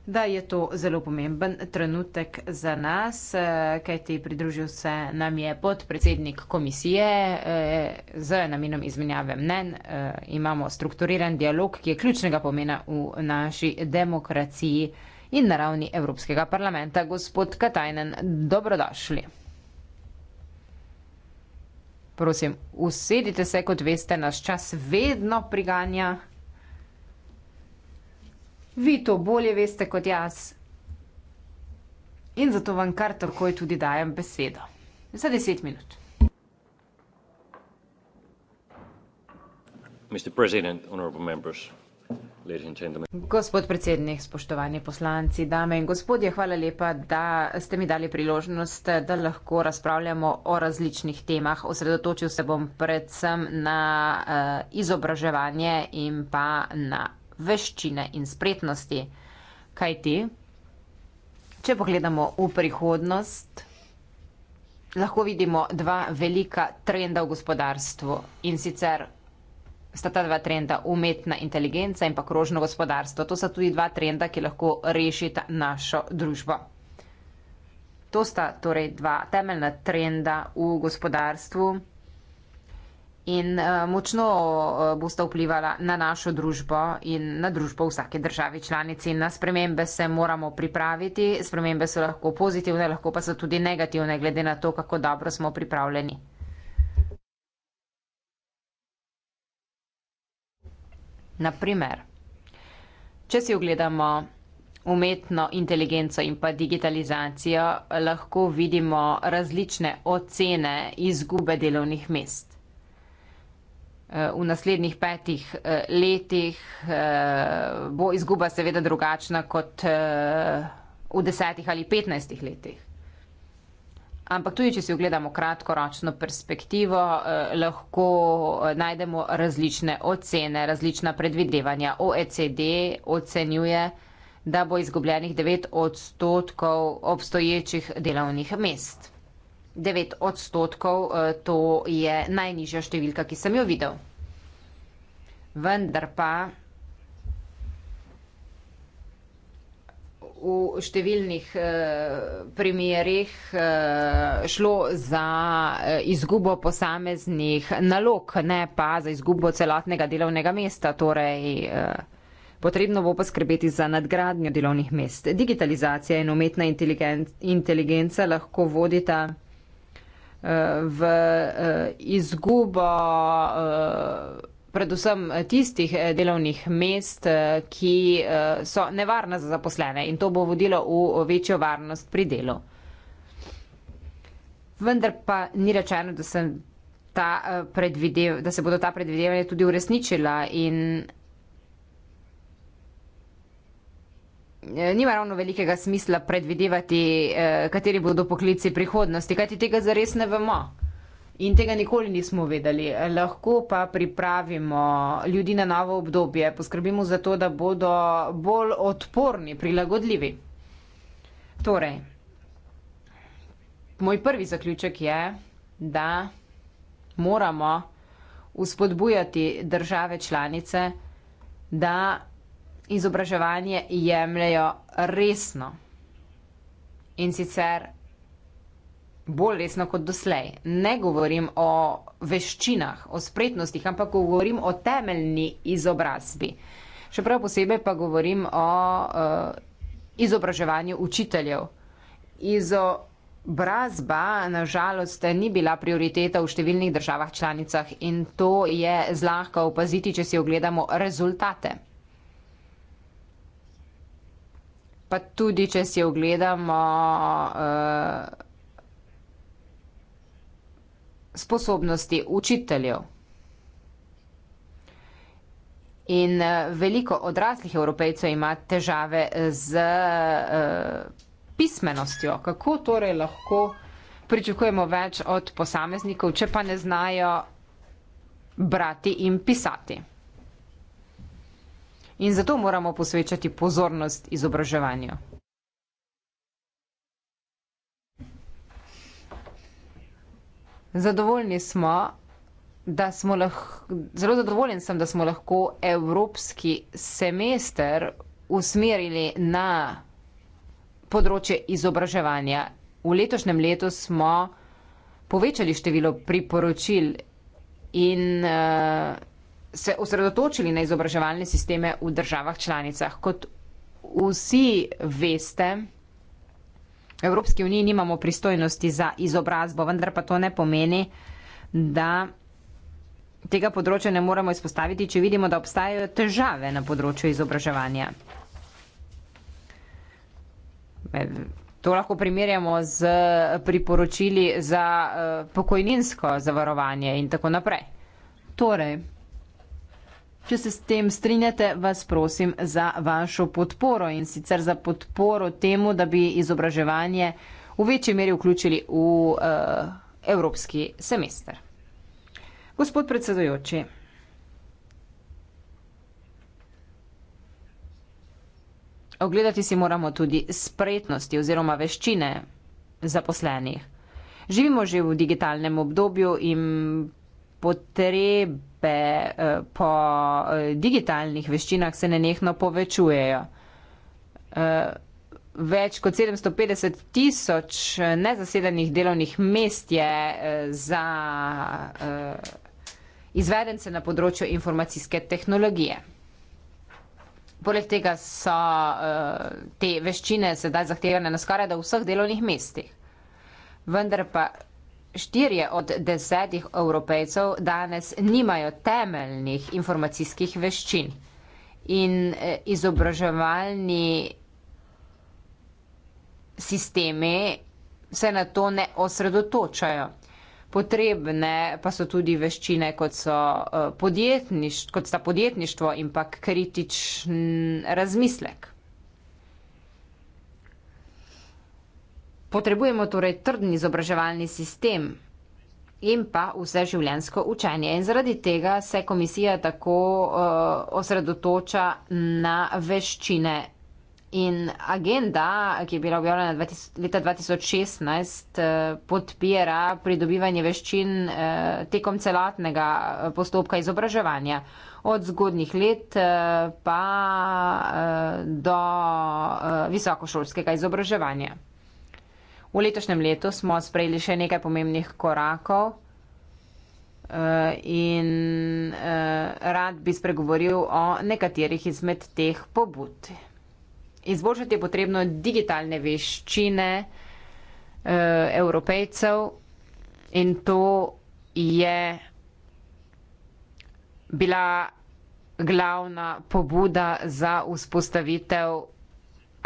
da je to zelo pomemben trenutek za nas, eh, kajti pridružil se nam je podpredsednik komisije eh, z namenom izmenjave mnen. Eh, imamo strukturiran dialog, ki je ključnega pomena v naši demokraciji in na ravni Evropskega parlamenta. Gospod Katajnen, dobrodošli. Prosim, usedite se, kot veste, naš čas vedno priganja. Vi to bolje veste kot jaz. In zato vam kar takoj tudi dajem besedo. Za deset minut. Mr. President, honorable members. Gospod predsednik, spoštovani poslanci, dame in gospodje, hvala lepa, da ste mi dali priložnost, da lahko razpravljamo o različnih temah. Osredotočil se bom predvsem na uh, izobraževanje in pa na veščine in spretnosti. Kaj ti? Če pogledamo v prihodnost, lahko vidimo dva velika trenda v gospodarstvu in sicer sta ta dva trenda umetna inteligenca in pa krožno gospodarstvo. To sta tudi dva trenda, ki lahko rešita našo družbo. To sta torej dva temeljna trenda v gospodarstvu in eh, močno eh, bosta vplivala na našo družbo in na družbo vsake državi članici. Na spremembe se moramo pripraviti, spremembe so lahko pozitivne, lahko pa so tudi negativne, glede na to, kako dobro smo pripravljeni. Naprimer, če si ogledamo umetno inteligenco in pa digitalizacijo, lahko vidimo različne ocene izgube delovnih mest. Eh, v naslednjih petih eh, letih eh, bo izguba seveda drugačna kot v desetih ali petnajstih letih. Ampak tudi, če si ogledamo kratkoročno perspektivo, eh, lahko eh, najdemo različne ocene, različna predvidevanja. OECD ocenjuje, da bo izgubljenih 9 odstotkov obstoječih delovnih mest. 9 odstotkov eh, to je najnižja številka, ki sem jo videl. Vendar pa v številnih eh, primerjih eh, šlo za eh, izgubo posameznih nalog, ne pa za izgubo celotnega delovnega mesta. Torej, potrebno bo poskrbeti za nadgradnjo delovnih mest. Digitalizacija in umetna inteligenca lahko vodita v izgubo predvsem eh, tistih eh, delovnih mest, eh, ki so nevarna za zaposlene in to bo vodilo v večjo varnost pri delu. Vendar pa ni rečeno, da, da se bodo ta predvidevanja tudi uresničila in nima ravno velikega smisla predvidevati, kateri bodo poklici prihodnosti, kajti tega zares ne vemo in tega nikoli nismo vedeli. Lahko pa pripravimo ljudi na novo obdobje, poskrbimo za to, da bodo bolj odporni, prilagodljivi. Torej, moj prvi zaključek je, da moramo uspodbujati države članice, da izobraževanje jemljajo resno. In sicer bolj resno kot doslej. Ne govorim o veščinah, o spretnostih, ampak govorim o temeljni izobrazbi. Še prav posebej pa govorim o uh, izobraževanju učiteljev. Izobrazba, nažalost, ni bila prioriteta v številnih državah članicah in to je zlahka opaziti, če si ogledamo rezultate. Pa tudi, če si ogledamo uh, sposobnosti učiteljev. In eh, veliko odraslih evropejcev ima težave z uh, pismenostjo. Kako torej lahko pričakujemo več od posameznikov, če pa ne znajo brati in pisati? In zato moramo posvečati pozornost izobraževanju. zadovoljni smo, da smo lahko, zelo zadovoljen sem, da smo lahko evropski semester usmerili na področje izobraževanja. V letošnjem letu smo povečali število priporočil in uh, se osredotočili na izobraževalne sisteme v državah članicah. Kot vsi veste, V Evropski uniji nimamo pristojnosti za izobrazbo, vendar pa to ne pomeni, da tega področja ne moremo izpostaviti, če vidimo, da obstajajo težave na področju izobraževanja. Eh, to lahko primerjamo z eh, priporočili za eh, pokojninsko zavarovanje in tako naprej. Torej, Če se s tem strinjate, vas prosim za vašo podporo in sicer za podporo temu, da bi izobraževanje v večji meri vključili v uh, evropski semester. Gospod predsedujoči. Ogledati si moramo tudi spretnosti oziroma veščine zaposlenih. Živimo že v digitalnem obdobju in potrebe eh, po eh, digitalnih veščinah se nenehno povečujejo. Eh, več kot 750 tisoč nezasedenih delovnih mest je za izvedence na področju informacijske tehnologije. Poleg tega so te veščine sedaj zahtevane na skoraj da vseh delovnih mestih. Vendar pa Štirje od desetih evropejcev danes nimajo temeljnih informacijskih veščin in eh, izobraževalni sistemi se na to ne osredotočajo. Potrebne pa so tudi veščine, kot, so eh, kot sta podjetništvo in pa kritičen razmislek. Potrebujemo torej trden izobraževalni sistem in pa vseživljensko učenje. In zaradi tega se komisija tako uh, osredotoča na veščine. In agenda, ki je bila objavljena leta 2016, eh, podpira pridobivanje veščin eh, tekom celotnega postopka izobraževanja. Od zgodnih let pa do visokošolskega izobraževanja. V letošnjem letu smo sprejeli še nekaj pomembnih korakov eh, in eh, rad bi spregovoril o nekaterih izmed teh pobud. Izboljšati je potrebno digitalne veščine eh, evropejcev in to je bila glavna pobuda za vzpostavitev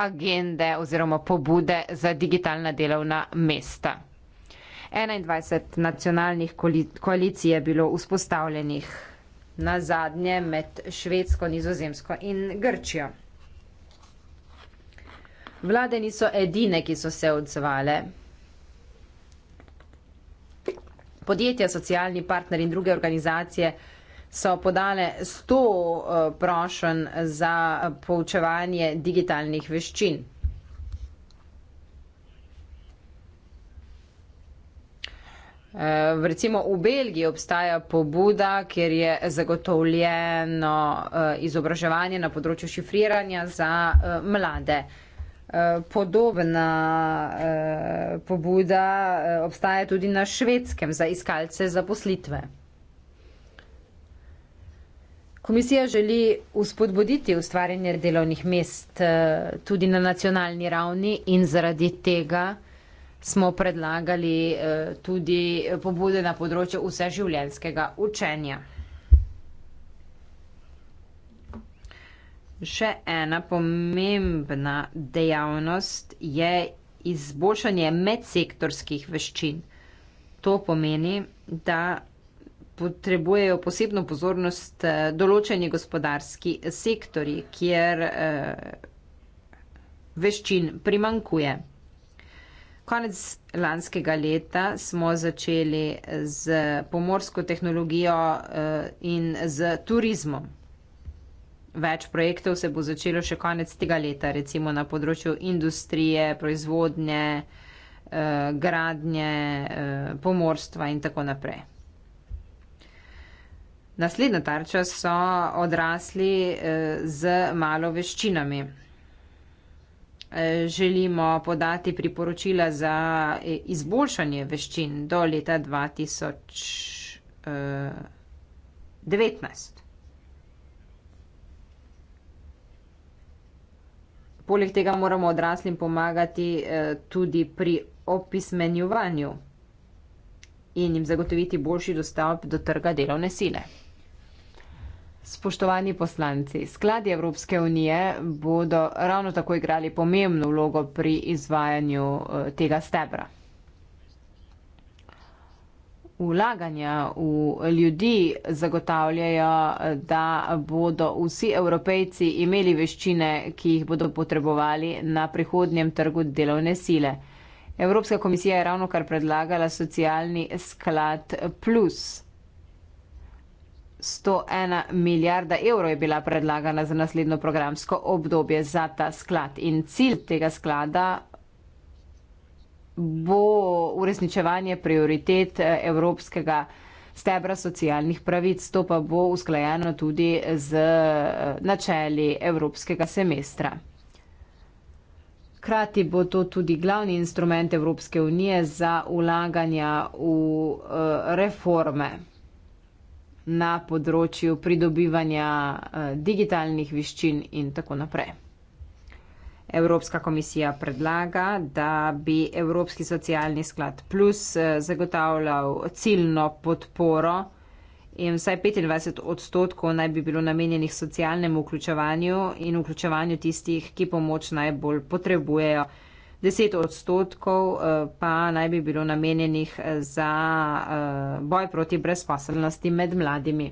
agende oziroma pobude za digitalna delovna mesta. 21 nacionalnih koalicij je bilo vzpostavljenih na zadnje med Švedsko, Nizozemsko in Grčijo. Vlade niso edine, ki so se odzvale. Podjetja, socialni partner in druge organizacije so podale 100 eh, prošenj za poučevanje digitalnih veščin. Eh, recimo v Belgiji obstaja pobuda, kjer je zagotovljeno eh, izobraževanje na področju šifriranja za mlade. Podobna pobuda obstaja tudi na švedskem za iskalce zaposlitve. Komisija želi uspodbuditi ustvarjanje delovnih mest eh, tudi na nacionalni ravni in zaradi tega smo predlagali eh, tudi pobude na področju vseživljenjskega učenja. Še ena pomembna dejavnost je izboljšanje medsektorskih veščin. To pomeni, da potrebujejo posebno pozornost eh, določeni gospodarski sektori, kjer eh, veščin primankuje. Konec lanskega leta smo začeli z pomorsko tehnologijo eh, in z turizmom. Več projektov se bo začelo še konec tega leta, recimo na področju industrije, proizvodnje, gradnje, pomorstva in tako naprej. Naslednja tarča so odrasli eh, z malo veščinami. Eh, želimo podati priporočila za eh, izboljšanje veščin do leta 2019. Poleg tega moramo odraslim pomagati tudi pri opismenjevanju in jim zagotoviti boljši dostop do trga delovne sile. Spoštovani poslanci, skladi Evropske unije bodo ravno tako igrali pomembno vlogo pri izvajanju eh, tega stebra. Vlaganja v ljudi zagotavljajo, eh, da bodo vsi evropejci imeli veščine, ki jih bodo potrebovali na prihodnjem trgu delovne sile. Evropska komisija je ravno kar predlagala socialni sklad plus. 101 milijarda evrov je bila predlagana za naslednjo programsko obdobje za ta sklad in cilj tega sklada bo uresničevanje prioritet eh, evropskega stebra socialnih pravic. To pa bo usklajeno tudi z eh, načeli evropskega semestra. Krati bo to tudi glavni instrument Evropske unije za ulaganja v eh, reforme na področju pridobivanja eh, digitalnih veščin in tako naprej. Evropska komisija predlaga, da bi Evropski socialni sklad plus eh, zagotavljal ciljno podporo in vsaj 25 odstotkov naj bi bilo namenjenih socialnemu vključevanju in vključevanju tistih, ki pomoč najbolj potrebujejo. 10 odstotkov eh, pa naj bi bilo namenjenih eh, za eh, boj proti brezposelnosti med mladimi.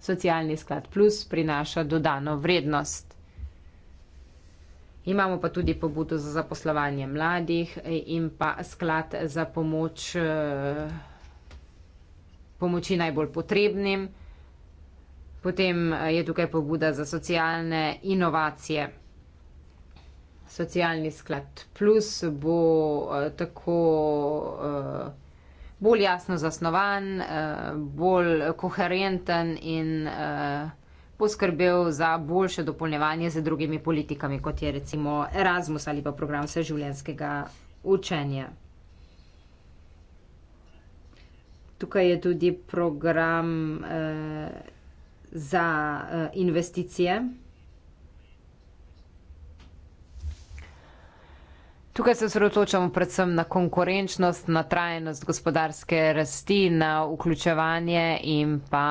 Socialni sklad plus prinaša dodano vrednost. Imamo pa tudi pobudo za zaposlovanje mladih in pa sklad za pomoč, pomoči najbolj potrebnim. Potem je tukaj pobuda za socialne inovacije socialni sklad plus bo uh, tako uh, bolj jasno zasnovan, uh, bolj koherenten in uh, poskrbel za boljše dopolnjevanje z drugimi politikami, kot je recimo Erasmus ali pa program vseživljenjskega učenja. Tukaj je tudi program uh, za uh, investicije. Tukaj se osredotočamo predvsem na konkurenčnost, na trajnost gospodarske rasti, na vključevanje in pa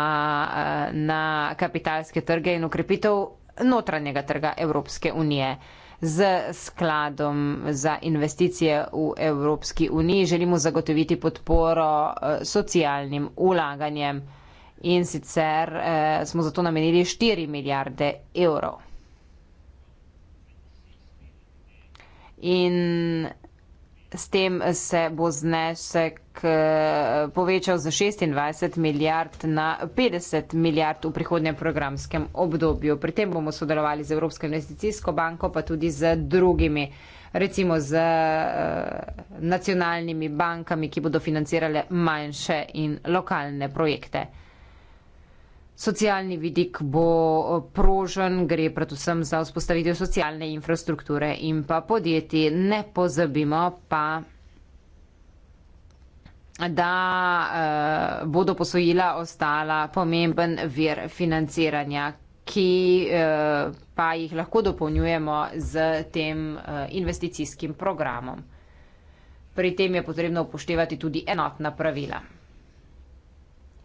eh, na kapitalske trge in ukrepitev notranjega trga Evropske unije. Z skladom za investicije v Evropski uniji želimo zagotoviti podporo eh, socialnim ulaganjem in sicer eh, smo zato namenili 4 milijarde evrov. in s tem se bo znesek eh, povečal za 26 milijard na 50 milijard v prihodnjem programskem obdobju. Pri tem bomo sodelovali z Evropsko investicijsko banko, pa tudi z drugimi, recimo z eh, nacionalnimi bankami, ki bodo financirale manjše in lokalne projekte socialni vidik bo eh, prožen, gre predvsem za vzpostavitev socialne infrastrukture in pa podjetij. Ne pozabimo pa, da eh, bodo posojila ostala pomemben vir financiranja ki eh, pa jih lahko dopolnjujemo z tem eh, investicijskim programom. Pri tem je potrebno upoštevati tudi enotna pravila.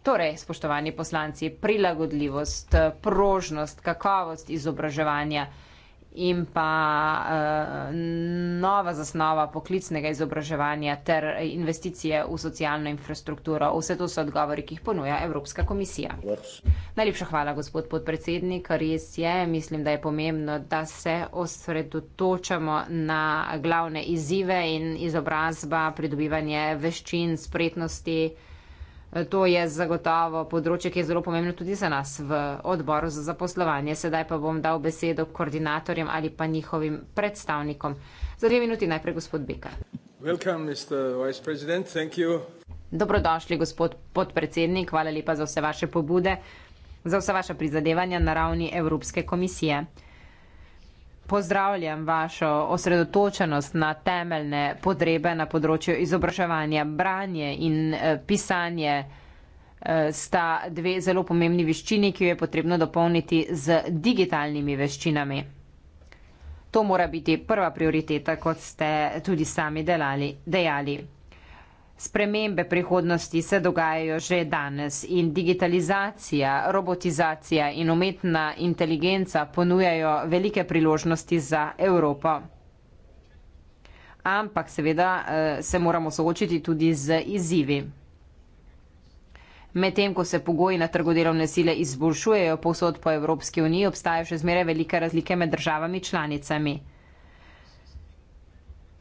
Torej, spoštovani poslanci, prilagodljivost, prožnost, kakovost izobraževanja in pa eh, nova zasnova poklicnega izobraževanja ter investicije v socialno infrastrukturo. Vse to so odgovori, ki jih ponuja Evropska komisija. Najlepša hvala, gospod podpredsednik. Res je, mislim, da je pomembno, da se osredotočamo na glavne izzive in izobrazba, pridobivanje veščin, spretnosti. To je zagotovo področje, ki je zelo pomembno tudi za nas v odboru za zaposlovanje. Sedaj pa bom dal besedo koordinatorjem ali pa njihovim predstavnikom. Za dve minuti najprej gospod Beka. Dobrodošli, gospod podpredsednik. Hvala lepa za vse vaše pobude, za vse vaše prizadevanja na ravni Evropske komisije. Pozdravljam vašo osredotočenost na temeljne potrebe na področju izobraževanja. Branje in eh, pisanje eh, sta dve zelo pomembni veščini, ki jo je potrebno dopolniti z digitalnimi veščinami. To mora biti prva prioriteta, kot ste tudi sami delali, dejali. Spremembe prihodnosti se dogajajo že danes in digitalizacija, robotizacija in umetna inteligenca ponujajo velike priložnosti za Evropo. Ampak seveda eh, se moramo soočiti tudi z izzivi. Medtem, ko se pogoji na trgu delovne sile izboljšujejo povsod po Evropski uniji, obstajajo še zmeraj velike razlike med državami članicami.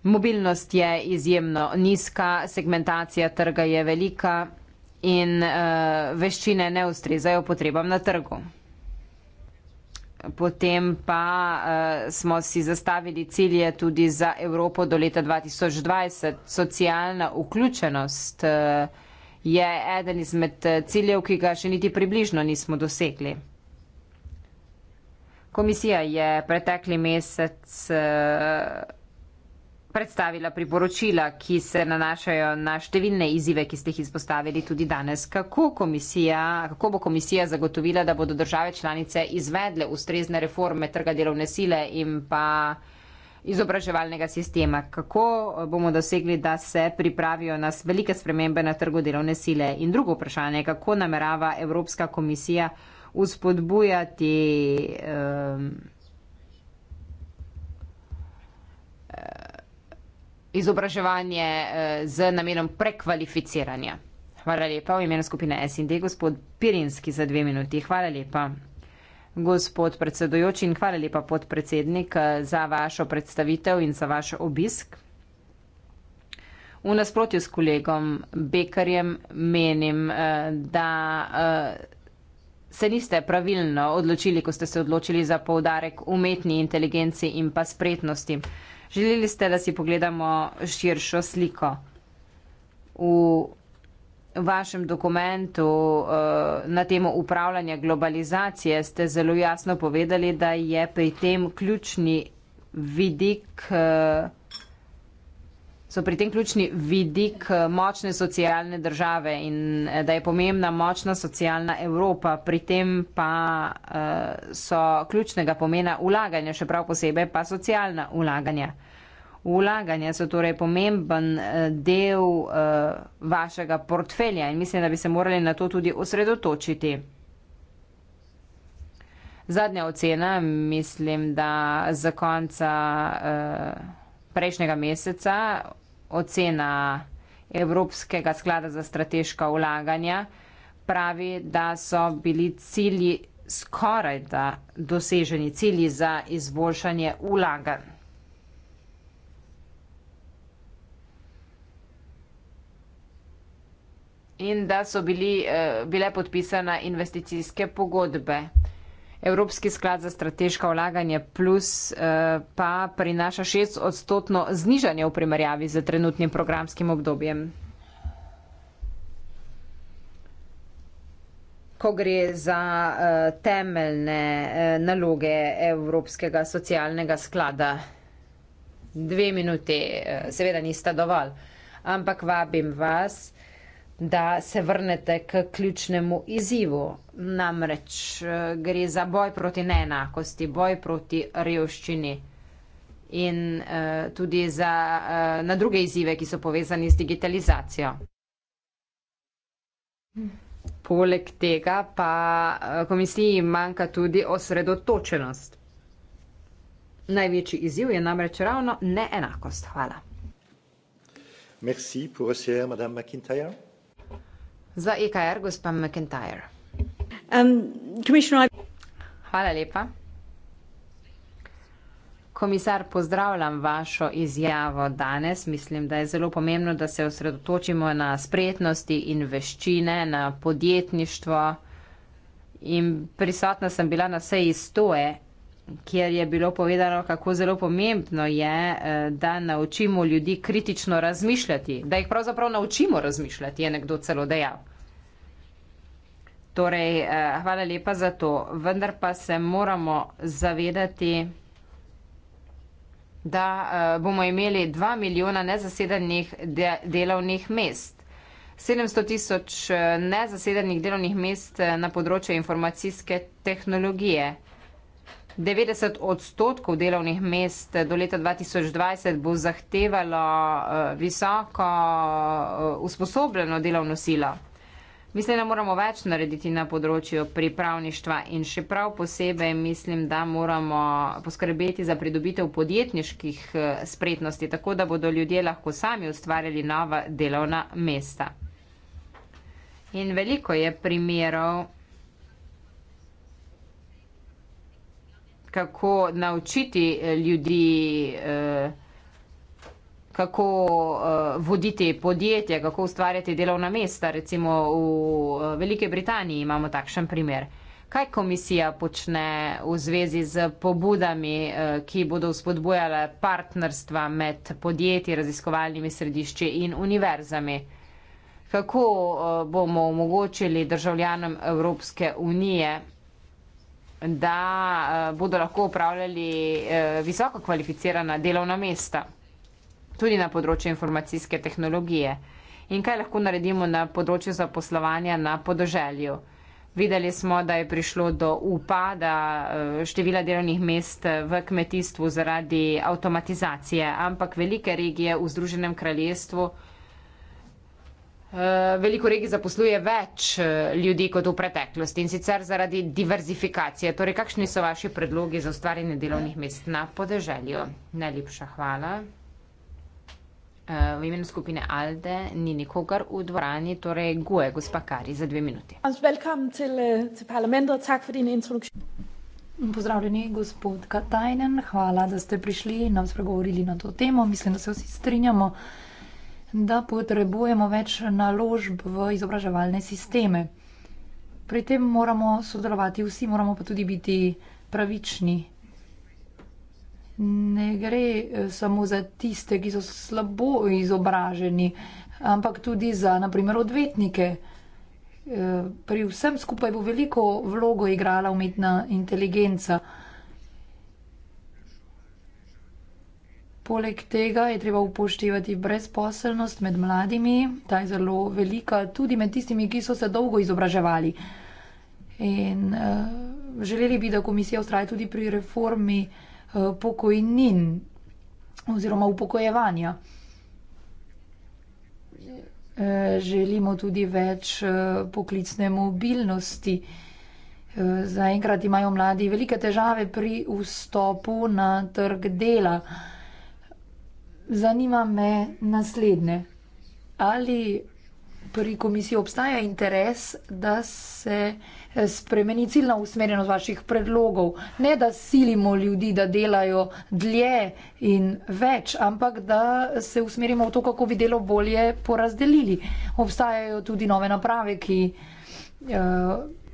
Mobilnost je izjemno nizka, segmentacija trga je velika in uh, veščine ne ustrezajo potrebam na trgu. Potem pa uh, smo si zastavili cilje tudi za Evropo do leta 2020. Socialna vključenost uh, je eden izmed ciljev, ki ga še niti približno nismo dosegli. Komisija je pretekli mesec. Uh, predstavila priporočila, ki se nanašajo na številne izive, ki ste jih izpostavili tudi danes. Kako, kako bo komisija zagotovila, da bodo države članice izvedle ustrezne reforme trga delovne sile in pa izobraževalnega sistema? Kako bomo dosegli, da se pripravijo nas velike spremembe na trgu delovne sile? In drugo vprašanje, kako namerava Evropska komisija uspodbujati. Um, izobraževanje eh, z namenom prekvalificiranja. Hvala lepa v imenu skupine SND, gospod Pirinski za dve minuti. Hvala lepa, gospod predsedojoči in hvala lepa, podpredsednik, eh, za vašo predstavitev in za vaš obisk. V nasprotju s kolegom Bekarjem menim, eh, da se niste pravilno odločili, ko ste se odločili za povdarek umetni inteligenci in pa spretnosti. Želeli ste, da si pogledamo širšo sliko. V vašem dokumentu eh, na temo upravljanja globalizacije ste zelo jasno povedali, da je pri tem ključni vidik eh, so pri tem ključni vidik eh, močne socialne države in eh, da je pomembna močna socialna Evropa, pri tem pa eh, so ključnega pomena ulaganja, še prav posebej pa socialna ulaganja. Ulaganja so torej pomemben del vašega portfelja in mislim, da bi se morali na to tudi osredotočiti. Zadnja ocena, mislim, da za konca eh, prejšnjega meseca ocena Evropskega sklada za strateška vlaganja pravi, da so bili cilji skoraj da doseženi cilji za izboljšanje vlaganj. In da so bili, eh, bile podpisane investicijske pogodbe. Evropski sklad za strateška vlaganja plus eh, pa prinaša 6 odstotno znižanje v primerjavi z trenutnim programskim obdobjem. ko gre za eh, temeljne eh, naloge Evropskega socialnega sklada. Dve minuti seveda nista dovolj, ampak vabim vas, da se vrnete k ključnemu izzivu. Namreč eh, gre za boj proti neenakosti, boj proti revščini in uh, tudi za, uh, na druge izzive, ki so povezani z digitalizacijo. Poleg tega pa komisiji manjka tudi osredotočenost. Največji izziv je namreč ravno neenakost. Hvala. Merci pour recevoir Madame McIntyre. Za EKR, gospod McIntyre. Um, I... Hvala lepa. Komisar, pozdravljam vašo izjavo danes. Mislim, da je zelo pomembno, da se osredotočimo na spretnosti in veščine, na podjetništvo. In prisotna sem bila na seji stoje kjer je bilo povedano, kako zelo pomembno je, eh, da naučimo ljudi kritično razmišljati, da jih pravzaprav naučimo razmišljati, je nekdo celo dejal. Torej, eh, hvala lepa za to, vendar pa se moramo zavedati, da eh, bomo imeli 2 milijona nezasedenih delovnih mest. 700 tisoč nezasedenih delovnih mest na področju informacijske tehnologije. 90 odstotkov delovnih mest do leta 2020 bo zahtevalo eh, visoko eh, usposobljeno delovno silo. Mislim, da moramo več narediti na področju pripravništva in še prav posebej mislim, da moramo poskrbeti za pridobitev podjetniških eh, spretnosti, tako da bodo ljudje lahko sami ustvarjali nova delovna mesta. In veliko je primerov, kako naučiti eh, ljudi, eh, kako eh, voditi podjetje, kako ustvarjati delovna mesta. Recimo v Velike Britaniji imamo takšen primer. Kaj komisija počne v zvezi z pobudami, ki bodo spodbujale partnerstva med podjetji, raziskovalnimi središči in univerzami? Kako bomo omogočili državljanom Evropske unije, da eh, bodo lahko upravljali eh, visoko kvalificirana delovna mesta, tudi na področju informacijske tehnologije. In kaj lahko naredimo na področju zaposlovanja na podoželju? Videli smo, da je prišlo do upada eh, števila delovnih mest v kmetijstvu zaradi avtomatizacije, ampak velike regije v Združenem kraljestvu Eh, veliko regij zaposluje več eh, ljudi kot v preteklosti in sicer zaradi diverzifikacije. Torej, kakšni so vaši predlogi za ustvarjanje delovnih mest na podeželju? Najlepša hvala. Eh, v imenu skupine Alde ni nikogar v dvorani, torej Gue, gospa Kari, za dve minuti. Pozdravljeni, gospod Katajnen, hvala, da ste prišli in nam spregovorili na to temo. Mislim, da se vsi strinjamo, da potrebujemo več naložb v izobraževalne sisteme. Pri tem moramo sodelovati vsi, moramo pa tudi biti pravični. Ne gre eh, samo za tiste, ki so slabo izobraženi, ampak tudi za, naprimer, odvetnike. Eh, pri vsem skupaj bo veliko vlogo igrala umetna inteligenca. Poleg tega je treba upoštevati brezposelnost med mladimi, ta je zelo velika, tudi med tistimi, ki so se dolgo izobraževali. In uh, želeli bi, da komisija ustraja tudi pri reformi uh, pokojnin oziroma upokojevanja. Eh, želimo tudi več poklicne mobilnosti. Zaenkrat imajo mladi velike težave pri vstopu na trg dela. Zanima me naslednje. Ali pri komisiji obstaja interes, da se eh, spremeni ciljna usmerjenost vaših predlogov? Ne, da silimo ljudi, da delajo dlje in več, ampak da se usmerimo v to, kako bi delo bolje porazdelili. Obstajajo tudi nove naprave, ki. Uh,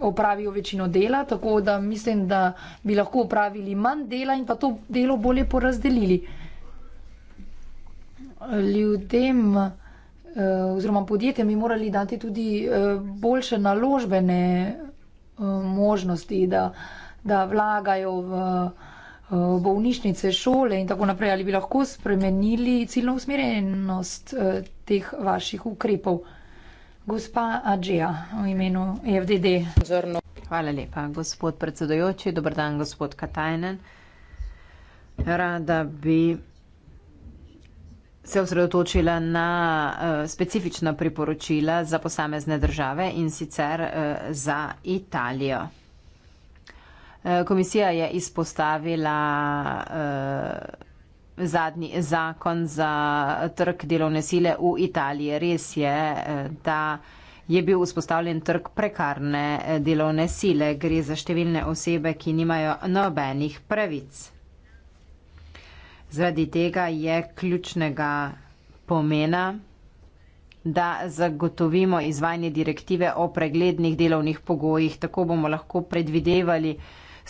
opravijo večino dela, tako da mislim, da bi lahko opravili manj dela in pa to delo bolje porazdelili ljudem eh, oziroma podjetjem bi morali dati tudi eh, boljše naložbene eh, možnosti, da, da vlagajo v bolnišnice, šole in tako naprej. Ali bi lahko spremenili ciljno usmerjenost teh vaših ukrepov? Gospa Adžija v imenu FDD. Hvala lepa, gospod predsedojoči. Dobar dan, gospod Katajnen. Rada bi se osredotočila na uh, specifična priporočila za posamezne države in sicer uh, za Italijo. Eh, komisija je izpostavila eh, zadnji zakon za trg delovne sile v Italiji. Res je, eh, da je bil vzpostavljen trg prekarne delovne sile. Gre za številne osebe, ki nimajo nobenih pravic. Zradi tega je ključnega pomena, da zagotovimo izvajanje direktive o preglednih delovnih pogojih, tako bomo lahko predvidevali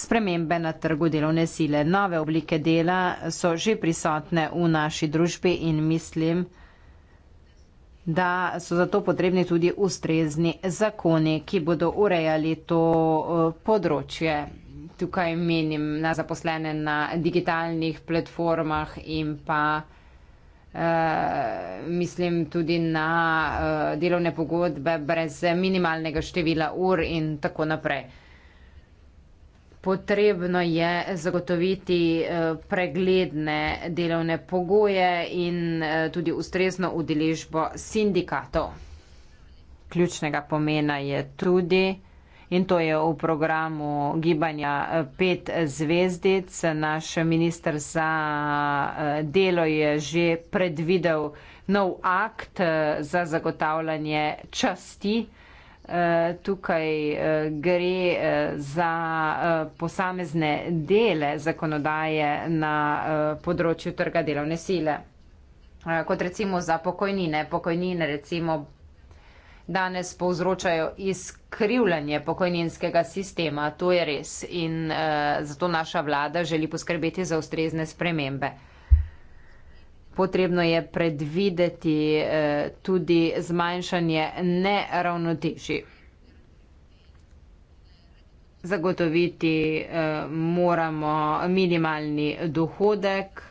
spremembe na trgu delovne sile. Nove oblike dela so že prisotne v naši družbi in mislim, da so zato potrebni tudi ustrezni zakoni, ki bodo urejali to eh, področje tukaj menim na zaposlene na digitalnih platformah in pa Uh, mislim tudi na uh, delovne pogodbe brez minimalnega števila ur in tako naprej. Potrebno je zagotoviti uh, pregledne delovne pogoje in uh, tudi ustrezno udeležbo sindikatov. Ključnega pomena je tudi, in to je v programu gibanja eh, pet zvezdic. Naš minister za eh, delo je že predvidel nov akt eh, za zagotavljanje časti. Tukaj gre za posamezne dele zakonodaje na področju trga delovne sile. Kot recimo za pokojnine. Pokojnine recimo danes povzročajo izkrivljanje pokojninskega sistema. To je res in uh, zato naša vlada želi poskrbeti za ustrezne spremembe. Potrebno je predvideti uh, tudi zmanjšanje neravnotežji. Zagotoviti uh, moramo minimalni dohodek, uh,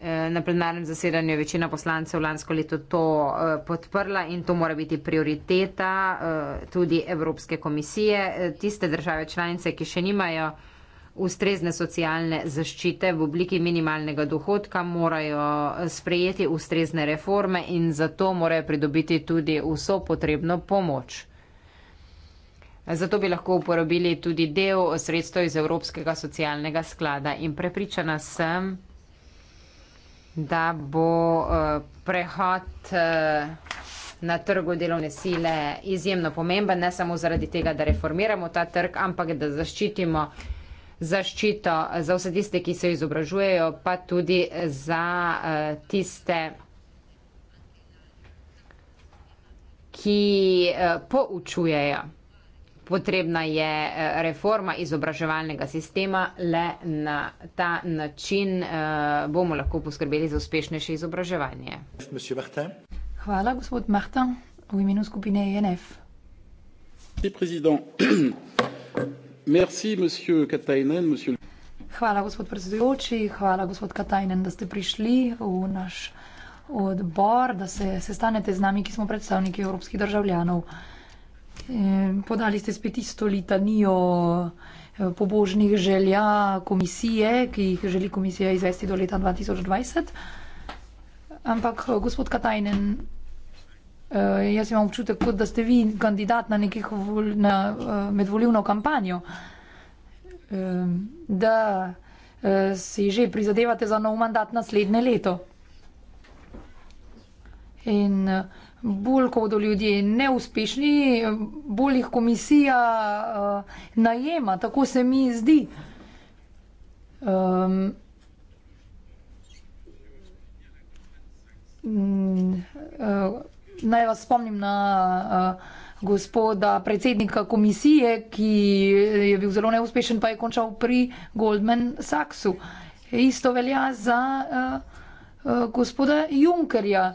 Eh, na plenarnem zasedanju je večina poslancev lansko leto to eh, podprla in to mora biti prioriteta eh, tudi Evropske komisije. Tiste države članice, ki še nimajo ustrezne socialne zaščite v obliki minimalnega dohodka, morajo sprejeti ustrezne reforme in zato morajo pridobiti tudi vso potrebno pomoč. Zato bi lahko uporabili tudi del sredstev iz Evropskega socialnega sklada in prepričana sem, da bo eh, prehod eh, na trgu delovne sile izjemno pomemben, ne samo zaradi tega, da reformiramo ta trg, ampak da zaščitimo zaščito za vse tiste, ki se izobražujejo, pa tudi za eh, tiste, ki poučujejo. Potrebna je eh, reforma izobraževalnega sistema, le na ta način eh, bomo lahko poskrbeli za uspešnejše izobraževanje. Hvala, gospod Marta, v imenu skupine e ENF. Hvala, gospod predsedujoči, hvala, gospod Katajnen, da ste prišli v naš odbor, da se sestanete z nami, ki smo predstavniki evropskih državljanov. Eh, podali ste spet isto litanijo eh, pobožnih želja komisije, ki jih želi komisija izvesti do leta 2020. Ampak, eh, gospod Katajnen, jaz imam občutek, kot da ste vi kandidat na nekih vol, na, medvoljivno kampanjo, da si že prizadevate za nov mandat naslednje leto. In uh, bolj kot do ljudje neuspešni, bolj jih komisija uh, najema, tako se mi zdi. Um, Naj vas spomnim na eh, gospoda predsednika komisije, ki je bil zelo neuspešen, pa je končal pri Goldman Sachsu. Isto velja za gospoda Junkerja.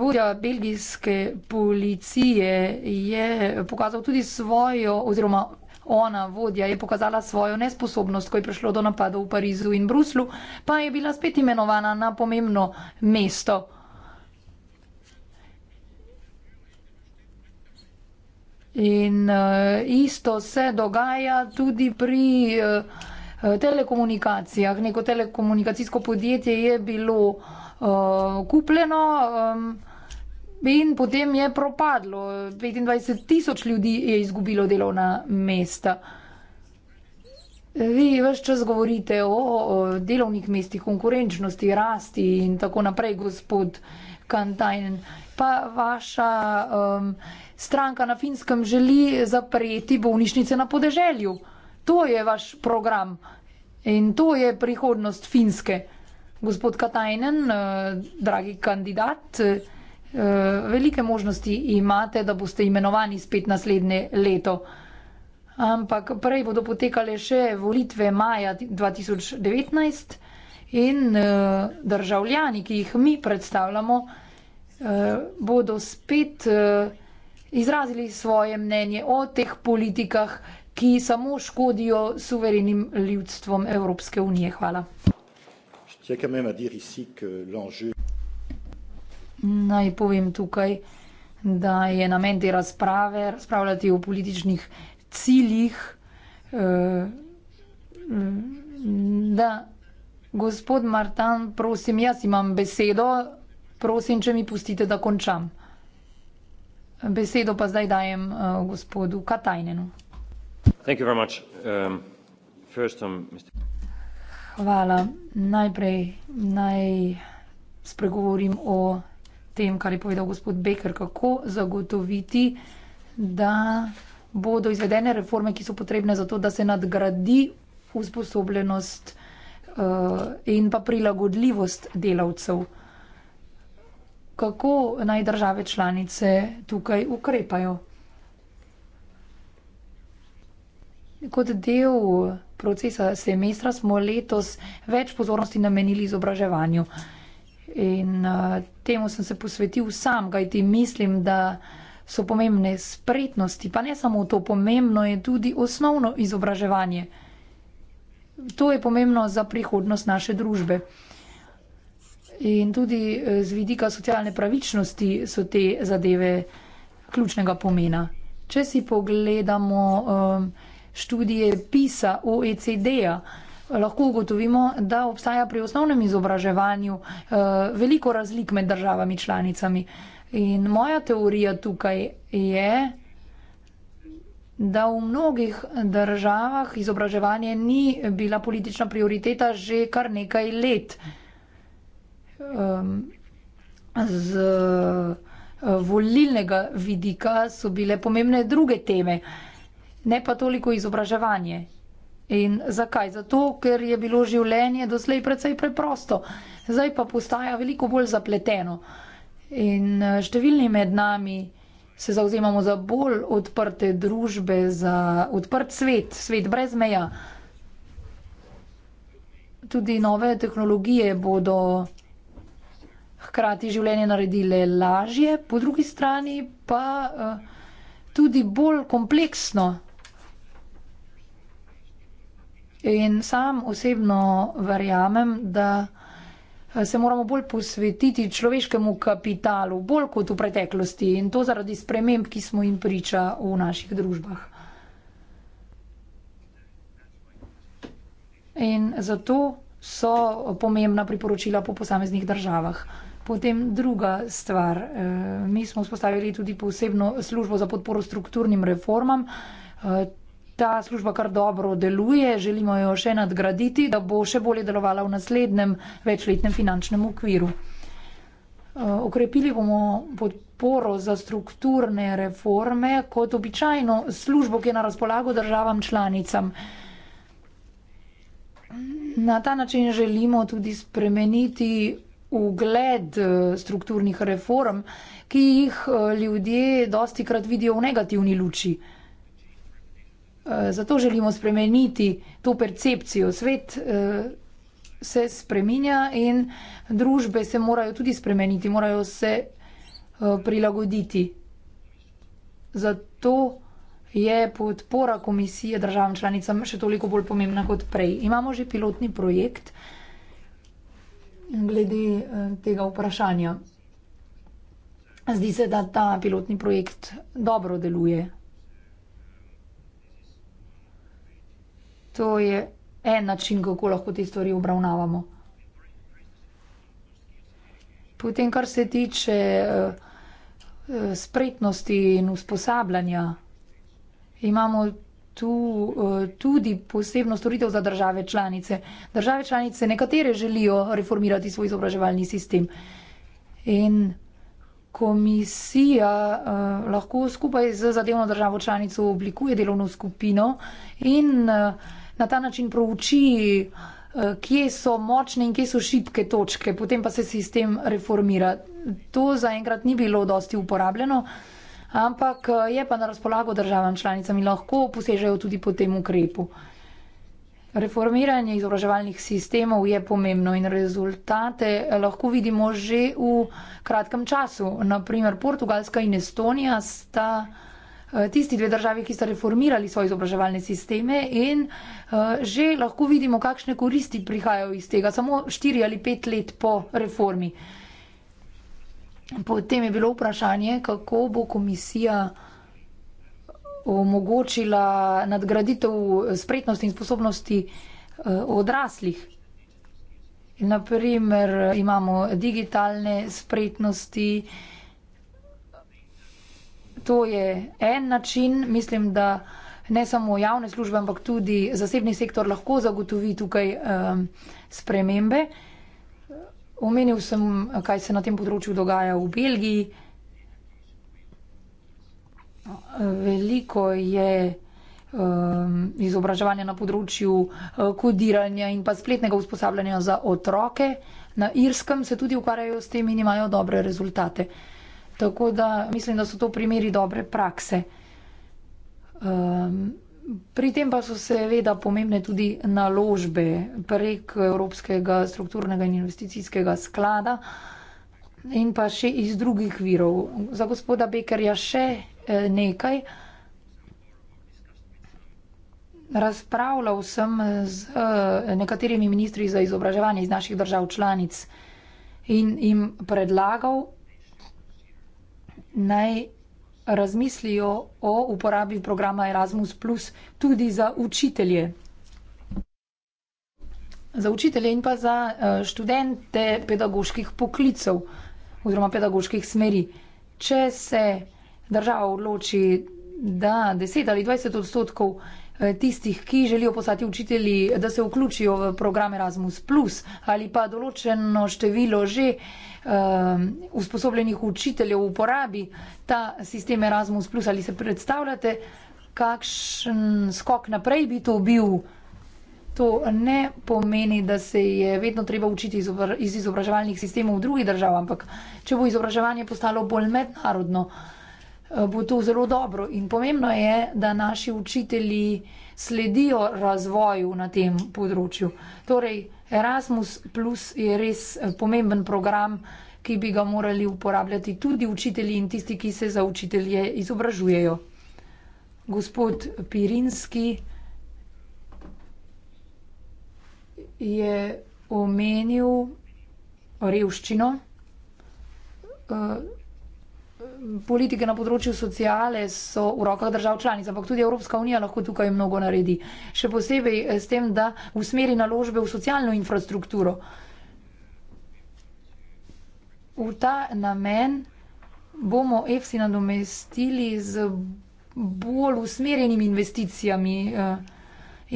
Vodja belgijske policije je pokazal tudi svojo, oziroma ona, vodja, je pokazala svojo nesposobnost, ko je prišlo do napadov v Parizu in Bruslu, pa je bila spet imenovana na pomembno mesto. In uh, isto se dogaja tudi pri. Uh, Telekomunikacijah. Neko telekomunikacijsko podjetje je bilo uh, uh, kupljeno. Um, In potem je propadlo. 25 tisoč ljudi je izgubilo delovna mesta. Vi vse čas govorite o, o delovnih mestih, konkurenčnosti, rasti in tako naprej, gospod Kantajn. Pa vaša um, stranka na finskem želi zapreti bolnišnice na podeželju. To je vaš program in to je prihodnost finske. Gospod Katajnen, eh, dragi kandidat, eh, velike možnosti imate, da boste imenovani spet naslednje leto. Ampak prej bodo potekale še volitve maja 2019 in eh, državljani, ki jih mi predstavljamo, bodo spet izrazili svoje mnenje o teh politikah, ki samo škodijo suverenim ljudstvom Evropske unije. Hvala. Naj povem tukaj, da je namen te razprave razpravljati o političnih ciljih, eh, da gospod Martan, prosim, jaz imam besedo, prosim, če mi pustite, da končam. Besedo pa zdaj dajem eh, gospodu Katajnenu. Thank you very much. Um, first, um, Mr. Hvala. Najprej naj spregovorim o tem, kar je povedal gospod Becker, kako zagotoviti, da bodo izvedene reforme, ki so potrebne za to, da se nadgradi usposobljenost uh, in pa prilagodljivost delavcev. Kako naj države članice tukaj ukrepajo? Kot del procesa semestra smo letos več pozornosti namenili izobraževanju. In uh, temu sem se posvetil sam, kajti mislim, da so pomembne spretnosti, pa ne samo to, pomembno je tudi osnovno izobraževanje. To je pomembno za prihodnost naše družbe. In tudi eh, z vidika socialne pravičnosti so te zadeve ključnega pomena. Če si pogledamo. Um, študije PISA, OECD-a, lahko ugotovimo, da obstaja pri osnovnem izobraževanju eh, veliko razlik med državami članicami. In moja teorija tukaj je, da v mnogih državah izobraževanje ni bila politična prioriteta že kar nekaj let. Ehm, z eh, volilnega vidika so bile pomembne druge teme ne pa toliko izobraževanje. In zakaj? Zato, ker je bilo življenje doslej precej preprosto, zdaj pa postaja veliko bolj zapleteno. In eh, številni med nami se zauzemamo za bolj odprte družbe, za odprt svet, svet brez meja. Tudi nove tehnologije bodo hkrati življenje naredile lažje, po drugi strani pa eh, tudi bolj kompleksno. In sam osebno verjamem, da eh, se moramo bolj posvetiti človeškemu kapitalu, bolj kot v preteklosti in to zaradi sprememb, ki smo jim priča v naših družbah. In zato so pomembna priporočila po posameznih državah. Potem druga stvar. Eh, mi smo vzpostavili tudi posebno službo za podporo strukturnim reformam. Eh, ta služba kar dobro deluje, želimo jo še nadgraditi, da bo še bolje delovala v naslednjem večletnem finančnem okviru. Eh, okrepili bomo podporo za strukturne reforme, kot običajno službo, ki je na razpolago državam članicam. Na ta način želimo tudi spremeniti ugled eh, strukturnih reform, ki jih eh, ljudje dosti krat vidijo v negativni luči. Eh, zato želimo spremeniti to percepcijo. Svet eh, se spreminja in družbe se morajo tudi spremeniti, morajo se eh, prilagoditi. Zato je podpora komisije državam članicam še toliko bolj pomembna kot prej. Imamo že pilotni projekt glede tega vprašanja. Zdi se, da ta pilotni projekt dobro deluje. To je en način, kako lahko te stvari obravnavamo. Potem, kar se tiče eh, eh, spretnosti in usposabljanja, imamo tu eh, tudi posebno storitev za države članice. Države članice nekatere želijo reformirati svoj izobraževalni sistem in komisija lahko skupaj z zadevno državo članico oblikuje delovno skupino in na ta način prouči, eh, kje so močne in kje so šibke točke, potem pa se sistem reformira. To zaenkrat ni bilo dosti uporabljeno, ampak eh, je pa na razpolago državam članicam in lahko posežejo tudi po tem ukrepu. Reformiranje izobraževalnih sistemov je pomembno in rezultate eh, lahko vidimo že v kratkem času. Naprimer, Portugalska in Estonija sta. Eh, tisti dve državi, ki sta reformirali svoje izobraževalne sisteme in eh, že lahko vidimo, kakšne koristi prihajajo iz tega, samo štiri ali pet let po reformi. Potem je bilo vprašanje, kako bo komisija omogočila nadgraditev spretnosti in sposobnosti eh, odraslih. Naprimer, imamo digitalne spretnosti, to je en način. Mislim, da ne samo javne službe, ampak tudi zasebni sektor lahko zagotovi tukaj um, spremembe. Omenil sem, kaj se na tem področju dogaja v Belgiji. Veliko je um, izobraževanja na področju uh, kodiranja in pa spletnega usposabljanja za otroke. Na Irskem se tudi ukvarjajo s tem in imajo dobre rezultate. Uh, Tako da mislim, da so to primeri dobre prakse. Um, pri tem pa so seveda pomembne tudi naložbe prek Evropskega strukturnega in investicijskega sklada in pa še iz drugih virov. Za gospoda Bekerja še eh, nekaj. Razpravljal sem z eh, nekaterimi ministri za izobraževanje iz naših držav članic in jim predlagal, naj razmislijo o uporabi programa Erasmus Plus tudi za učitelje. Za učitelje in pa za eh, študente pedagoških poklicev oziroma pedagoških smeri. Če se država odloči, da 10 ali 20 odstotkov Eh, tistih, ki želijo postati učitelji, da se vključijo v program Erasmus, ali pa določeno število že uh, usposobljenih učiteljev uporabi ta sistem Erasmus, ali se predstavljate, kakšen skok naprej bi to bil? To ne pomeni, da se je vedno treba učiti iz izobraževalnih sistemov v drugih državah, ampak če bo izobraževanje postalo bolj mednarodno, uh, Eh, bo to zelo dobro. In pomembno je, da naši učitelji sledijo razvoju na tem področju. Torej, Erasmus Plus je res eh, pomemben program, ki bi ga morali uporabljati tudi učitelji in tisti, ki se za učitelje izobražujejo. Gospod Pirinski je omenil revščino. Uh, politike na področju sociale so v rokah držav članic, ampak tudi Evropska unija lahko tukaj mnogo naredi. Še posebej eh, s tem, da usmeri naložbe v socialno infrastrukturo. V ta namen bomo EFSI nadomestili z bolj usmerjenimi investicijami. Eh,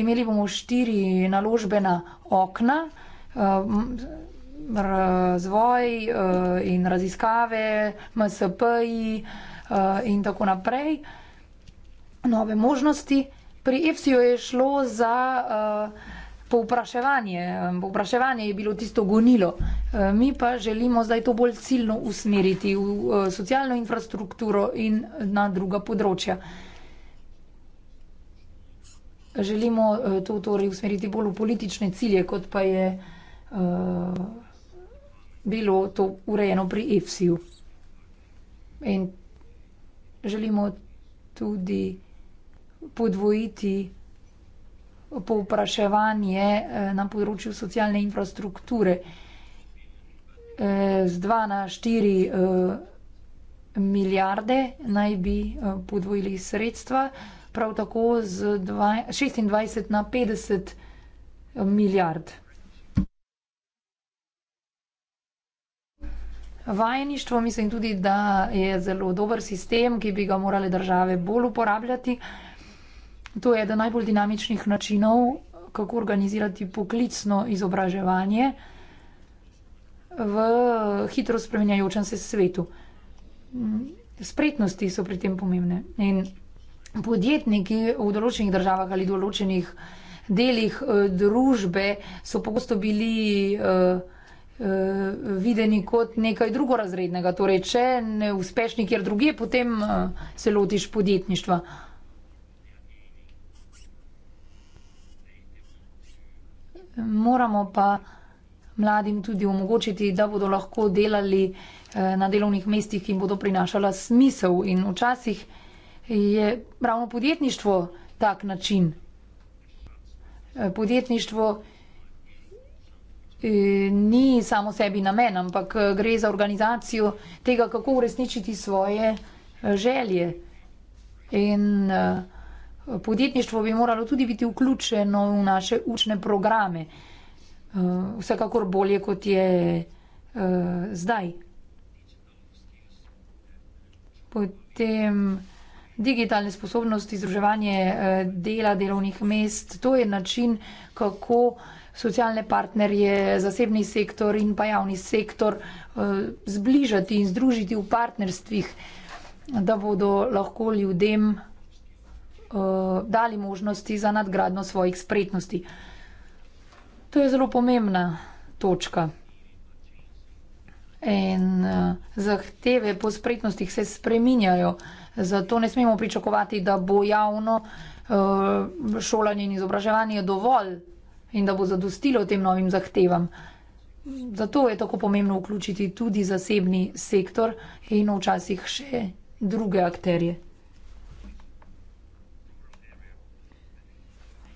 imeli bomo štiri naložbena okna. Eh, razvoj uh, in raziskave, MSP-ji uh, eh, in tako naprej, nove možnosti. Pri EFSI-ju je šlo za uh, povpraševanje. Povpraševanje je bilo tisto gonilo. Uh, mi pa želimo zdaj to bolj ciljno usmeriti v uh, socialno infrastrukturo in na druga področja. Želimo uh, to torej usmeriti bolj v politične cilje, kot pa je. Uh, bilo to urejeno pri EFSI-ju. In želimo tudi podvojiti povpraševanje eh, na področju socialne infrastrukture eh, z 2 na 4 eh, milijarde naj bi podvojili sredstva, prav tako z 26 na 50 milijard. Vajeništvo mislim tudi, da je zelo dober sistem, ki bi ga morale države bolj uporabljati. To je eden najbolj dinamičnih načinov, kako organizirati poklicno izobraževanje v hitro spremenjajočem se svetu. Spretnosti so pri tem pomembne. In podjetniki v določenih državah ali določenih delih eh, družbe so pogosto bili. Uh, Eh, videni kot nekaj drugorazrednega. Torej, če ne uspeš nikjer druge, potem eh, se lotiš podjetništva. Moramo pa mladim tudi omogočiti, da bodo lahko delali eh, na delovnih mestih, ki jim bodo prinašala smisel. In včasih je ravno podjetništvo tak način. Podjetništvo E, ni samo sebi namen, ampak e, gre za organizacijo tega, kako uresničiti svoje e, želje. In podjetništvo bi moralo tudi biti vključeno v naše učne programe, vsekakor bolje, kot je zdaj. Potem digitalne sposobnosti, združevanje dela, delovnih mest, to je način, kako socialne partnerje, zasebni sektor in pa javni sektor eh, zbližati in združiti v partnerstvih, da bodo lahko ljudem eh, dali možnosti za nadgradno svojih spretnosti. To je zelo pomembna točka. In eh, zahteve po spretnostih se spreminjajo, zato ne smemo pričakovati, da bo javno šolanje in izobraževanje dovolj in da bo zadostilo tem novim zahtevam. Zato je tako pomembno vključiti tudi zasebni sektor in včasih še druge akterje.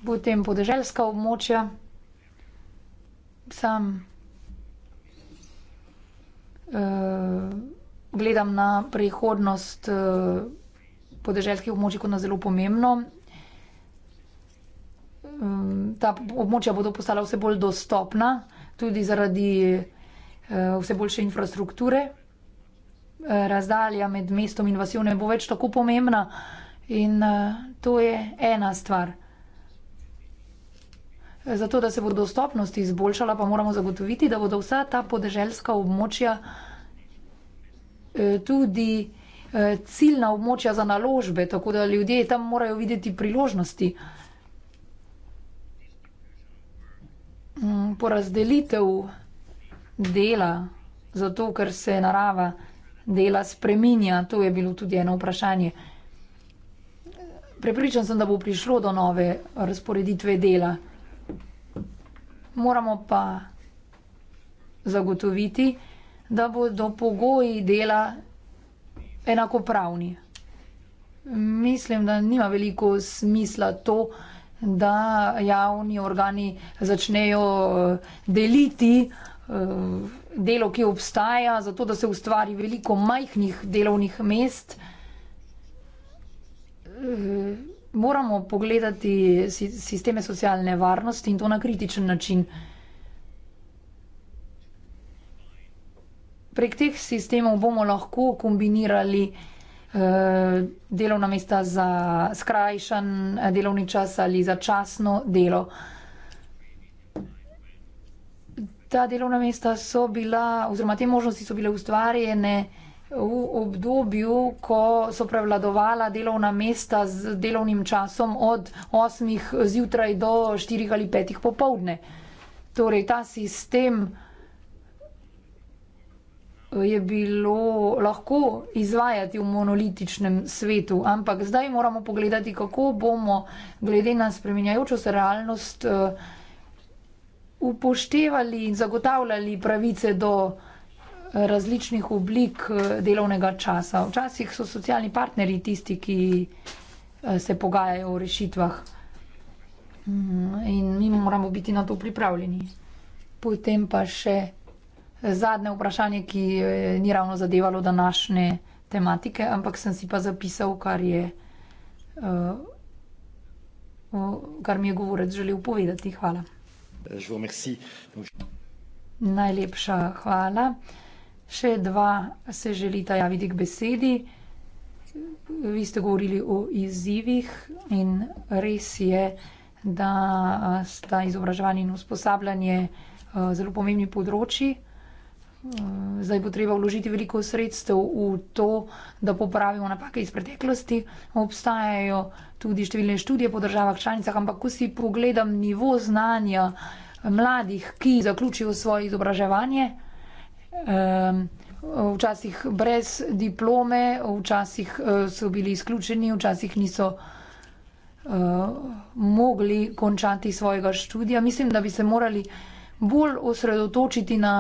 Potem podeželska območja, sam uh, gledam na prihodnost uh, podeželskih območij kot na zelo pomembno um, ta območja bodo postala vse bolj dostopna, tudi zaradi uh, vse boljše infrastrukture. Razdalja med mestom in vasjo ne bo več tako pomembna, in uh, to je ena stvar. Zato, da se bo dostopnost izboljšala, pa moramo zagotoviti, da bodo vsa ta podeželska območja eh, tudi eh, ciljna območja za naložbe, tako da ljudje tam morajo videti priložnosti. Eh, Mm, porazdelitev dela, zato ker se narava dela spreminja, to je bilo tudi eno vprašanje. Prepričan sem, da bo prišlo do nove razporeditve dela. Moramo pa zagotoviti, da bodo pogoji dela enakopravni. Mislim, da nima veliko smisla to, da da javni organi začnejo eh, deliti eh, delo, ki obstaja, zato da se ustvari veliko majhnih delovnih mest. Eh, moramo pogledati sisteme socialne varnosti in to na kritičen način. Prek teh sistemov bomo lahko kombinirali Eh, delovna mesta za skrajšan eh, delovni čas ali za časno delo. Ta delovna mesta so bila, oziroma te možnosti so bile ustvarjene v obdobju, ko so prevladovala delovna mesta z delovnim časom od 8 zjutraj do 4 ali 5 popovdne. Torej, ta sistem je bilo lahko izvajati v monolitičnem svetu, ampak zdaj moramo pogledati, kako bomo glede na spremenjajočo se realnost eh, upoštevali in zagotavljali pravice do eh, različnih oblik eh, delovnega časa. Včasih so socialni partneri tisti, ki se pogajajo o rešitvah mm, in mi moramo biti na to pripravljeni. Potem pa še Zadnje vprašanje, ki eh, ni ravno zadevalo današnje tematike, ampak sem si pa zapisal, kar je. Uh, kar mi je govorec želel povedati. Hvala. Najlepša hvala. Še dva se želita javiti k besedi. Vi ste govorili o izzivih in res je, da eh, sta izobraževanje in usposabljanje zelo pomembni področji zdaj bo treba vložiti veliko sredstev v to, da popravimo napake iz preteklosti. Obstajajo tudi številne študije po državah članicah, ampak ko si pogledam nivo znanja mladih, ki zaključijo svoje izobraževanje, včasih brez diplome, včasih eh, so bili izključeni, včasih niso eh, mogli končati svojega študija. Mislim, da bi se morali bolj osredotočiti na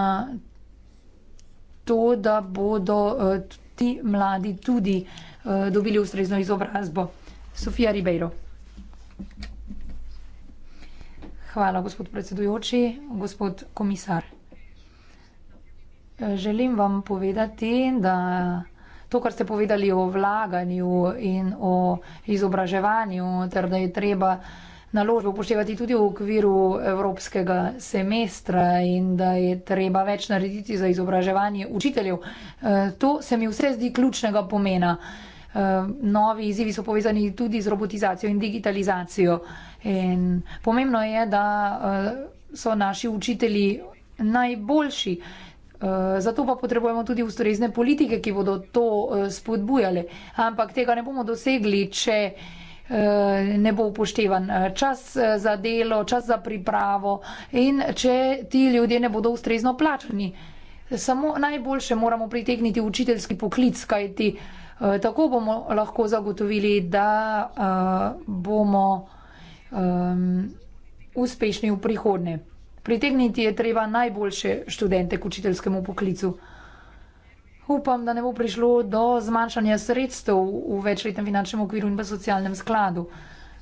to, da bodo eh, ti mladi tudi eh, dobili ustrezno izobrazbo. Sofija Ribeiro. Hvala, gospod predsedujoči, gospod komisar. Eh, želim vam povedati, da to, kar ste povedali o vlaganju in o izobraževanju, ter da je treba uh, naložbe upoštevati tudi v okviru evropskega semestra in da je treba več narediti za izobraževanje učiteljev. E, to se mi vse zdi ključnega pomena. E, novi izzivi so povezani tudi z robotizacijo in digitalizacijo. In pomembno je, da e, so naši učitelji najboljši. Zato pa potrebujemo tudi ustrezne politike, ki bodo to spodbujale. Ampak tega ne bomo dosegli, če Eh, ne bo upoštevan eh, čas eh, za delo, čas za pripravo in če ti ljudje ne bodo ustrezno plačani. Samo najboljše moramo pritegniti učiteljski poklic, kajti tako bomo lahko zagotovili, da bomo ehm, uspešni v prihodnje. Pritegniti je treba najboljše študente k učiteljskemu poklicu. Upam, da ne bo prišlo do zmanjšanja sredstev v večletnem finančnem okviru in v socialnem skladu.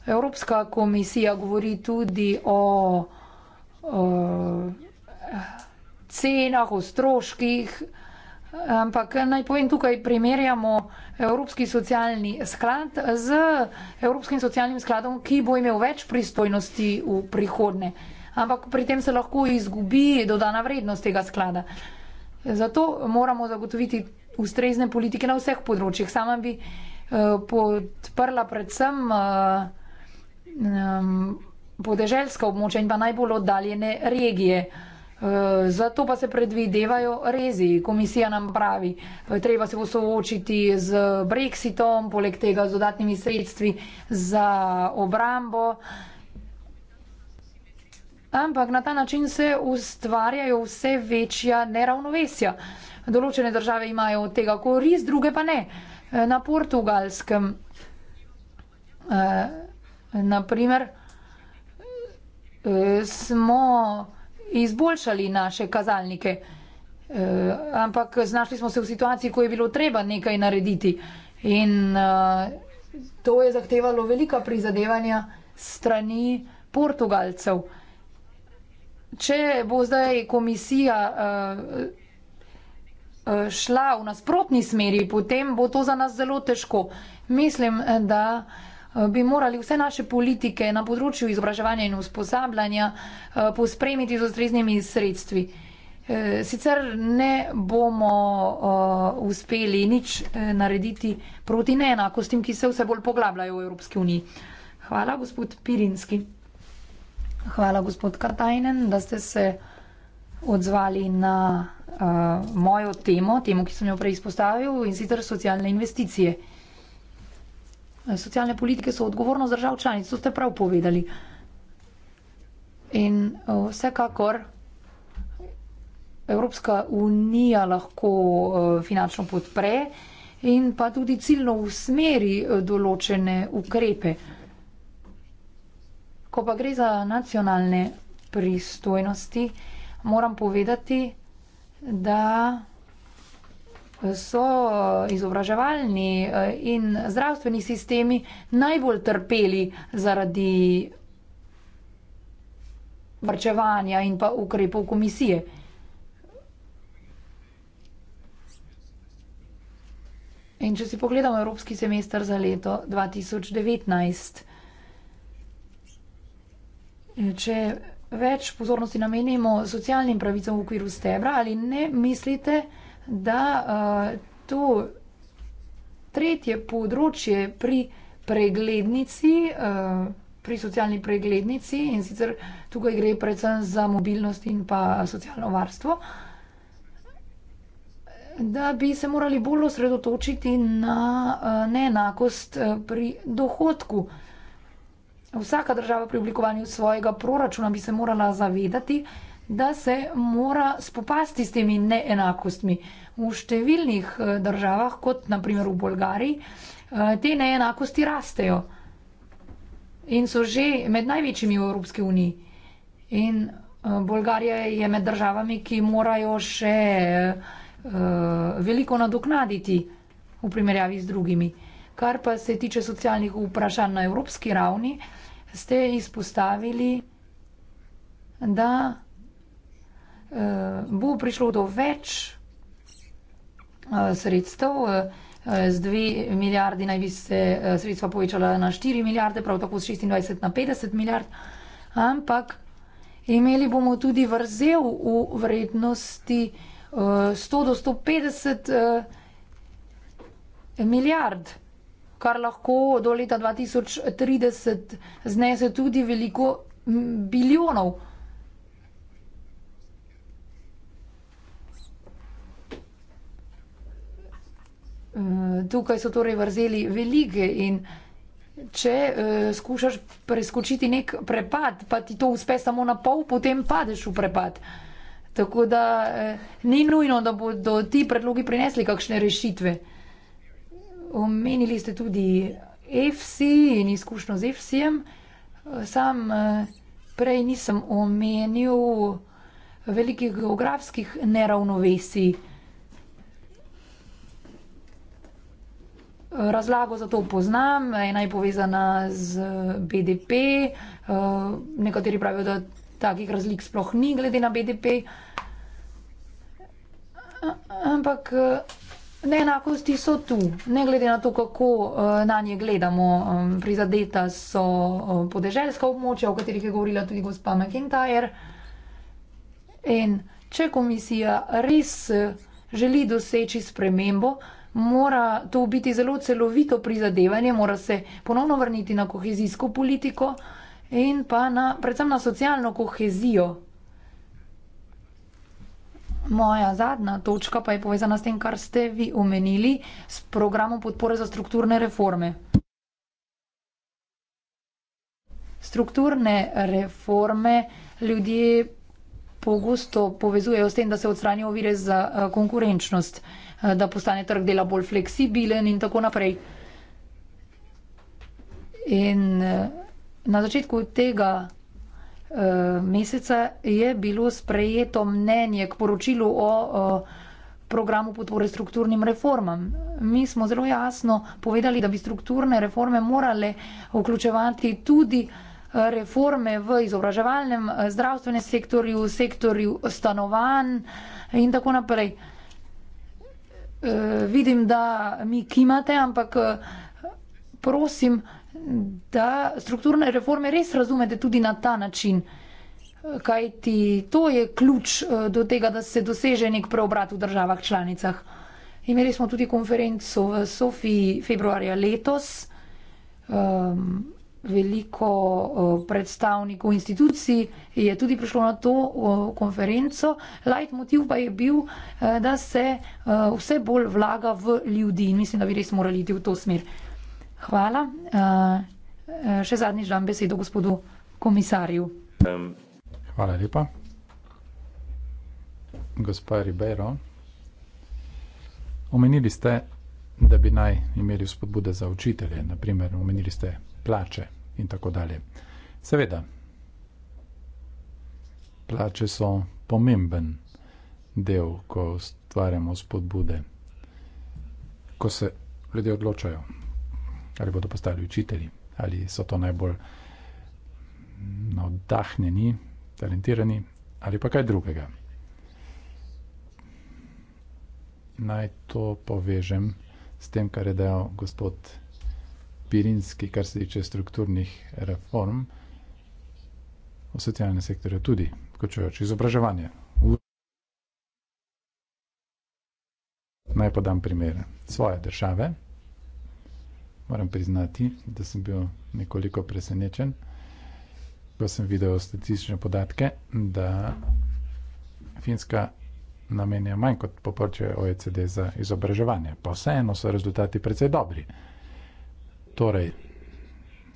Evropska komisija govori tudi o, o cenah, o stroških, ampak naj povem tukaj, primerjamo Evropski socialni sklad z Evropskim socialnim skladom, ki bo imel več pristojnosti v prihodne. Ampak pri tem se lahko izgubi dodana vrednost tega sklada. Zato moramo zagotoviti ustrezne politike na vseh področjih. Sama bi eh, podprla predvsem eh, podeželska območja in pa najbolj oddaljene regije. Eh, zato pa se predvidevajo rezi. Komisija nam pravi, treba se bo soočiti z Brexitom, poleg tega z dodatnimi sredstvi za obrambo ampak na ta način se ustvarjajo vse večja neravnovesja. Določene države imajo od tega korist, druge pa ne. Eh, na portugalskem, eh, naprimer, eh, smo izboljšali naše kazalnike, ampak znašli smo se v situaciji, ko je bilo treba nekaj narediti in to je zahtevalo velika prizadevanja strani portugalcev če bo zdaj komisija uh, šla v nasprotni smeri, potem bo to za nas zelo težko. Mislim, da eh, bi morali vse naše politike na področju izobraževanja in usposabljanja uh, pospremiti z ustreznimi sredstvi. Sicer ne bomo uh, uspeli nič narediti proti neenakostim, ki se vse bolj poglabljajo v Evropski uniji. Hvala, gospod Pirinski. Hvala, gospod Katajnen, da ste se odzvali na uh, mojo temo, temo, ki sem jo prej izpostavil, in sicer socialne investicije. Socialne politike so odgovorno držav članic, to ste prav povedali. In uh, vsekakor Evropska unija lahko uh, finančno podpre in pa tudi ciljno usmeri določene ukrepe. Uh, Ko pa gre za nacionalne pristojnosti, moram povedati, da so eh, izobraževalni eh, in zdravstveni sistemi najbolj trpeli zaradi vrčevanja in pa ukrepov komisije. In če si pogledamo evropski semester za leto 2019, če več pozornosti namenimo socialnim pravicam v okviru stebra, ali ne mislite, da uh, to tretje področje pri preglednici, uh, pri socialni preglednici in sicer tukaj gre predvsem za mobilnost in pa socialno varstvo, da bi se morali bolj osredotočiti na uh, neenakost uh, pri dohodku. Uh, Vsaka država pri oblikovanju svojega proračuna bi se morala zavedati, da se mora spopasti s temi neenakostmi. V številnih eh, državah, kot naprimer v Bolgariji, eh, te neenakosti rastejo in so že med največjimi v Evropski uniji. In eh, Bolgarija je med državami, ki morajo še veliko nadoknaditi v primerjavi z drugimi. Kar pa se tiče socialnih vprašanj na evropski ravni, ste izpostavili, da eh, bo prišlo do več eh, sredstev, eh, z 2 milijardi naj bi se sredstva povečala na 4 milijarde, prav tako z 26 na 50 milijard, ampak imeli bomo tudi vrzel v vrednosti 100 do 150 milijard kar lahko do leta 2030 znese tudi veliko bilijonov. E, tukaj so torej vrzeli velike in če uh, skušaš preskočiti nek prepad, pa ti to uspe samo na pol, potem padeš v prepad. Tako da uh, ni nujno, da bodo ti predlogi prinesli kakšne rešitve. Omenili ste tudi EFSI in izkušnjo z EFSI-jem. Sam eh, prej nisem omenil velikih geografskih neravnovesij. Razlago za to poznam, ena je povezana z eh, BDP. Eh, nekateri pravijo, da takih razlik sploh ni glede na BDP. Ampak Neenakosti so tu, ne glede na to, kako eh, na nje gledamo. Prizadeta so eh, podeželska območja, o katerih je govorila tudi gospa McIntyre. In če komisija res eh, želi doseči spremembo, mora to biti zelo celovito prizadevanje, mora se ponovno vrniti na kohezijsko politiko in pa na, predvsem na socialno kohezijo. Moja zadnja točka pa je povezana s tem, kar ste vi omenili, s programom podpore za strukturne reforme. Strukturne reforme ljudje pogosto povezujejo s tem, da se odstranijo ovire za eh, konkurenčnost, eh, da postane trg dela bolj fleksibilen in tako naprej. In eh, na začetku tega Eh, meseca je bilo sprejeto mnenje k poročilu o programu podpore strukturnim reformam. Mi smo zelo jasno povedali, da bi strukturne reforme morale vključevati tudi eh, reforme v izobraževalnem, eh, zdravstvenem sektorju, sektorju stanovanj in tako naprej. Vidim, da mi kimate, ampak prosim, da strukturne reforme res razumete tudi na ta način. Kaj ti to je ključ eh, do tega, da se doseže nek preobrat v državah članicah? Imeli smo tudi konferenco v Sofiji februarja letos, um, veliko eh, predstavnikov institucij je tudi prišlo na to konferenco. Leitmotiv pa je bil, eh, da se vse bolj vlaga v ljudi in mislim, da bi res morali iti v to smer. Hvala. Uh, še zadnjič dam besedo gospodu komisarju. Hvala lepa. Gospa Ribeiro, omenili ste, da bi naj imeli spodbude za učitelje, naprimer, omenili ste plače in tako dalje. Seveda, plače so pomemben del, ko ustvarjamo spodbude, ko se ljudje odločajo ali bodo postali učitelji, ali so to najbolj mm, navdahnjeni, talentirani, ali pa kaj drugega. Naj to povežem s tem, kar je dejal gospod Pirinski, kar se tiče strukturnih reform v socialnem sektorju, tudi vključujoč izobraževanje. Naj podam primer svoje države moram priznati, da sem bil nekoliko presenečen, ko sem videl statistične podatke, da Finska namenja manj kot poporče OECD za izobraževanje. Pa vseeno so rezultati precej dobri. Torej,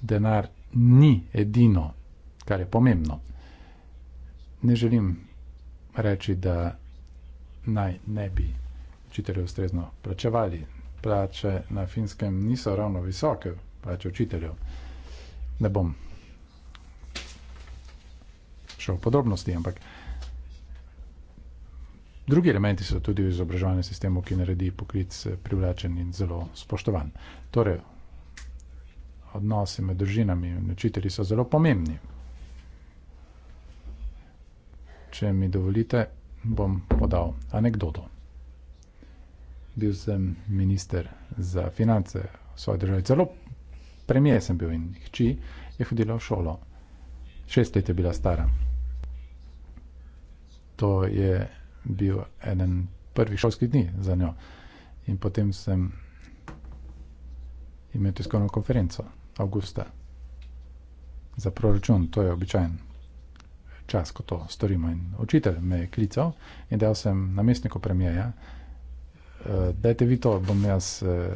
denar ni edino, kar je pomembno. Ne želim reči, da naj ne bi učitelji ustrezno plačevali plače na finskem niso ravno visoke, plače učiteljev. Ne bom šel v podrobnosti, ampak drugi elementi so tudi v izobraževalnem sistemu, ki naredi poklic eh, privlačen in zelo spoštovan. Torej, odnosi med družinami in učitelji so zelo pomembni. Če mi dovolite, bom podal anekdoto bil sem minister za finance v svoji državi, zelo premijer sem bil in hči je hodila v šolo. Šest let je bila stara. To je bil eden prvi šolski dni za njo. In potem sem imel tiskovno konferenco avgusta za proračun. To je običajen čas, ko to storimo. In učitelj me je klical in dal sem namestniku premijeja, ja, uh, dajte vi to, bom jaz, uh,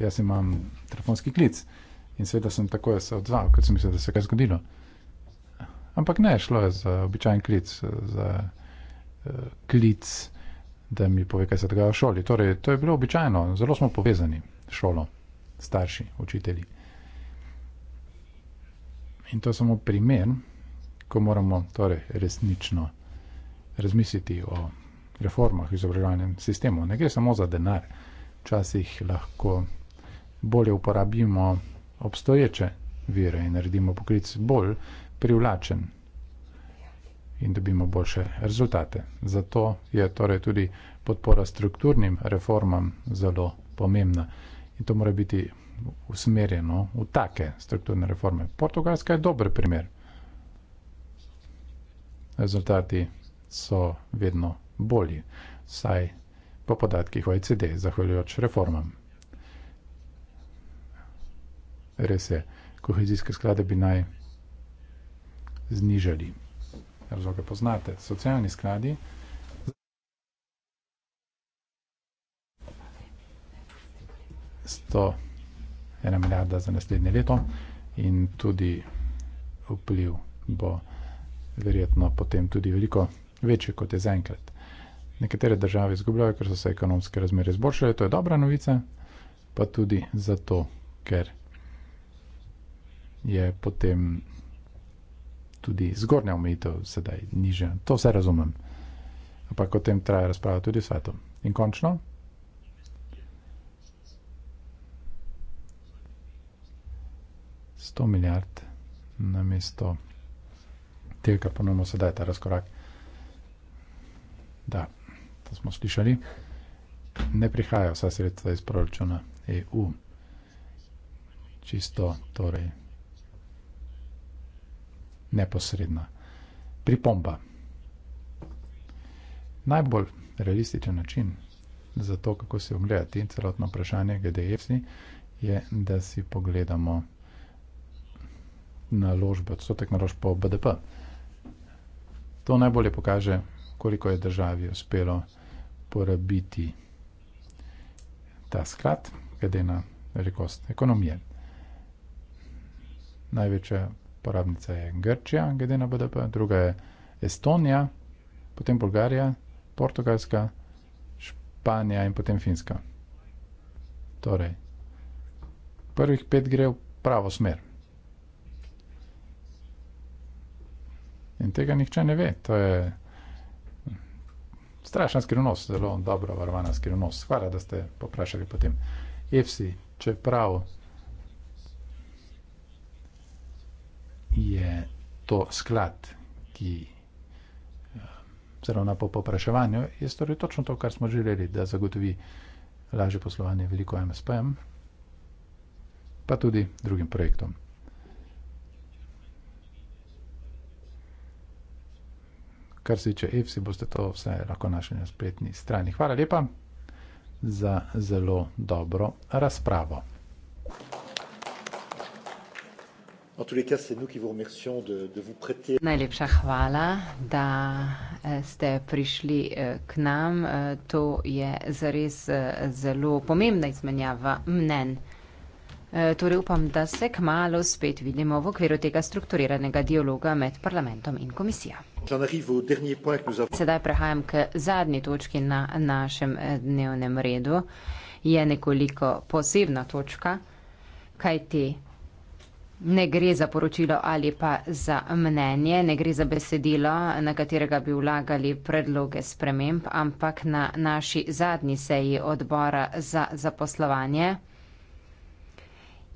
jaz imam telefonski klic. In seveda sem takoj se odzval, ker sem mislil, da se je kaj zgodilo. Ampak ne, šlo je za običajen klic, za uh, klic, da mi pove, kaj se dogaja v šoli. Torej, to je bilo običajno, zelo smo povezani s šolo, starši, učitelji. In to je samo primer, ko moramo torej, resnično razmisliti o reformah v izobraževalnem sistemu. Ne gre samo za denar, včasih lahko bolje uporabimo obstoječe vire in naredimo poklic bolj privlačen in dobimo boljše rezultate. Zato je torej tudi podpora strukturnim reformam zelo pomembna in to mora biti usmerjeno v take strukturne reforme. Portugalska je dober primer. Rezultati so vedno bolji, saj po podatkih OECD, zahvaljujoč reformam. Res je, kohezijske sklade bi naj znižali. Razloge poznate. Socialni skladi. Sto ena milijarda za naslednje leto in tudi vpliv bo verjetno potem tudi veliko večje kot je zaenkrat. Nekatere države izgubljajo, ker so se ekonomske razmere izboljšale, to je dobra novica, pa tudi zato, ker je potem tudi zgornja omejitev sedaj nižja. To vse razumem. Ampak o tem traja razprava tudi v svetu. In končno. Sto milijard na mesto tega, kar ponovno sedaj je ta razkorak. Da to smo slišali, ne prihajajo vsa sredstva iz proračuna EU. Čisto, torej, neposredna pripomba. Najbolj realističen način za to, kako se ogledati celotno vprašanje GDF-si, e je, da si pogledamo naložbe, odstotek naložb po BDP. To najbolje pokaže, koliko je državi uspelo uporabiti ta sklad, glede na velikost ekonomije. Največja porabnica je Grčija, glede na BDP, druga je Estonija, potem Bolgarija, Portugalska, Španija in potem Finska. Torej, prvih pet gre v pravo smer. In tega nihče ne ve. To je strašna skrivnost, zelo dobro varovana skrivnost. Hvala, da ste poprašali potem. EFSI, čeprav je to sklad, ki zelo eh, na popopraševanju, je storil točno to, kar smo želeli, da zagotovi lažje poslovanje veliko MSP-jem, pa tudi drugim projektom. kar se tiče EFSI, boste to vse lahko našli na spletni strani. Hvala lepa za zelo dobro razpravo. Najlepša hvala, da eh, ste prišli eh, k nam. Eh, to je zares zelo pomembna izmenjava mnen. Eh, torej upam, da se k malo spet vidimo v okviru tega strukturiranega dialoga med parlamentom in komisijo. Sedaj prehajam k zadnji točki na našem eh, dnevnem redu. Je nekoliko posebna točka, kajti ne gre za poročilo ali pa za mnenje, ne gre za besedilo, na katerega bi vlagali predloge sprememb, ampak na naši zadnji seji odbora za zaposlovanje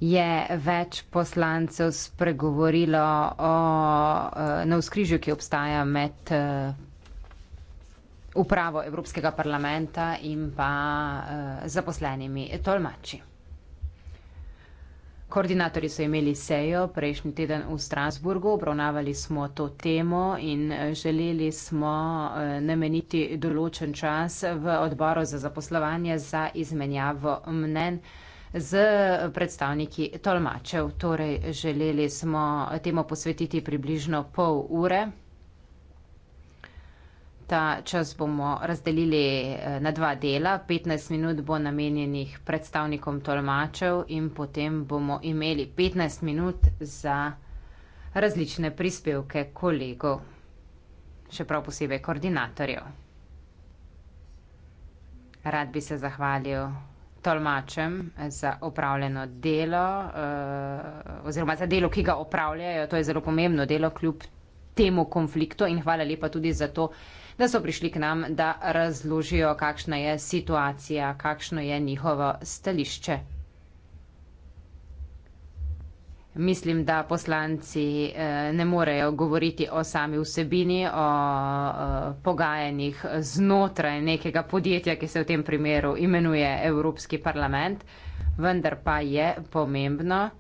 je več poslancev spregovorilo o eh, navskrižju, ki obstaja med eh, upravo Evropskega parlamenta in pa eh, zaposlenimi tolmači. Koordinatori so imeli sejo prejšnji teden v Strasburgu, obravnavali smo to temo in želeli smo nameniti določen čas v odboru za zaposlovanje za izmenjavo mnen z predstavniki tolmačev. Torej, želeli smo temu posvetiti približno pol ure. Ta čas bomo razdelili eh, na dva dela. 15 minut bo namenjenih predstavnikom tolmačev in potem bomo imeli 15 minut za različne prispevke kolegov, še prav posebej koordinatorjev. Rad bi se zahvalil tolmačem za opravljeno delo uh, oziroma za delo, ki ga opravljajo. To je zelo pomembno delo kljub temu konfliktu in hvala lepa tudi za to, da so prišli k nam, da razložijo, kakšna je situacija, kakšno je njihovo stališče. Mislim, da poslanci eh, ne morejo govoriti o sami vsebini, o eh, pogajanjih znotraj nekega podjetja, ki se v tem primeru imenuje Evropski parlament, vendar pa je pomembno,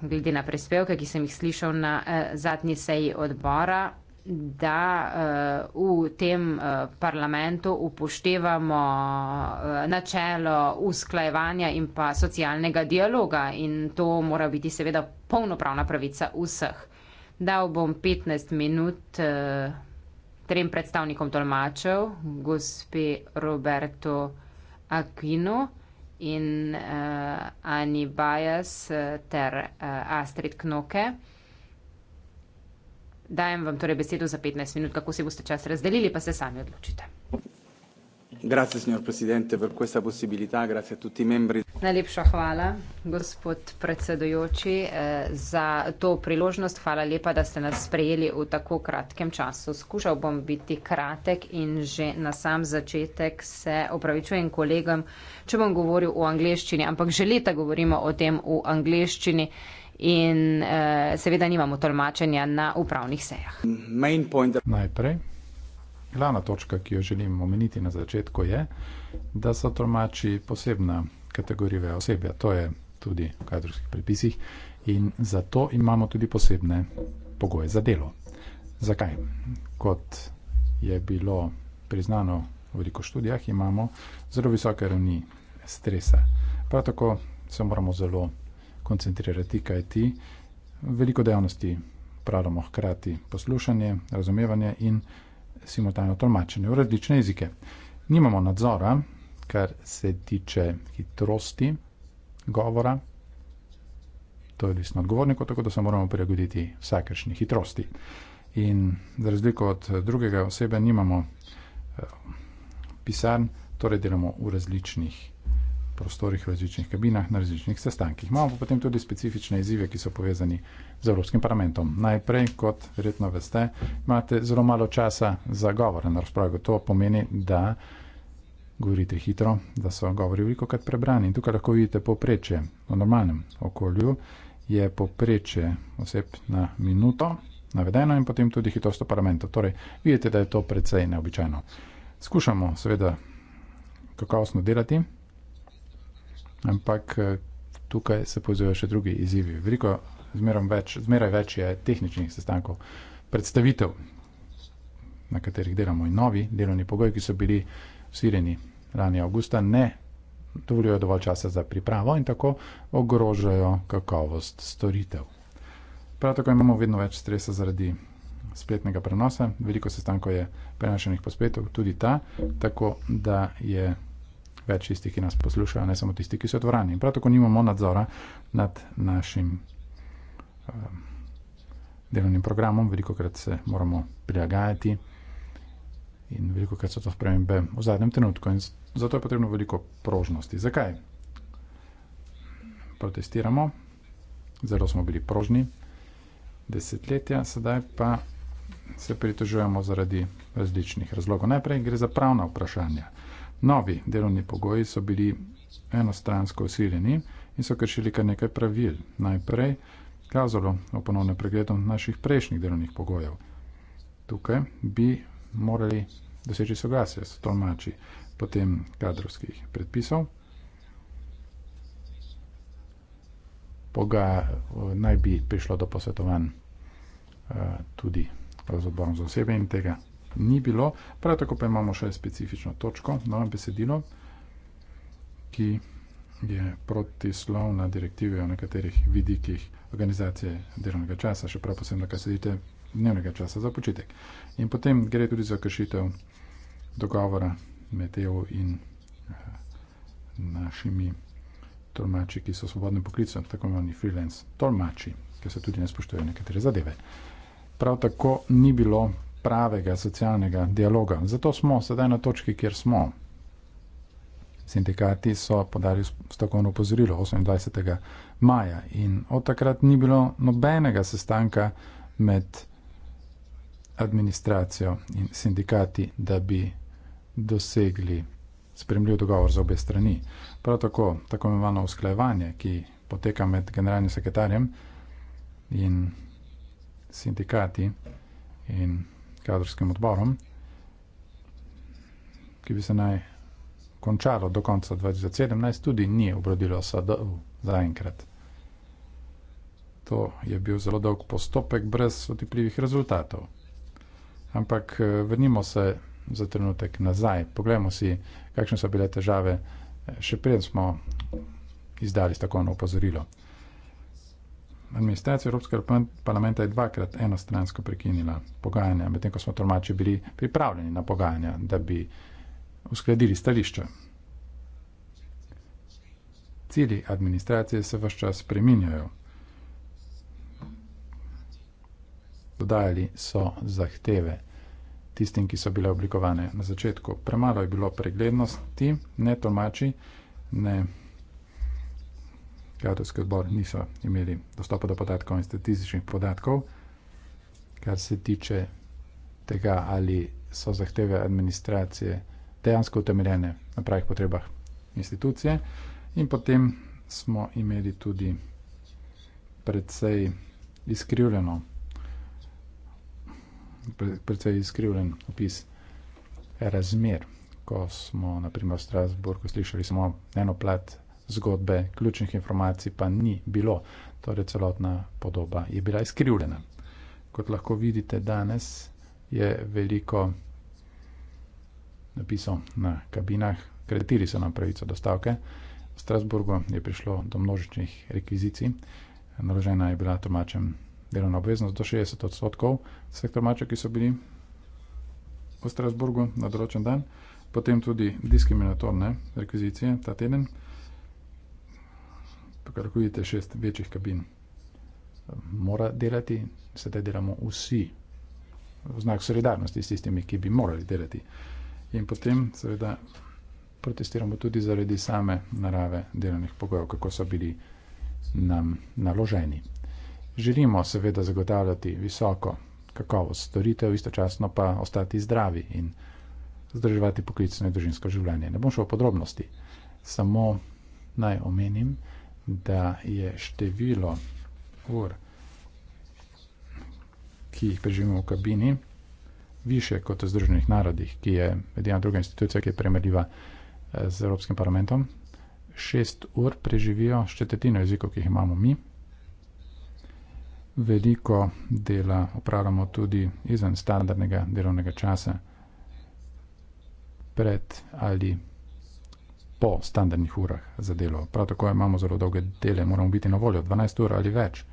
glede na prispevke, ki sem jih slišal na eh, zadnji seji odbora, da eh, v tem eh, parlamentu upoštevamo eh, načelo usklajevanja in pa socialnega dialoga in to mora biti seveda polnopravna pravica vseh. Dal bom 15 minut trem predstavnikom tolmačev, gospe Roberto Aquino in uh, Ani Bajas ter uh, Astrid Knoke. Dajem vam torej besedo za 15 minut, kako si boste čas razdelili, pa se sami odločite. Grazie, signor Presidente, per questa possibilità, grazie a tutti i membri. Najlepša hvala, gospod predsedujoči, eh, za to priložnost. Hvala lepa, da ste nas sprejeli v tako kratkem času. Skušal bom biti kratek in že na sam začetek se opravičujem kolegom, če bom govoril v angleščini, ampak že leta govorimo o tem v angleščini in uh, seveda nimamo tolmačenja na upravnih sejah. Najprej, glavna točka, ki jo želim omeniti na začetku, je, da so tolmači posebna kategorija osebja, to je tudi v kadrovskih predpisih in zato imamo tudi posebne pogoje za delo. Zakaj? Kot je bilo priznano v veliko študijah, imamo zelo visoke ravni stresa. Prav tako se moramo zelo koncentrirati, kaj ti. Veliko dejavnosti pravimo hkrati poslušanje, razumevanje in simultano tolmačenje v različne jezike. Nimamo nadzora, kar se tiče hitrosti govora. To je resno odgovorniko, tako da se moramo prilagoditi vsakršni hitrosti. In za razliko od drugega osebe nimamo eh, pisarn, torej delamo v različnih prostorih, v različnih kabinah, na različnih sestankih. Imamo pa potem tudi specifične izzive, ki so povezani z Evropskim parlamentom. Najprej, kot verjetno veste, imate zelo malo časa za govore na razpravo. To pomeni, da govorite hitro, da so govori veliko krat prebrani. In tukaj lahko vidite poprečje. V normalnem okolju je poprečje oseb na minuto navedeno in potem tudi hitrost v parlamentu. Torej, vidite, da je to precej neobičajno. Skušamo seveda kakovostno delati. Ampak eh, tukaj se pozivajo še drugi izzivi. Veliko, več, zmeraj več je tehničnih sestankov, predstavitev, na katerih delamo in novi delovni pogoji, ki so bili usirjeni lani avgusta, ne dovoljujo dovolj časa za pripravo in tako ogrožajo kakovost storitev. Prav tako imamo vedno več stresa zaradi spletnega prenosa, veliko sestankov je prenašenih po spletu, tudi ta, tako da je več tistih, ki nas poslušajo, ne samo tisti, ki so odvorani. Prav tako nimamo nadzora nad našim um, delovnim programom, veliko krat se moramo prilagajati in veliko krat so to spremembe v zadnjem trenutku in zato je potrebno veliko prožnosti. Zakaj? Protestiramo, zelo smo bili prožni, desetletja, sedaj pa se pritožujemo zaradi različnih razlogov. Najprej gre za pravna vprašanja. Novi delovni pogoji so bili enostransko usiljeni in so kršili kar nekaj pravil. Najprej kazalo o ponovnem pregledu naših prejšnjih delovnih pogojev. Tukaj bi morali doseči soglasje s tolmači potem kadrovskih predpisov. Poga naj bi prišlo do posvetovanj eh, tudi z odborom za osebe in tega ni bilo. Prav tako pa imamo še specifično točko, novem besedilo, ki je protislovna direktive o nekaterih vidikih organizacije delovnega časa, še prav posebno, kaj sedite dnevnega časa za počitek. In potem gre tudi za kršitev dogovora med EU in eh, našimi tolmači, ki so svobodni poklicom, tako imenovani freelance tolmači, ki se tudi ne spoštujejo nekatere zadeve. Prav tako ni bilo pravega socialnega dialoga. Zato smo sedaj na točki, kjer smo. Sindikati so podali stokovno upozorilo 28. maja in od takrat ni bilo nobenega sestanka med administracijo in sindikati, da bi dosegli spremljiv dogovor za obe strani. Prav tako, tako imenovano usklajevanje, ki poteka med generalnim sekretarjem in sindikati in kadrovskim odborom, ki bi se naj končalo do konca 2017, tudi ni obrodilo sadov zaenkrat. To je bil zelo dolg postopek brez otipljivih rezultatov. Ampak eh, vrnimo se za trenutek nazaj. Poglejmo si, kakšne so bile težave, eh, še preden smo izdali tako eno opozorilo. Administracija Evropskega parlamenta je dvakrat enostransko prekinila pogajanja, medtem ko smo tolmači bili pripravljeni na pogajanja, da bi uskladili stališča. Cilji administracije se vse čas spreminjajo. Dodajali so zahteve tistim, ki so bile oblikovane na začetku. Premalo je bilo preglednosti, ne tolmači, ne gradovski odbor niso imeli dostopa do podatkov in statističnih podatkov. Kar se tiče tega, ali so zahteve administracije dejansko utemeljene na pravih potrebah institucije, in potem smo imeli tudi precej izkrivljeno, precej izkrivljen opis razmer, ko smo naprimer v Strasburgu slišali samo eno plat zgodbe, ključnih informacij pa ni bilo. Torej, celotna podoba je bila izkrivljena. Kot lahko vidite danes, je veliko napisov na kabinah, kreditirali so nam pravico do stavke. V Strasburgu je prišlo do množičnih rekvizicij, naložena je bila tomačem delovna obveznost do 60 odstotkov vseh tomačev, ki so bili v Strasburgu na določen dan, potem tudi diskriminatorne rekvizicije ta teden kar vidite, šest večjih kabin mora delati, sedaj delamo vsi v znak solidarnosti s tistimi, ki bi morali delati. In potem seveda protestiramo tudi zaradi same narave delovnih pogojev, kako so bili nam naloženi. Želimo seveda zagotavljati visoko kakovost storitev, istočasno pa ostati zdravi in združevati poklicno in družinsko življenje. Ne bom šel v podrobnosti, samo naj omenim, da je število ur, ki jih preživimo v kabini, više kot v Združenih narodih, ki je edina druga institucija, ki je primerljiva eh, z Evropskim parlamentom. Šest ur preživijo štetetino jezikov, ki jih imamo mi. Veliko dela opravljamo tudi izven standardnega delovnega časa pred ali po standardnih urah za delo. Prav tako imamo zelo dolge dele, moramo biti na voljo 12 ur ali več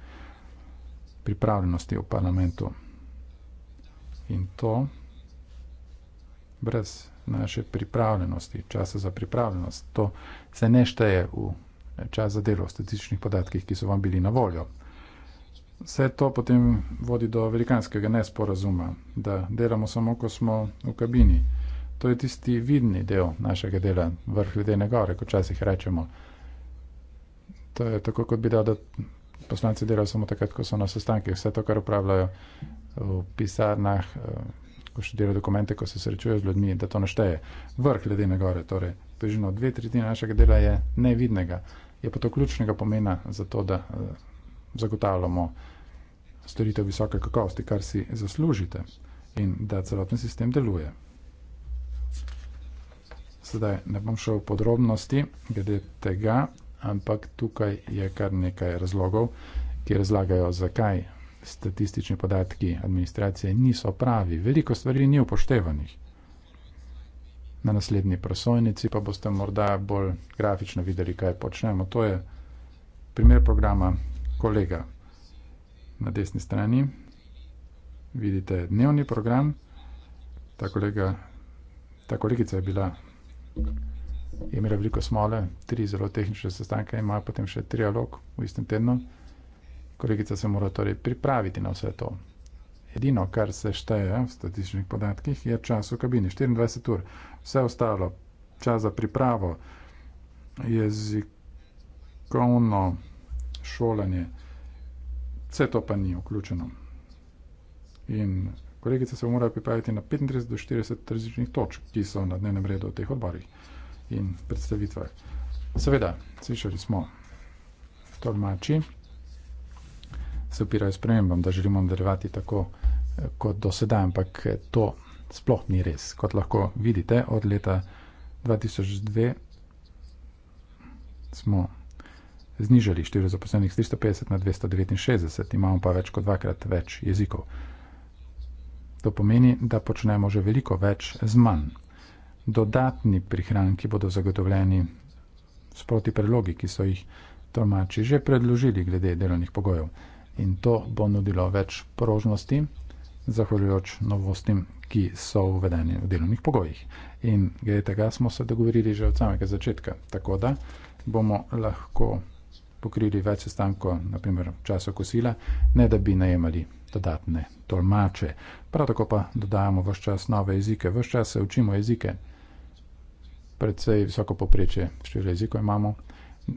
pripravljenosti v parlamentu. In to brez naše pripravljenosti, časa za pripravljenost, to se ne šteje v čas za delo, v statističnih podatkih, ki so vam bili na voljo. Vse to potem vodi do velikanskega nesporazuma, da delamo samo, ko smo v kabini. To je tisti vidni del našega dela, vrh ljudene gore, kot včasih rečemo. To je tako, kot bi dal, da poslanci delajo samo takrat, ko so na sestankih. Vse to, kar upravljajo v pisarnah, eh, ko še delajo dokumente, ko se srečujejo z ljudmi, da to našteje. Vrh ljudene gore, torej težino dve tretjine našega dela je nevidnega. Je pa to ključnega pomena za to, da eh, zagotavljamo storitev visoke kakovosti, kar si zaslužite in da celoten sistem deluje. Sedaj ne bom šel v podrobnosti glede tega, ampak tukaj je kar nekaj razlogov, ki razlagajo, zakaj statistični podatki administracije niso pravi. Veliko stvari ni upoštevanih. Na naslednji prosojnici pa boste morda bolj grafično videli, kaj počnemo. To je primer programa kolega na desni strani. Vidite dnevni program. Ta, kolega, ta kolegica je bila imeli veliko smole, tri zelo tehnične sestanke, imajo potem še trialog v istem tednu. Kolegica se mora torej pripraviti na vse to. Edino, kar se šteje v statističnih podatkih, je čas v kabini, 24 ur. Vse ostalo, čas za pripravo, jezikovno šolanje, vse to pa ni vključeno. In Kolegice se morajo pripraviti na 35 do 40 različnih točk, ki so na dnevnem redu v teh odborih in predstavitvah. Seveda, slišali smo, tolmači se upirajo s premembam, da želimo nadaljevati tako kot do sedaj, ampak to sploh ni res. Kot lahko vidite, od leta 2002 smo znižali število zaposlenih z 350 na 269, imamo pa več kot dvakrat več jezikov. To pomeni, da počnemo že veliko več z manj. Dodatni prihranki bodo zagotovljeni s protipredlogi, ki so jih tolmači že predložili glede delovnih pogojev. In to bo nudilo več prožnosti, zahvaljujoč novostim, ki so uvedeni v delovnih pogojih. In glede tega smo se dogovorili že od samega začetka. Tako da bomo lahko pokrili več sestankov, naprimer časa kosila, ne da bi najemali dodatne tolmače. Prav tako pa dodajamo v vse čas nove jezike, v vse čas se učimo jezike. Predvsej visoko poprečje število jezikov imamo,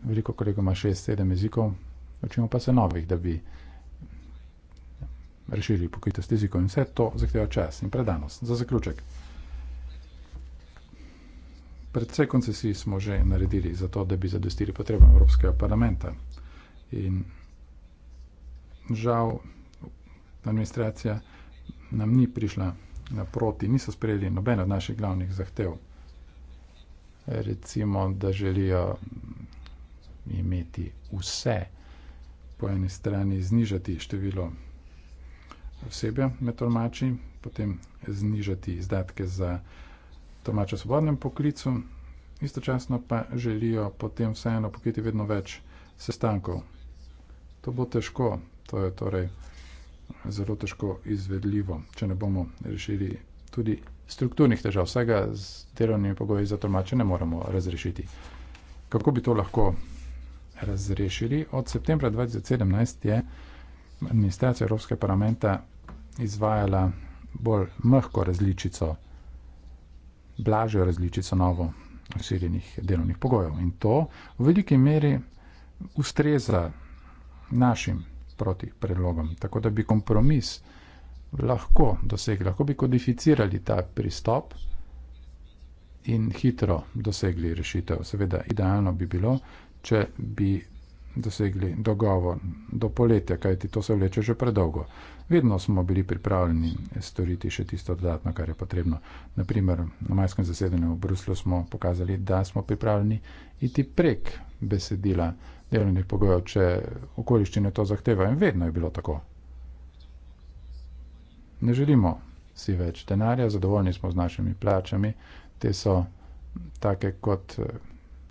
veliko kolegov ima 6-7 jezikov, učimo pa se novih, da bi rešili pokritost jezikov in vse to zahteva čas in predanost. Za zaključek. Predvsej koncesij smo že naredili za to, da bi zadostili potrebam Evropskega parlamenta. In žal, administracija nam ni prišla naproti, niso sprejeli nobeno od naših glavnih zahtev. Recimo, da želijo imeti vse, po eni strani znižati število osebja med tolmači, potem znižati izdatke za tolmače v svobodnem poklicu, istočasno pa želijo potem vseeno pokriti vedno več sestankov. To bo težko, to je torej zelo težko izvedljivo, če ne bomo rešili tudi strukturnih težav. Vsega z delovnimi pogoji za tolmače ne moramo razrešiti. Kako bi to lahko razrešili? Od septembra 2017 je administracija Evropskega parlamenta izvajala bolj mehko različico blažjo različico novo širjenih delovnih pogojev. In to v veliki meri ustreza našim proti predlogom. Tako da bi kompromis lahko dosegli, lahko bi kodificirali ta pristop in hitro dosegli rešitev. Seveda, idealno bi bilo, če bi dosegli dogovor do poletja, kajti to se vleče že predolgo. Vedno smo bili pripravljeni storiti še tisto dodatno, kar je potrebno. Naprimer, na majskem zasedanju v Bruslu smo pokazali, da smo pripravljeni iti prek besedila delovnih pogojev, če okoliščine to zahtevajo. In vedno je bilo tako. Ne želimo si več denarja, zadovoljni smo z našimi plačami, te so take, kot eh,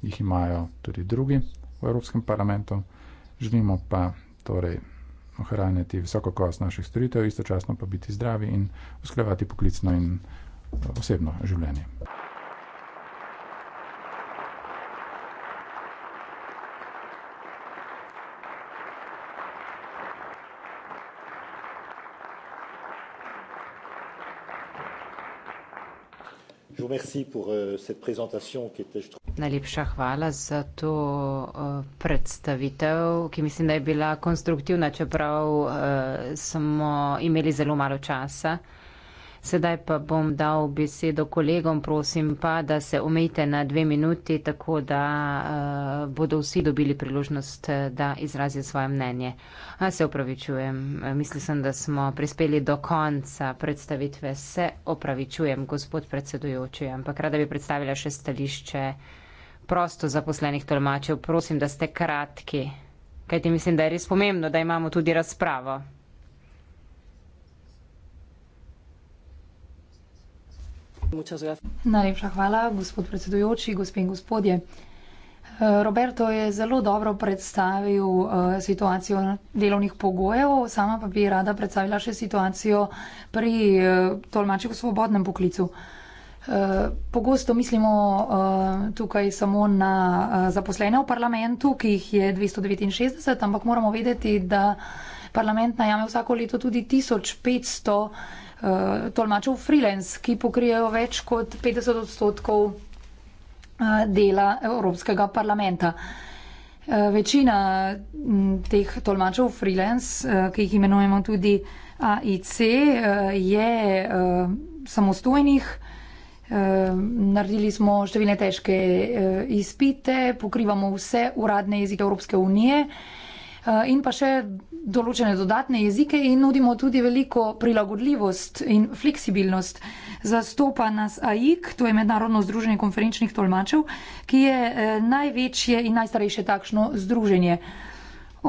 jih imajo tudi drugi v Evropskem parlamentu. Želimo pa torej ohranjati visoko kost naših storitev, istočasno pa biti zdravi in usklevati poklicno in eh, osebno življenje. Je vous remercie pour euh, cette présentation qui était, je trouve. Najlepša hvala za to eh, predstavitev, ki mislim, da je bila konstruktivna, čeprav eh, smo imeli zelo malo časa. Sedaj pa bom dal besedo kolegom, prosim pa, da se omejite na dve minuti, tako da uh, bodo vsi dobili priložnost, da izrazijo svoje mnenje. A se opravičujem, mislim sem, da smo prispeli do konca predstavitve. Se opravičujem, gospod predsedujoči, ampak rada bi predstavila še stališče uh, prosto zaposlenih tolmačev, prosim, da ste kratki, kajti mislim, da je res pomembno, da imamo tudi razpravo. Najlepša hvala, gospod predsedujoči, gospe in gospodje. Roberto je zelo dobro predstavil eh, situacijo delovnih pogojev, sama pa bi rada predstavila še situacijo pri eh, tolmačih v svobodnem poklicu. Eh, pogosto mislimo eh, tukaj samo na eh, zaposlene v parlamentu, ki jih je 269, ampak moramo vedeti, da parlament najame vsako leto tudi 1500 tolmačev freelance, ki pokrijajo več kot 50 odstotkov dela Evropskega parlamenta. Večina teh tolmačev freelance, ki jih imenujemo tudi AIC, je samostojnih naredili smo številne težke eh, izpite, pokrivamo vse uradne jezike Evropske unije eh, in pa še določene dodatne jezike in nudimo tudi veliko prilagodljivost in fleksibilnost. Zastopa nas AIK, to je Mednarodno združenje konferenčnih tolmačev, ki je eh, največje in najstarejše takšno združenje.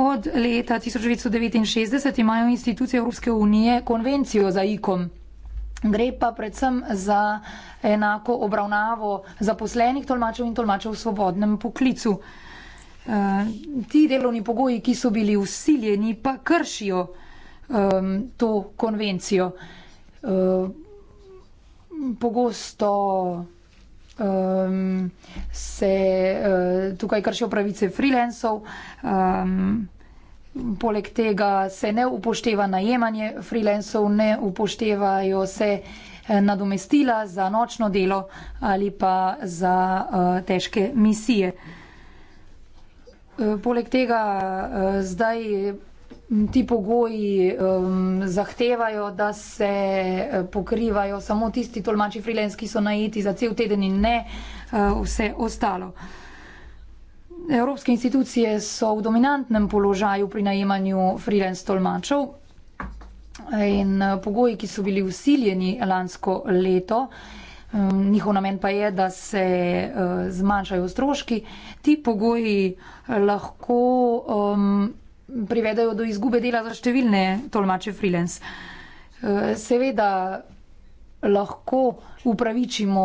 Od leta 1969 imajo institucije Evropske unije konvencijo za IKOM. Gre pa predvsem za enako obravnavo zaposlenih tolmačev in tolmačev v svobodnem poklicu. Eh, ti delovni pogoji, ki so bili usiljeni, pa kršijo um, to konvencijo. Um, pogosto um, se uh, tukaj kršijo pravice freelancov. Um, Poleg tega se ne upošteva najemanje freelancov, ne upoštevajo se eh, nadomestila za nočno delo ali pa za eh, težke misije. Eh, poleg tega zdaj mm, ti pogoji mm, zahtevajo, da se pokrivajo samo tisti tolmači freelanc, ki so najeti za cel teden in ne vse ostalo. Evropske institucije so v dominantnem položaju pri najemanju freelance tolmačev in eh, pogoji, ki so bili usiljeni lansko leto, mm, njihov namen pa je, da se eh, zmanjšajo stroški, ti pogoji eh, lahko um, ehm, privedajo do izgube dela za številne tolmače freelance. Seveda lahko upravičimo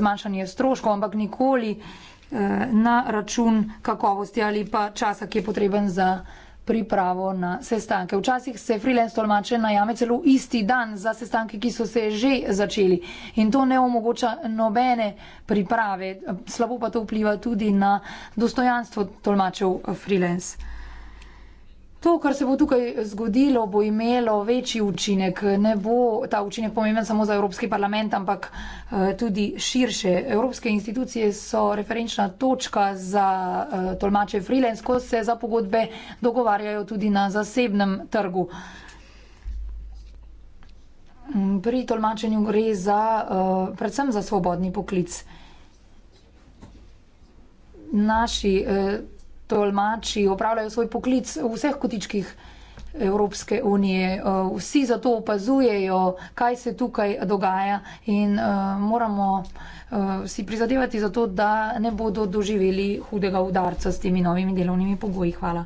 zmanjšanje stroškov, ampak nikoli. Eh, na račun kakovosti ali pa časa, ki je potreben za pripravo na sestanke. Včasih se freelance tolmače najame celo isti dan za sestanke, ki so se že začeli in to ne omogoča nobene priprave. Slabo pa to vpliva tudi na dostojanstvo tolmačev eh, freelance. To, kar se bo tukaj zgodilo, bo imelo večji učinek. Ne bo ta učinek pomemben samo za Evropski parlament, ampak eh, tudi širše. Evropske institucije so referenčna točka za eh, tolmače freelance, ko se za pogodbe dogovarjajo tudi na zasebnem trgu. Pri tolmačenju gre za, eh, predvsem za svobodni poklic. Naši tolmači opravljajo svoj poklic v vseh kotičkih Evropske unije. Eh, vsi zato opazujejo, kaj se tukaj dogaja in eh, moramo eh, si prizadevati za to, da ne bodo doživeli hudega udarca s temi novimi delovnimi pogoji. Hvala.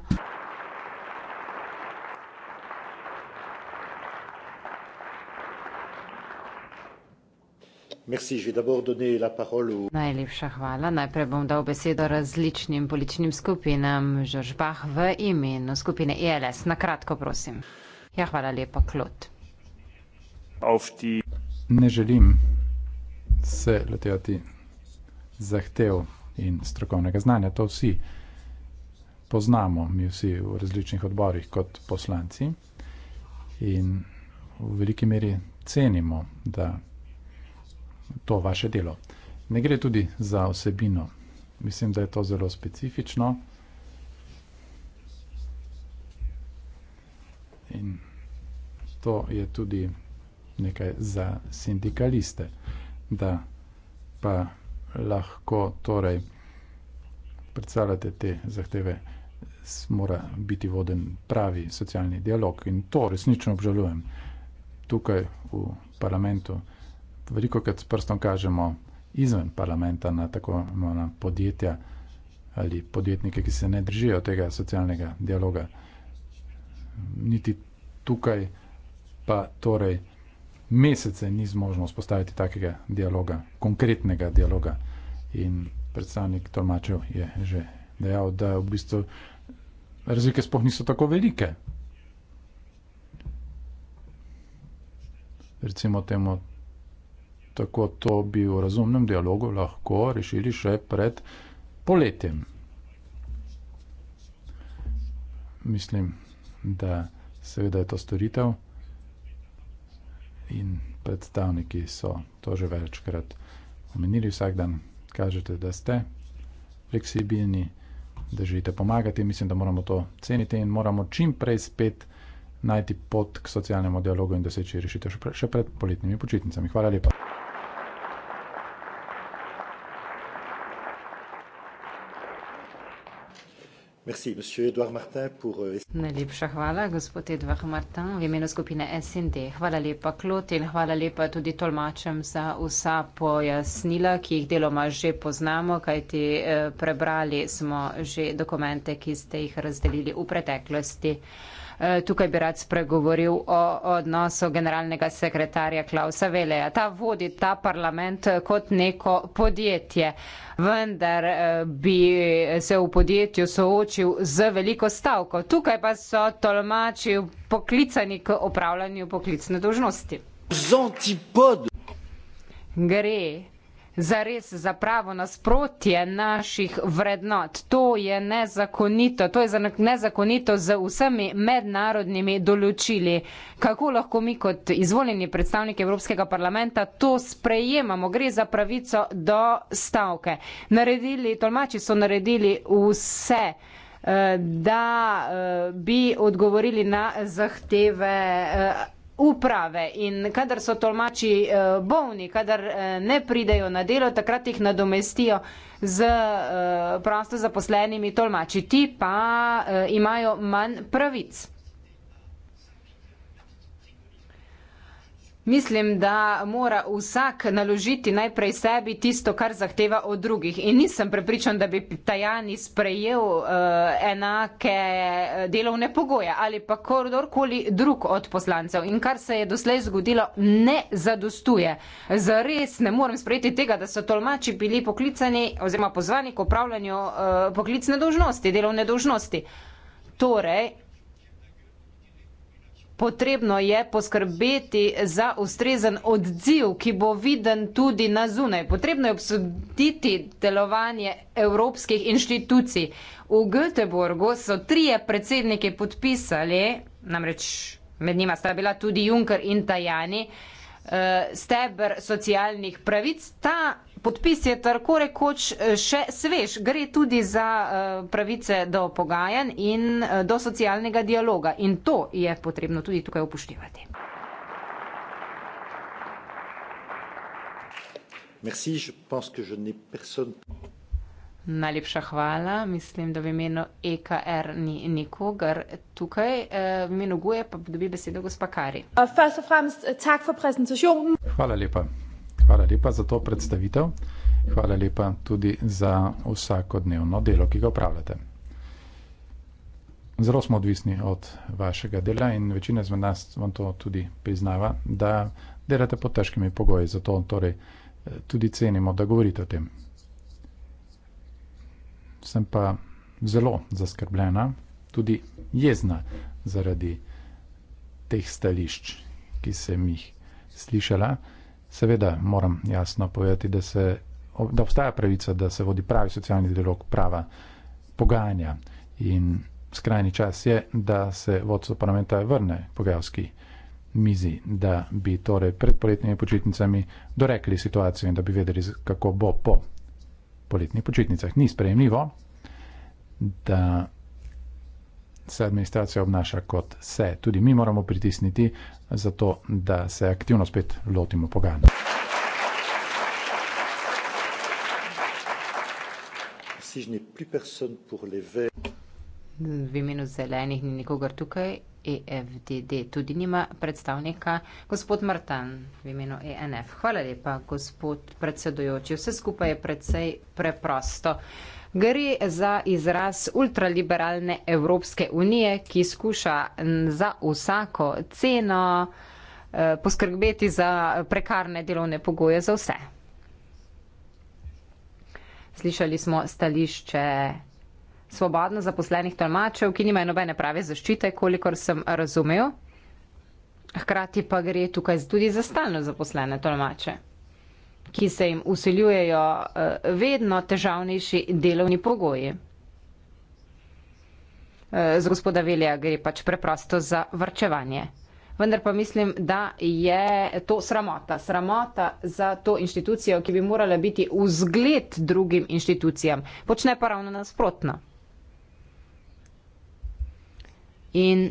Merci, donné la au... Najlepša hvala. Najprej bom dal besedo različnim političnim skupinam. Žorž Bah v imenu skupine ILS. E Na kratko, prosim. Ja, hvala lepa, Klot. Die... Ne želim se letevati zahtev in strokovnega znanja. To vsi poznamo, mi vsi v različnih odborih kot poslanci. In v veliki meri cenimo, da to vaše delo. Ne gre tudi za osebino. Mislim, da je to zelo specifično. In to je tudi nekaj za sindikaliste, da pa lahko torej predstavljate te zahteve, mora biti voden pravi socialni dialog in to resnično obžalujem. Tukaj v parlamentu veliko krat s prstom kažemo izven parlamenta na tako imenovana podjetja ali podjetnike, ki se ne držijo tega socialnega dialoga. Niti tukaj pa torej mesece ni zmožno spostaviti takega dialoga, konkretnega dialoga. In predstavnik Tolmačev je že dejal, da v bistvu razlike spoh niso tako velike. Recimo temu tako to bi v razumnem dialogu lahko rešili še pred poletjem. Mislim, da seveda je to storitev in predstavniki so to že večkrat omenili vsak dan. Kažete, da ste fleksibilni, da želite pomagati. Mislim, da moramo to ceniti in moramo čim prej spet najti pot k socialnemu dialogu in doseči rešitev še pred poletnimi počitnicami. Hvala lepa. Merci, Martin, pour... Euh, Najlepša hvala, gospod Edvard Martin, v imenu skupine SND. Hvala lepa, Klot, in hvala lepa tudi tolmačem za vsa pojasnila, ki jih deloma že poznamo, kajti eh, prebrali smo že dokumente, ki ste jih razdelili v preteklosti. Eh, tukaj bi rad spregovoril o odnosu generalnega sekretarja Klausa Veleja. Ta vodi ta parlament eh, kot neko podjetje, vendar eh, bi se v podjetju soočil z veliko stavko. Tukaj pa so tolmači poklicani k opravljanju poklicne dožnosti. Gre za res, za pravo nasprotje naših vrednot. To je nezakonito, to je nezakonito z vsemi mednarodnimi določili. Kako lahko mi kot izvoljeni predstavniki Evropskega parlamenta to sprejemamo? Gre za pravico do stavke. Naredili, tolmači so naredili vse eh, da eh, bi odgovorili na zahteve eh, uprave in kadar so tolmači eh, bolni, kadar eh, ne pridejo na delo, takrat jih nadomestijo z eh, prosto zaposlenimi tolmači. Ti pa imajo manj pravic. Mislim, da mora vsak naložiti najprej sebi tisto, kar zahteva od drugih. In nisem prepričan, da bi Tajani sprejel uh, enake eh, delovne pogoje ali pa kordorkoli drug od poslancev. In kar se je doslej zgodilo, ne zadostuje. Zares ne morem sprejeti tega, da so tolmači bili poklicani oziroma pozvani k upravljanju uh, eh, poklicne dožnosti, delovne dožnosti. Torej, potrebno je poskrbeti za ustrezen odziv, ki bo viden tudi na zunaj. Potrebno je obsoditi delovanje evropskih inštitucij. V Göteborgu so trije predsedniki podpisali, namreč med njima sta bila tudi Juncker in Tajani, eh, steber socialnih pravic. Ta Podpis je tako rekoč eh, še svež, gre tudi za eh, pravice do pogajanj in eh, do socialnega dialoga in to je potrebno tudi tukaj upoštevati. Merci, Najlepša hvala. Mislim, da v imenu EKR ni nikogar tukaj. V imenu Guje pa dobi besedo gospa Kari. Hvala lepa. Hvala lepa za to predstavitev. Hvala lepa tudi za vsakodnevno delo, ki ga upravljate. Zelo smo odvisni od vašega dela in večina izmed nas vam to tudi priznava, da delate pod težkimi pogoji, zato torej eh, tudi cenimo, da govorite o tem. Sem pa zelo zaskrbljena, tudi jezna zaradi teh stališč, ki sem jih slišala. Seveda moram jasno povedati, da, se, da obstaja pravica, da se vodi pravi socialni dialog, prava pogajanja in skrajni čas je, da se vodstvo parlamenta vrne pogajalski mizi, da bi torej pred poletnimi počitnicami dorekli situacijo in da bi vedeli, kako bo po poletnih počitnicah. Ni sprejemljivo, da se administracija obnaša kot se. Tudi mi moramo pritisniti, zato da se aktivno spet lotimo pogajanj. V imenu zelenih ni nikogar tukaj, EFDD tudi nima predstavnika, gospod Martan v imenu ENF. Hvala lepa, gospod predsedujoči. Vse skupaj je precej preprosto gre za izraz ultraliberalne Evropske unije, ki skuša za vsako ceno eh, poskrbeti za prekarne delovne pogoje za vse. Slišali smo stališče svobodno zaposlenih tolmačev, ki nimajo nobene prave zaščite, kolikor sem razumel. Hkrati pa gre tukaj tudi za stalno zaposlene tolmače ki se jim usiljujejo eh, vedno težavnejši delovni pogoji. Eh, z gospoda Velja gre pač preprosto za vrčevanje. Vendar pa mislim, da je to sramota. Sramota za to inštitucijo, ki bi morala biti vzgled drugim inštitucijam. Počne pa ravno nasprotno. In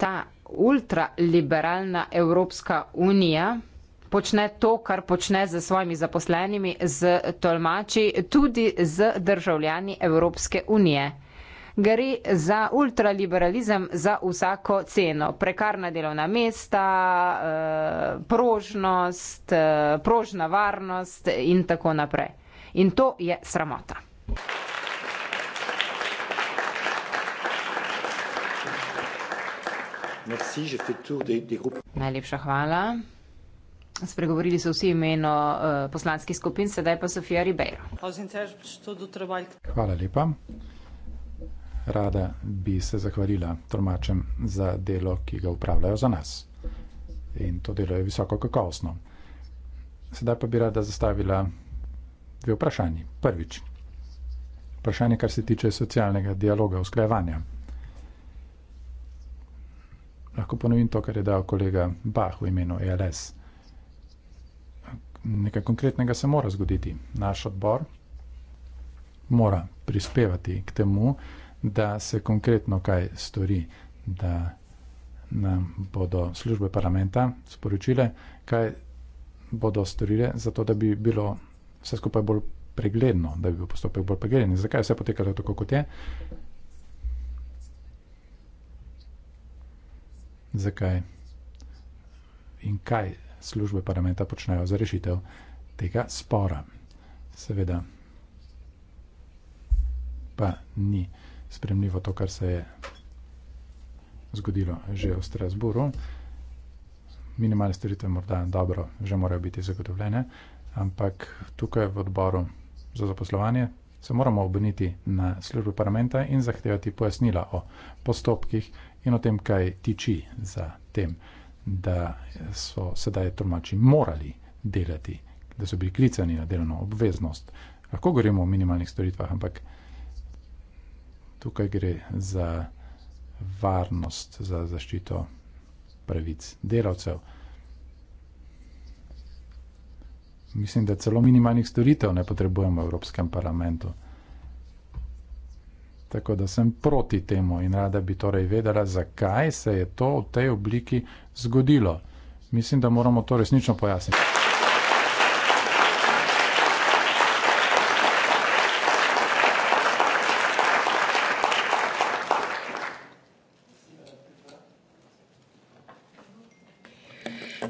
ta ultraliberalna Evropska unija počne to, kar počne z svojimi zaposlenimi, z tolmači, tudi z državljani Evropske unije. Gre za ultraliberalizem za vsako ceno. Prekarna delovna mesta, eh, prožnost, eh, prožna varnost in tako naprej. In to je sramota. Merci, des, des Najlepša hvala. Spregovorili so vsi imeno eh, poslanskih skupin, sedaj pa Sofija Ribeiro. Hvala lepa. Rada bi se zahvalila tolmačem za delo, ki ga upravljajo za nas. In to delo je visoko kakovostno. Sedaj pa bi rada zastavila dve vprašanji. Prvič, vprašanje, kar se tiče socialnega dialoga, usklajevanja. Lahko ponovim to, kar je dal kolega Bah v imenu ELS nekaj konkretnega se mora zgoditi. Naš odbor mora prispevati k temu, da se konkretno kaj stori, da nam bodo službe parlamenta sporočile, kaj bodo storile, zato da bi bilo vse skupaj bolj pregledno, da bi bil postopek bolj pregleden. Zakaj je vse potekalo tako, kot je? Zakaj in kaj službe parlamenta počnejo za rešitev tega spora. Seveda pa ni spremljivo to, kar se je zgodilo že v Strasburu. Minimalne storitve morda dobro že morajo biti zagotovljene, ampak tukaj v odboru za zaposlovanje se moramo obrniti na službo parlamenta in zahtevati pojasnila o postopkih in o tem, kaj tiči za tem da so sedaj tolmači morali delati, da so bili klicani na delovno obveznost. Lahko govorimo o minimalnih storitvah, ampak tukaj gre za varnost, za zaščito pravic delavcev. Mislim, da celo minimalnih storitev ne potrebujemo v Evropskem parlamentu. Tako da sem proti temu in rada bi torej vedela, zakaj se je to v tej obliki zgodilo. Mislim, da moramo to resnično pojasniti.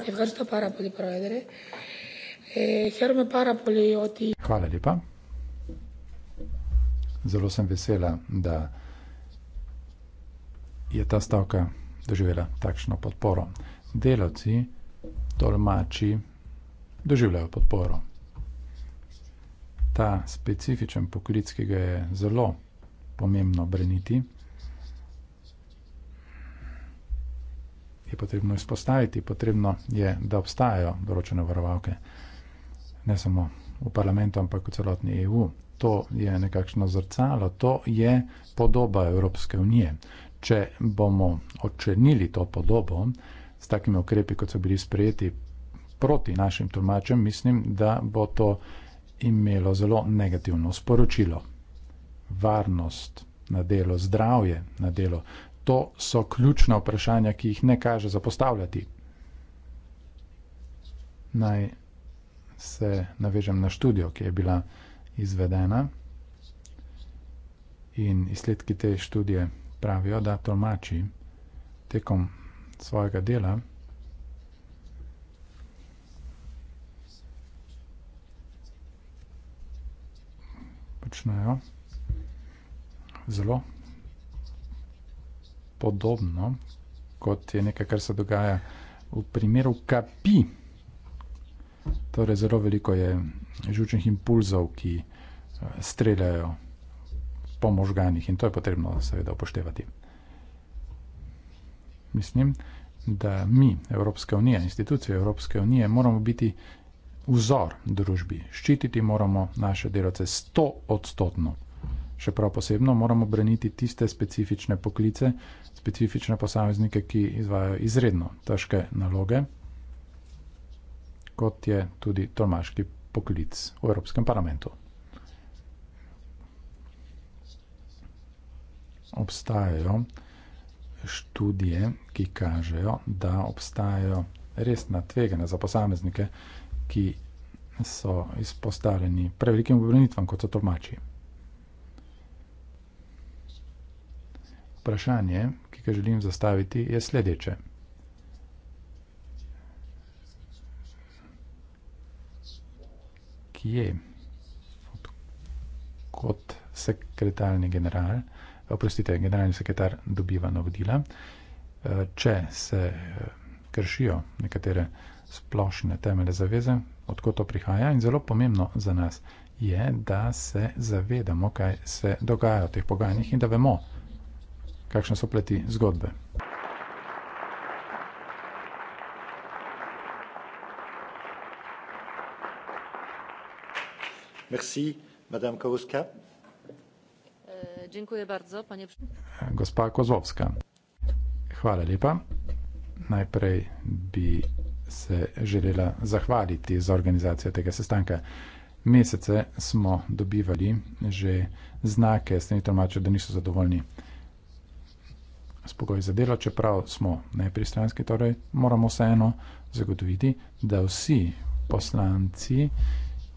Ευχαριστώ πάρα πολύ, Πρόεδρε. Ε, χαίρομαι πάρα πολύ ότι... Χαίρομαι πάρα πολύ zelo sem vesela, da je ta stavka doživela takšno podporo. Delavci, tolmači, doživljajo podporo. Ta specifičen poklic, ki ga je zelo pomembno breniti, je potrebno izpostaviti, potrebno je, da obstajajo določene varovalke, ne samo v parlamentu, ampak v celotni EU to je nekakšno zrcalo, to je podoba Evropske unije. Če bomo očenili to podobo s takimi okrepi, kot so bili sprejeti proti našim tolmačem, mislim, da bo to imelo zelo negativno sporočilo. Varnost na delo, zdravje na delo, to so ključna vprašanja, ki jih ne kaže zapostavljati. Naj se navežem na študijo, ki je bila izvedena in izsledki te študije pravijo, da tolmači tekom svojega dela počnejo zelo podobno, kot je nekaj, kar se dogaja v primeru kapi. Torej, zelo veliko je žučnih impulzov, ki streljajo po možganjih in to je potrebno seveda upoštevati. Mislim, da mi, Evropska unija, institucije Evropske unije, moramo biti vzor družbi, ščititi moramo naše delavce sto odstotno. Še prav posebno moramo braniti tiste specifične poklice, specifične posameznike, ki izvajo izredno težke naloge, kot je tudi tolmaški poklic v Evropskem parlamentu. obstajajo študije, ki kažejo, da obstajajo resna tvegana za posameznike, ki so izpostavljeni prevelikim obremenitvam, kot so tolmači. Vprašanje, ki ga želim zastaviti, je sledeče. Kje, kot sekretarni general, oprostite, generalni sekretar dobiva navodila. Eh, če se eh, kršijo nekatere splošne temele zaveze, odkot to prihaja in zelo pomembno za nas je, da se zavedamo, kaj se dogaja v teh pogajanjih in da vemo, kakšne so pleti zgodbe. Merci, madame Kauska. Gospa Kozlovska, hvala lepa. Najprej bi se želela zahvaliti za organizacijo tega sestanka. Mesece smo dobivali že znake strani tolmačev, da niso zadovoljni s pogoji za delo, čeprav smo nepristranski, torej moramo vseeno zagotoviti, da vsi poslanci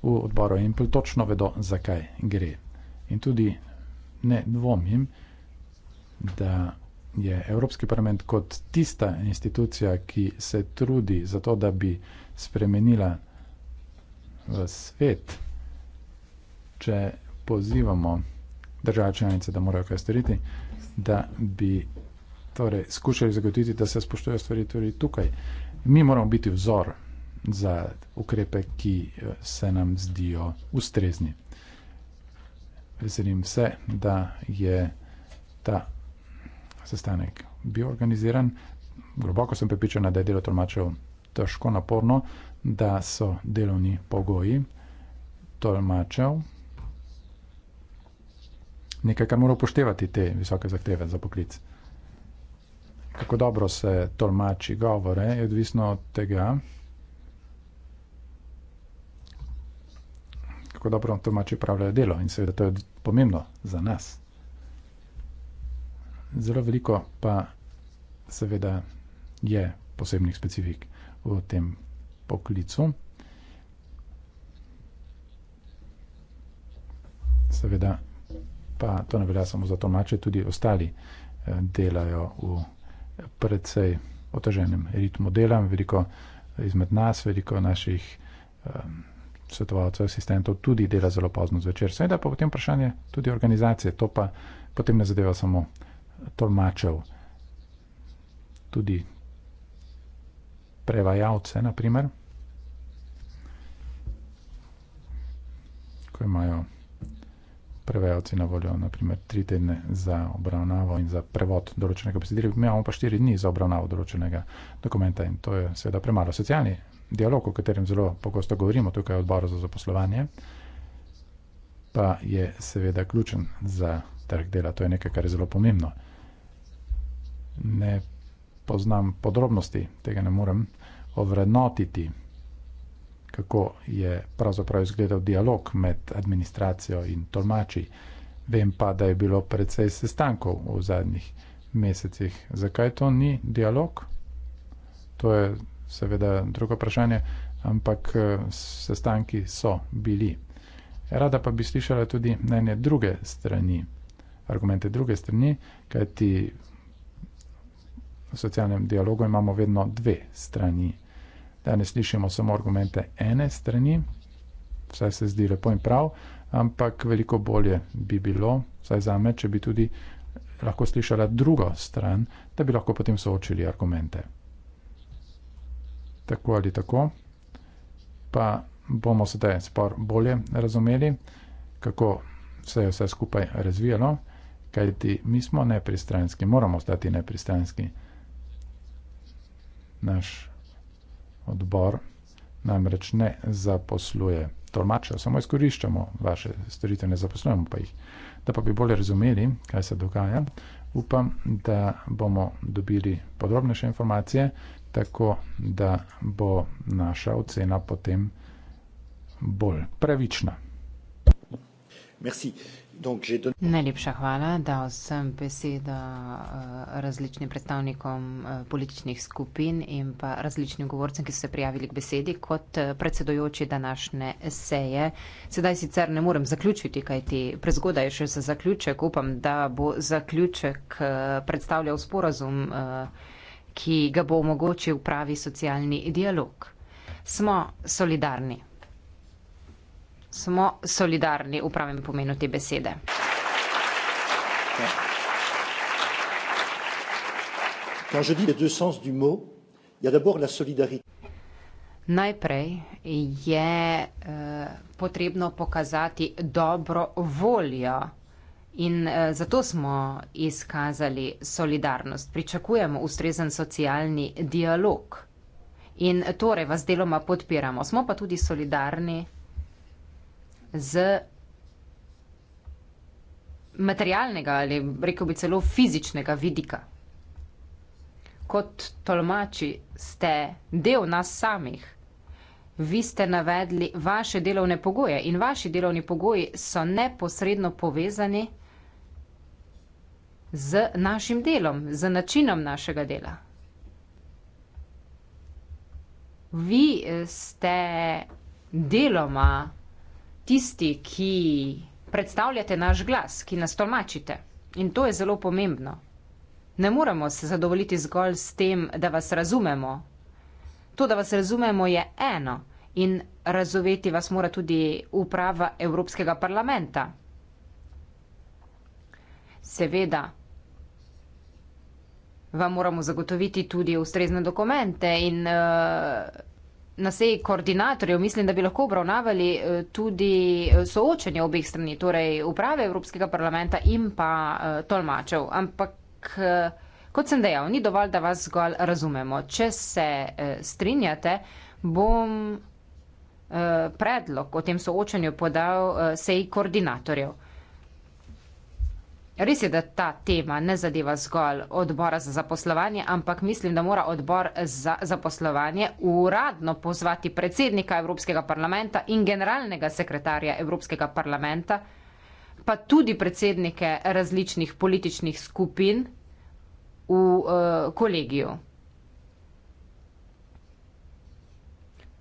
v odboru Impel točno vedo, zakaj gre. In tudi ne dvomim, da je Evropski parlament kot tista institucija, ki se trudi za to, da bi spremenila v svet, če pozivamo države članice, da morajo kaj storiti, da bi torej skušali zagotoviti, da se spoštujejo stvari tudi tukaj. Mi moramo biti vzor za ukrepe, ki eh, se nam zdijo ustrezni veselim se, da je ta sestanek bil organiziran. Globoko sem pripričana, da je delo tolmačev težko, naporno, da so delovni pogoji tolmačev nekaj, kar mora upoštevati te visoke zahteve za poklic. Kako dobro se tolmači govore, je odvisno od tega, kako dobro tolmači pravljajo delo. In seveda to je pomembno za nas. Zelo veliko pa seveda je posebnih specifik v tem poklicu. Seveda pa to ne velja samo za tolmače, tudi ostali eh, delajo v predvsej oteženem ritmu dela, veliko izmed nas, veliko naših um, svetovalcev, asistentov tudi dela zelo pozno zvečer. Seveda pa potem vprašanje tudi organizacije, to pa potem ne zadeva samo tolmačev, tudi prevajalce, naprimer, ko imajo prevajalci na voljo, naprimer, tri tedne za obravnavo in za prevod določenega besedila, mi imamo pa štiri dni za obravnavo določenega dokumenta in to je seveda premalo. Socialni dialog, o katerem zelo pogosto govorimo tukaj v odboru za zaposlovanje, pa je seveda ključen za trg dela. To je nekaj, kar je zelo pomembno. Ne poznam podrobnosti, tega ne morem ovrednotiti, kako je pravzaprav izgledal dialog med administracijo in tolmači. Vem pa, da je bilo precej sestankov v zadnjih mesecih. Zakaj to ni dialog? To je seveda drugo vprašanje, ampak eh, sestanki so bili. Rada pa bi slišala tudi mnenje druge strani, argumente druge strani, kajti v socialnem dialogu imamo vedno dve strani. Danes slišimo samo argumente ene strani, vse se zdi lepo in prav, ampak veliko bolje bi bilo, vsaj za me, če bi tudi lahko slišala drugo stran, da bi lahko potem soočili argumente tako ali tako. Pa bomo sedaj spor bolje razumeli, kako se je vse skupaj razvijalo, kajti mi smo nepristranski, moramo ostati nepristranski. Naš odbor namreč ne zaposluje tolmačev, samo izkoriščamo vaše storitve, ne zaposlujemo pa jih. Da pa bi bolje razumeli, kaj se dogaja, upam, da bomo dobili podrobnejše informacije, tako da bo naša ocena potem bolj pravična. Merci. Najlepša hvala, dal sem besedo eh, različnim predstavnikom eh, političnih skupin in pa različnim govorcem, ki so se prijavili k besedi kot eh, predsedojoči današnje seje. Sedaj sicer ne morem zaključiti, kajti prezgodaj še za zaključek. Upam, da bo zaključek predstavljal sporazum ki ga bo omogočil pravi socialni dialog. Smo solidarni. Smo solidarni v pravem pomenu te besede. Najprej je uh, potrebno pokazati dobro voljo In uh, zato smo izkazali solidarnost, pričakujemo ustrezen socialni dialog. In torej vas deloma podpiramo. Smo pa tudi solidarni z materialnega ali, rekel bi, celo fizičnega vidika. Kot tolmači ste del nas samih. Vi ste navedli vaše delovne pogoje in vaši delovni pogoji so neposredno povezani z našim delom, z načinom našega dela. Vi eh, ste deloma tisti, ki predstavljate naš glas, ki nas tolmačite. In to je zelo pomembno. Ne moremo se zadovoljiti zgolj s tem, da vas razumemo. To, da vas razumemo, je eno in razoveti vas mora tudi uprava Evropskega parlamenta. Seveda, vam moramo zagotoviti tudi ustrezne dokumente in eh, na seji koordinatorjev mislim, da bi lahko obravnavali eh, tudi eh, soočenje obih strani, torej uprave Evropskega parlamenta in pa tolmačev. Ampak, kot sem dejal, ni dovolj, da vas zgolj razumemo. Če se strinjate, bom predlog o tem soočenju podal seji koordinatorjev. Res je, da ta tema ne zadeva zgolj odbora za zaposlovanje, ampak mislim, da mora odbor za zaposlovanje uradno pozvati predsednika Evropskega parlamenta in generalnega sekretarja Evropskega parlamenta, pa tudi predsednike različnih političnih skupin v uh, kolegiju.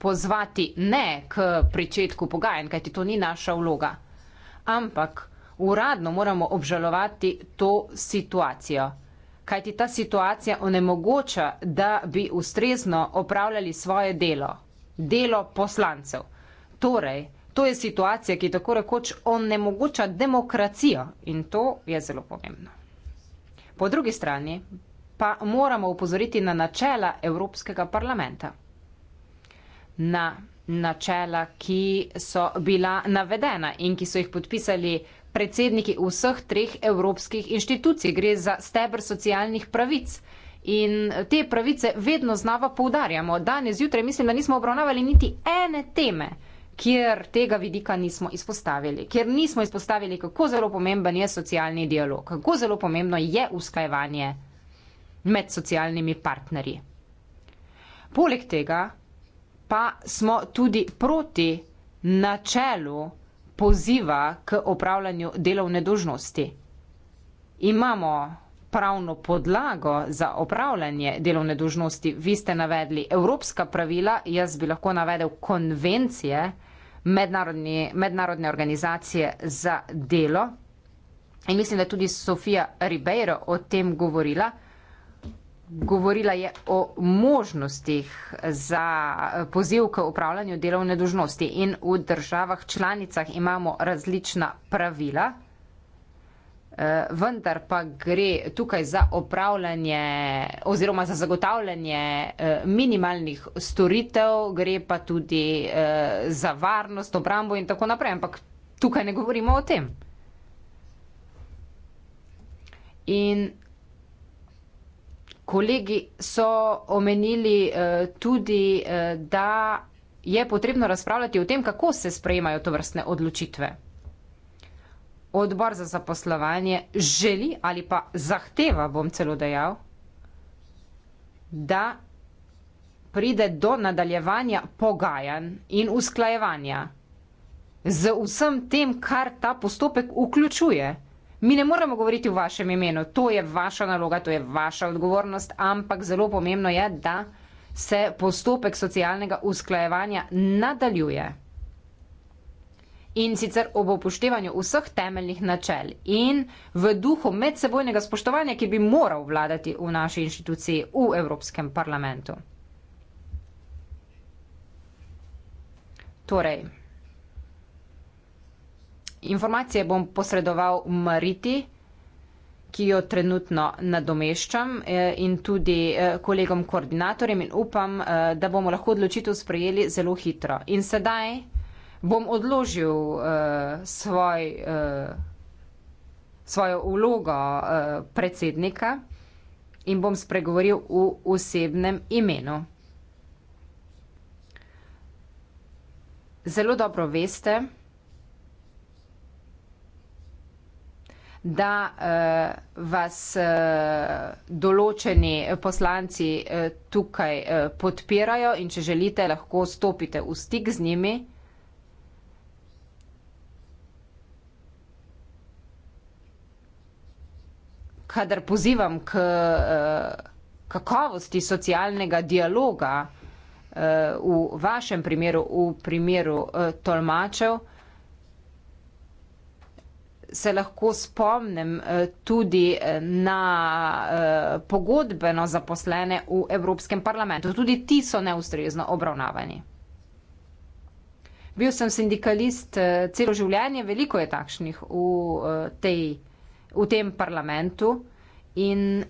Pozvati ne k pričetku pogajanj, kajti to ni naša vloga, ampak uradno moramo obžalovati to situacijo. Kaj ti ta situacija onemogoča, da bi ustrezno opravljali svoje delo, delo poslancev. Torej, to je situacija, ki tako rekoč onemogoča demokracijo in to je zelo pomembno. Po drugi strani pa moramo upozoriti na načela Evropskega parlamenta. Na načela, ki so bila navedena in ki so jih podpisali predsedniki vseh treh evropskih inštitucij. Gre za stebr socialnih pravic. In te pravice vedno znova poudarjamo. Danes zjutraj mislim, da nismo obravnavali niti ene teme, kjer tega vidika nismo izpostavili, kjer nismo izpostavili, kako zelo pomemben je socialni dialog, kako zelo pomembno je uskajevanje med socialnimi partnerji. Poleg tega pa smo tudi proti načelu poziva k opravljanju delovne dožnosti. Imamo pravno podlago za opravljanje delovne dožnosti, vi ste navedli evropska pravila, jaz bi lahko navedel konvencije mednarodne organizacije za delo. In mislim, da je tudi Sofija Ribeiro o tem govorila. Govorila je o možnostih za poziv k upravljanju delovne dožnosti in v državah članicah imamo različna pravila, eh, vendar pa gre tukaj za upravljanje oziroma za zagotavljanje eh, minimalnih storitev, gre pa tudi eh, za varnost, obrambo in tako naprej, ampak tukaj ne govorimo o tem. In Kolegi so omenili eh, tudi, eh, da je potrebno razpravljati o tem, kako se sprejemajo to vrstne odločitve. Odbor za zaposlovanje želi ali pa zahteva, bom celo dejal, da pride do nadaljevanja pogajanj in usklajevanja z vsem tem, kar ta postopek vključuje. Mi ne moremo govoriti v vašem imenu, to je vaša naloga, to je vaša odgovornost, ampak zelo pomembno je, da se postopek socialnega usklajevanja nadaljuje. In sicer ob upoštevanju vseh temeljnih načel in v duhu medsebojnega spoštovanja, ki bi moral vladati v naši inštituciji v Evropskem parlamentu. Torej. Informacije bom posredoval Mariti, ki jo trenutno nadomeščam eh, in tudi eh, kolegom koordinatorjem in upam, eh, da bomo lahko odločitev sprejeli zelo hitro. In sedaj bom odložil svoj, svojo ulogo predsednika in bom spregovoril v osebnem imenu. Zelo dobro veste, da je to, da eh, vas eh, določeni poslanci eh, tukaj eh, podpirajo in če želite, lahko stopite v stik z njimi. Kadar pozivam k eh, kakovosti socialnega dialoga eh, v vašem primeru, v primeru eh, tolmačev, eh, se lahko spomnim eh, tudi eh, na eh, pogodbeno zaposlene v Evropskem parlamentu. Tudi ti so neustrezno obravnavani. Bil sem sindikalist celo življenje, veliko je takšnih v, tej, v tem parlamentu in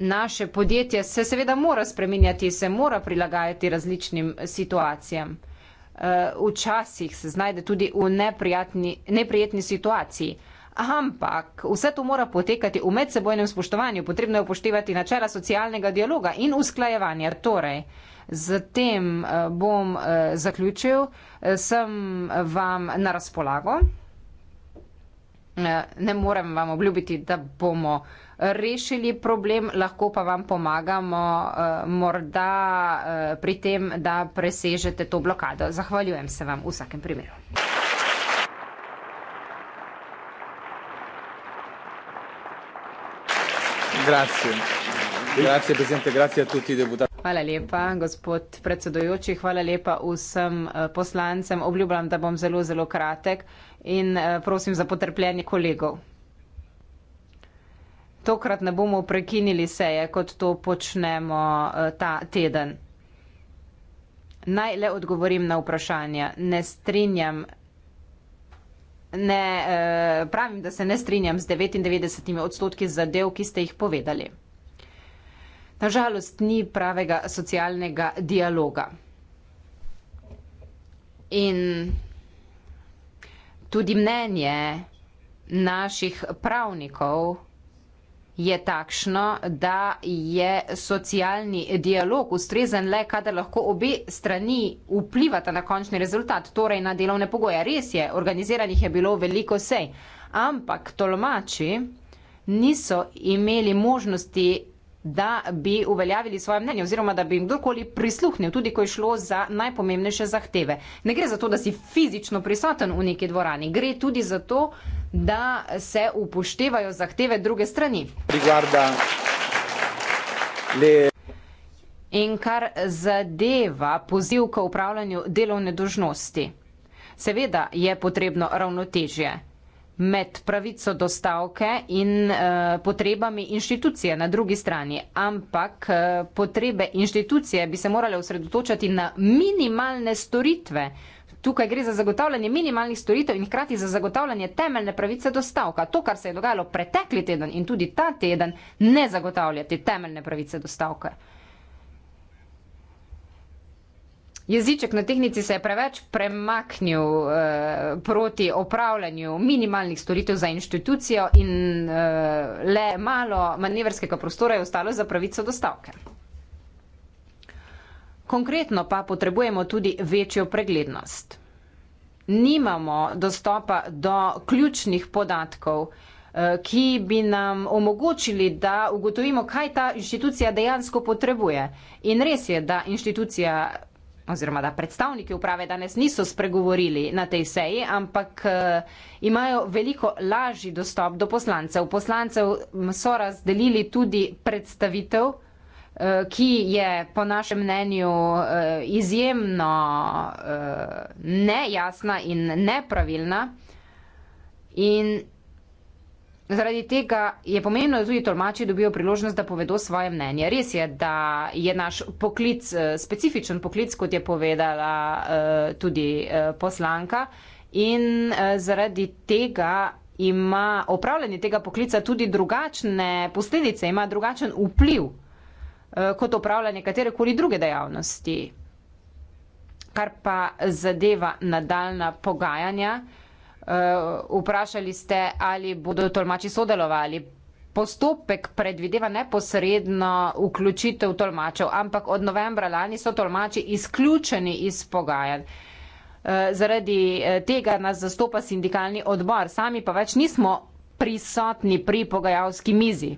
naše podjetje se seveda mora spreminjati, se mora prilagajati različnim situacijam. Včasih se znajde tudi v neprijatni, neprijetni situaciji. Ampak vse to mora potekati v medsebojnem spoštovanju, potrebno je upoštevati načela socialnega dialoga in usklajevanja. Torej, z tem eh, bom eh, zaključil, eh, sem vam na razpolago. Ne morem vam obljubiti, da bomo rešili problem, lahko pa vam pomagamo morda pri tem, da presežete to blokado. Zahvaljujem se vam v vsakem primeru. Grazie. Grazie, presidente, grazie a tutti i deputati. Hvala lepa, gospod predsedojoči, hvala lepa vsem eh, poslancem. Obljubljam, da bom zelo, zelo kratek in eh, prosim za potrpljenje kolegov. Tokrat ne bomo prekinili seje, kot to počnemo eh, ta teden. Naj le odgovorim na vprašanje. Ne strinjam ne, eh, pravim, da se ne strinjam z 99 odstotki zadev, ki ste jih povedali. Nažalost, ni pravega socialnega dialoga. In tudi mnenje naših pravnikov, je takšno, da je socialni dialog ustrezen le, kadar lahko obe strani vplivata na končni rezultat, torej na delovne pogoje. Res je, organiziranih je bilo veliko sej, ampak tolmači niso imeli možnosti, da bi uveljavili svoje mnenje oziroma da bi jim kdorkoli prisluhnil, tudi ko je šlo za najpomembnejše zahteve. Ne gre za to, da si fizično prisoten v neki dvorani, gre tudi za to, da se upoštevajo zahteve druge strani. In kar zadeva poziv k upravljanju delovne dožnosti. Seveda je potrebno ravnotežje med pravico dostavke in e, potrebami inštitucije na drugi strani, ampak e, potrebe inštitucije bi se morale osredotočati na minimalne storitve, Tukaj gre za zagotavljanje minimalnih storitev in hkrati za zagotavljanje temeljne pravice do stavka. To, kar se je dogajalo pretekli teden in tudi ta teden, ne zagotavlja te temeljne pravice do stavka. Jeziček na tehnici se je preveč premaknil eh, proti opravljanju minimalnih storitev za inštitucijo in eh, le malo manevrskega prostora je ostalo za pravico do stavke. Konkretno pa potrebujemo tudi večjo preglednost. Nimamo dostopa do ključnih podatkov, eh, ki bi nam omogočili, da ugotovimo, kaj ta inštitucija dejansko potrebuje. In res je, da inštitucija oziroma da predstavniki uprave danes niso spregovorili na tej seji, ampak eh, imajo veliko lažji dostop do poslancev. Poslancev so razdelili tudi predstavitev Eh, ki je po našem mnenju eh, izjemno eh, nejasna in nepravilna. In zaradi tega je pomembno, da tudi tolmači dobijo priložnost, da povedo svoje mnenje. Res je, da je naš poklic, specifičen poklic, kot je povedala tudi poslanka. In zaradi tega ima opravljanje tega poklica tudi drugačne posledice, ima drugačen vpliv Eh, kot opravljanje katere koli druge dejavnosti. Kar pa zadeva nadaljna pogajanja, eh, vprašali ste, ali bodo tolmači sodelovali. Postopek predvideva neposredno vključitev tolmačev, ampak od novembra lani so tolmači izključeni iz pogajanj. Eh, zaradi tega nas zastopa sindikalni odbor, sami pa več nismo prisotni pri pogajalski mizi.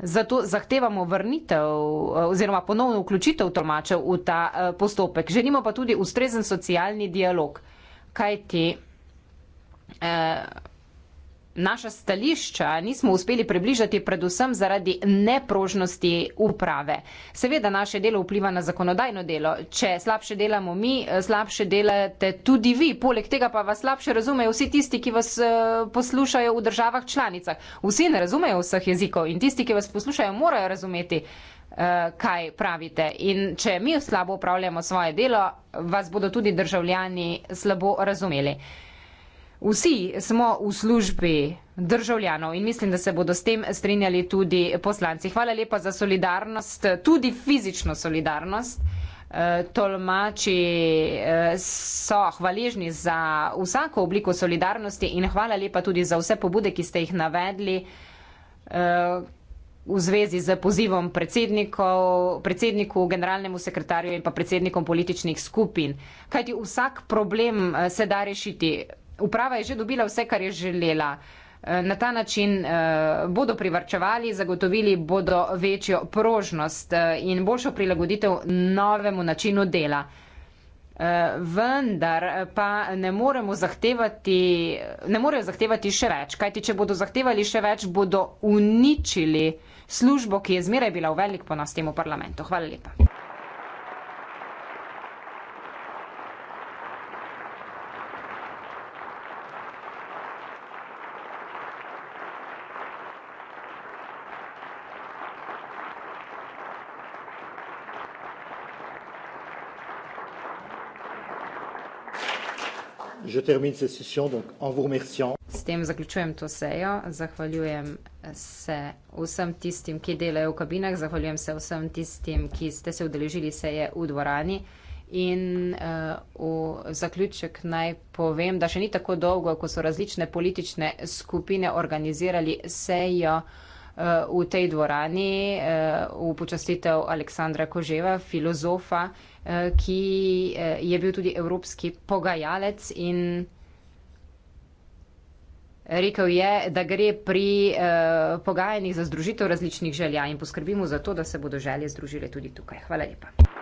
Zato zahtevamo vrnitev eh, oziroma ponovno vključitev tolmačev v ta eh, postopek. Želimo pa tudi ustrezen socialni dialog, kajti eh, naša stališča nismo uspeli približati predvsem zaradi neprožnosti uprave. Seveda naše delo vpliva na zakonodajno delo. Če slabše delamo mi, slabše delate tudi vi. Poleg tega pa vas slabše razumejo vsi tisti, ki vas eh, poslušajo v državah članicah. Vsi ne razumejo vseh jezikov in tisti, ki vas poslušajo, morajo razumeti eh, kaj pravite. In če mi slabo upravljamo svoje delo, vas bodo tudi državljani slabo razumeli. Vsi smo v službi državljanov in mislim, da se bodo s tem strinjali tudi poslanci. Hvala lepa za solidarnost, tudi fizično solidarnost. E, tolmači e, so hvaležni za vsako obliko solidarnosti in hvala lepa tudi za vse pobude, ki ste jih navedli e, v zvezi z pozivom predsedniku, generalnemu sekretarju in pa predsednikom političnih skupin. Kajti vsak problem se da rešiti uprava je že dobila vse, kar je želela. Eh, na ta način eh, bodo privrčevali, zagotovili bodo večjo prožnost eh, in boljšo prilagoditev novemu načinu dela. Vendar pa ne, zahtevati, ne morejo zahtevati še več, kajti če bodo zahtevali še več, bodo uničili službo, ki je zmeraj bila v velik ponos temu parlamentu. Hvala lepa. je termine cette session donc en vous remerciant. S tem zaključujem to sejo. Zahvaljujem se vsem tistim, ki delajo v kabinah, zahvaljujem se vsem tistim, ki ste se udeležili seje v dvorani. In uh, v zaključek naj povem, da še ni tako dolgo, ko so različne politične skupine organizirali sejo uh, v tej dvorani uh, v počastitev Aleksandra Koževa, filozofa. Eh, ki eh, je bil tudi evropski pogajalec in rekel je, da gre pri eh, pogajanjih za združitev različnih želja in poskrbimo za to, da se bodo želje združile tudi tukaj. Hvala lepa.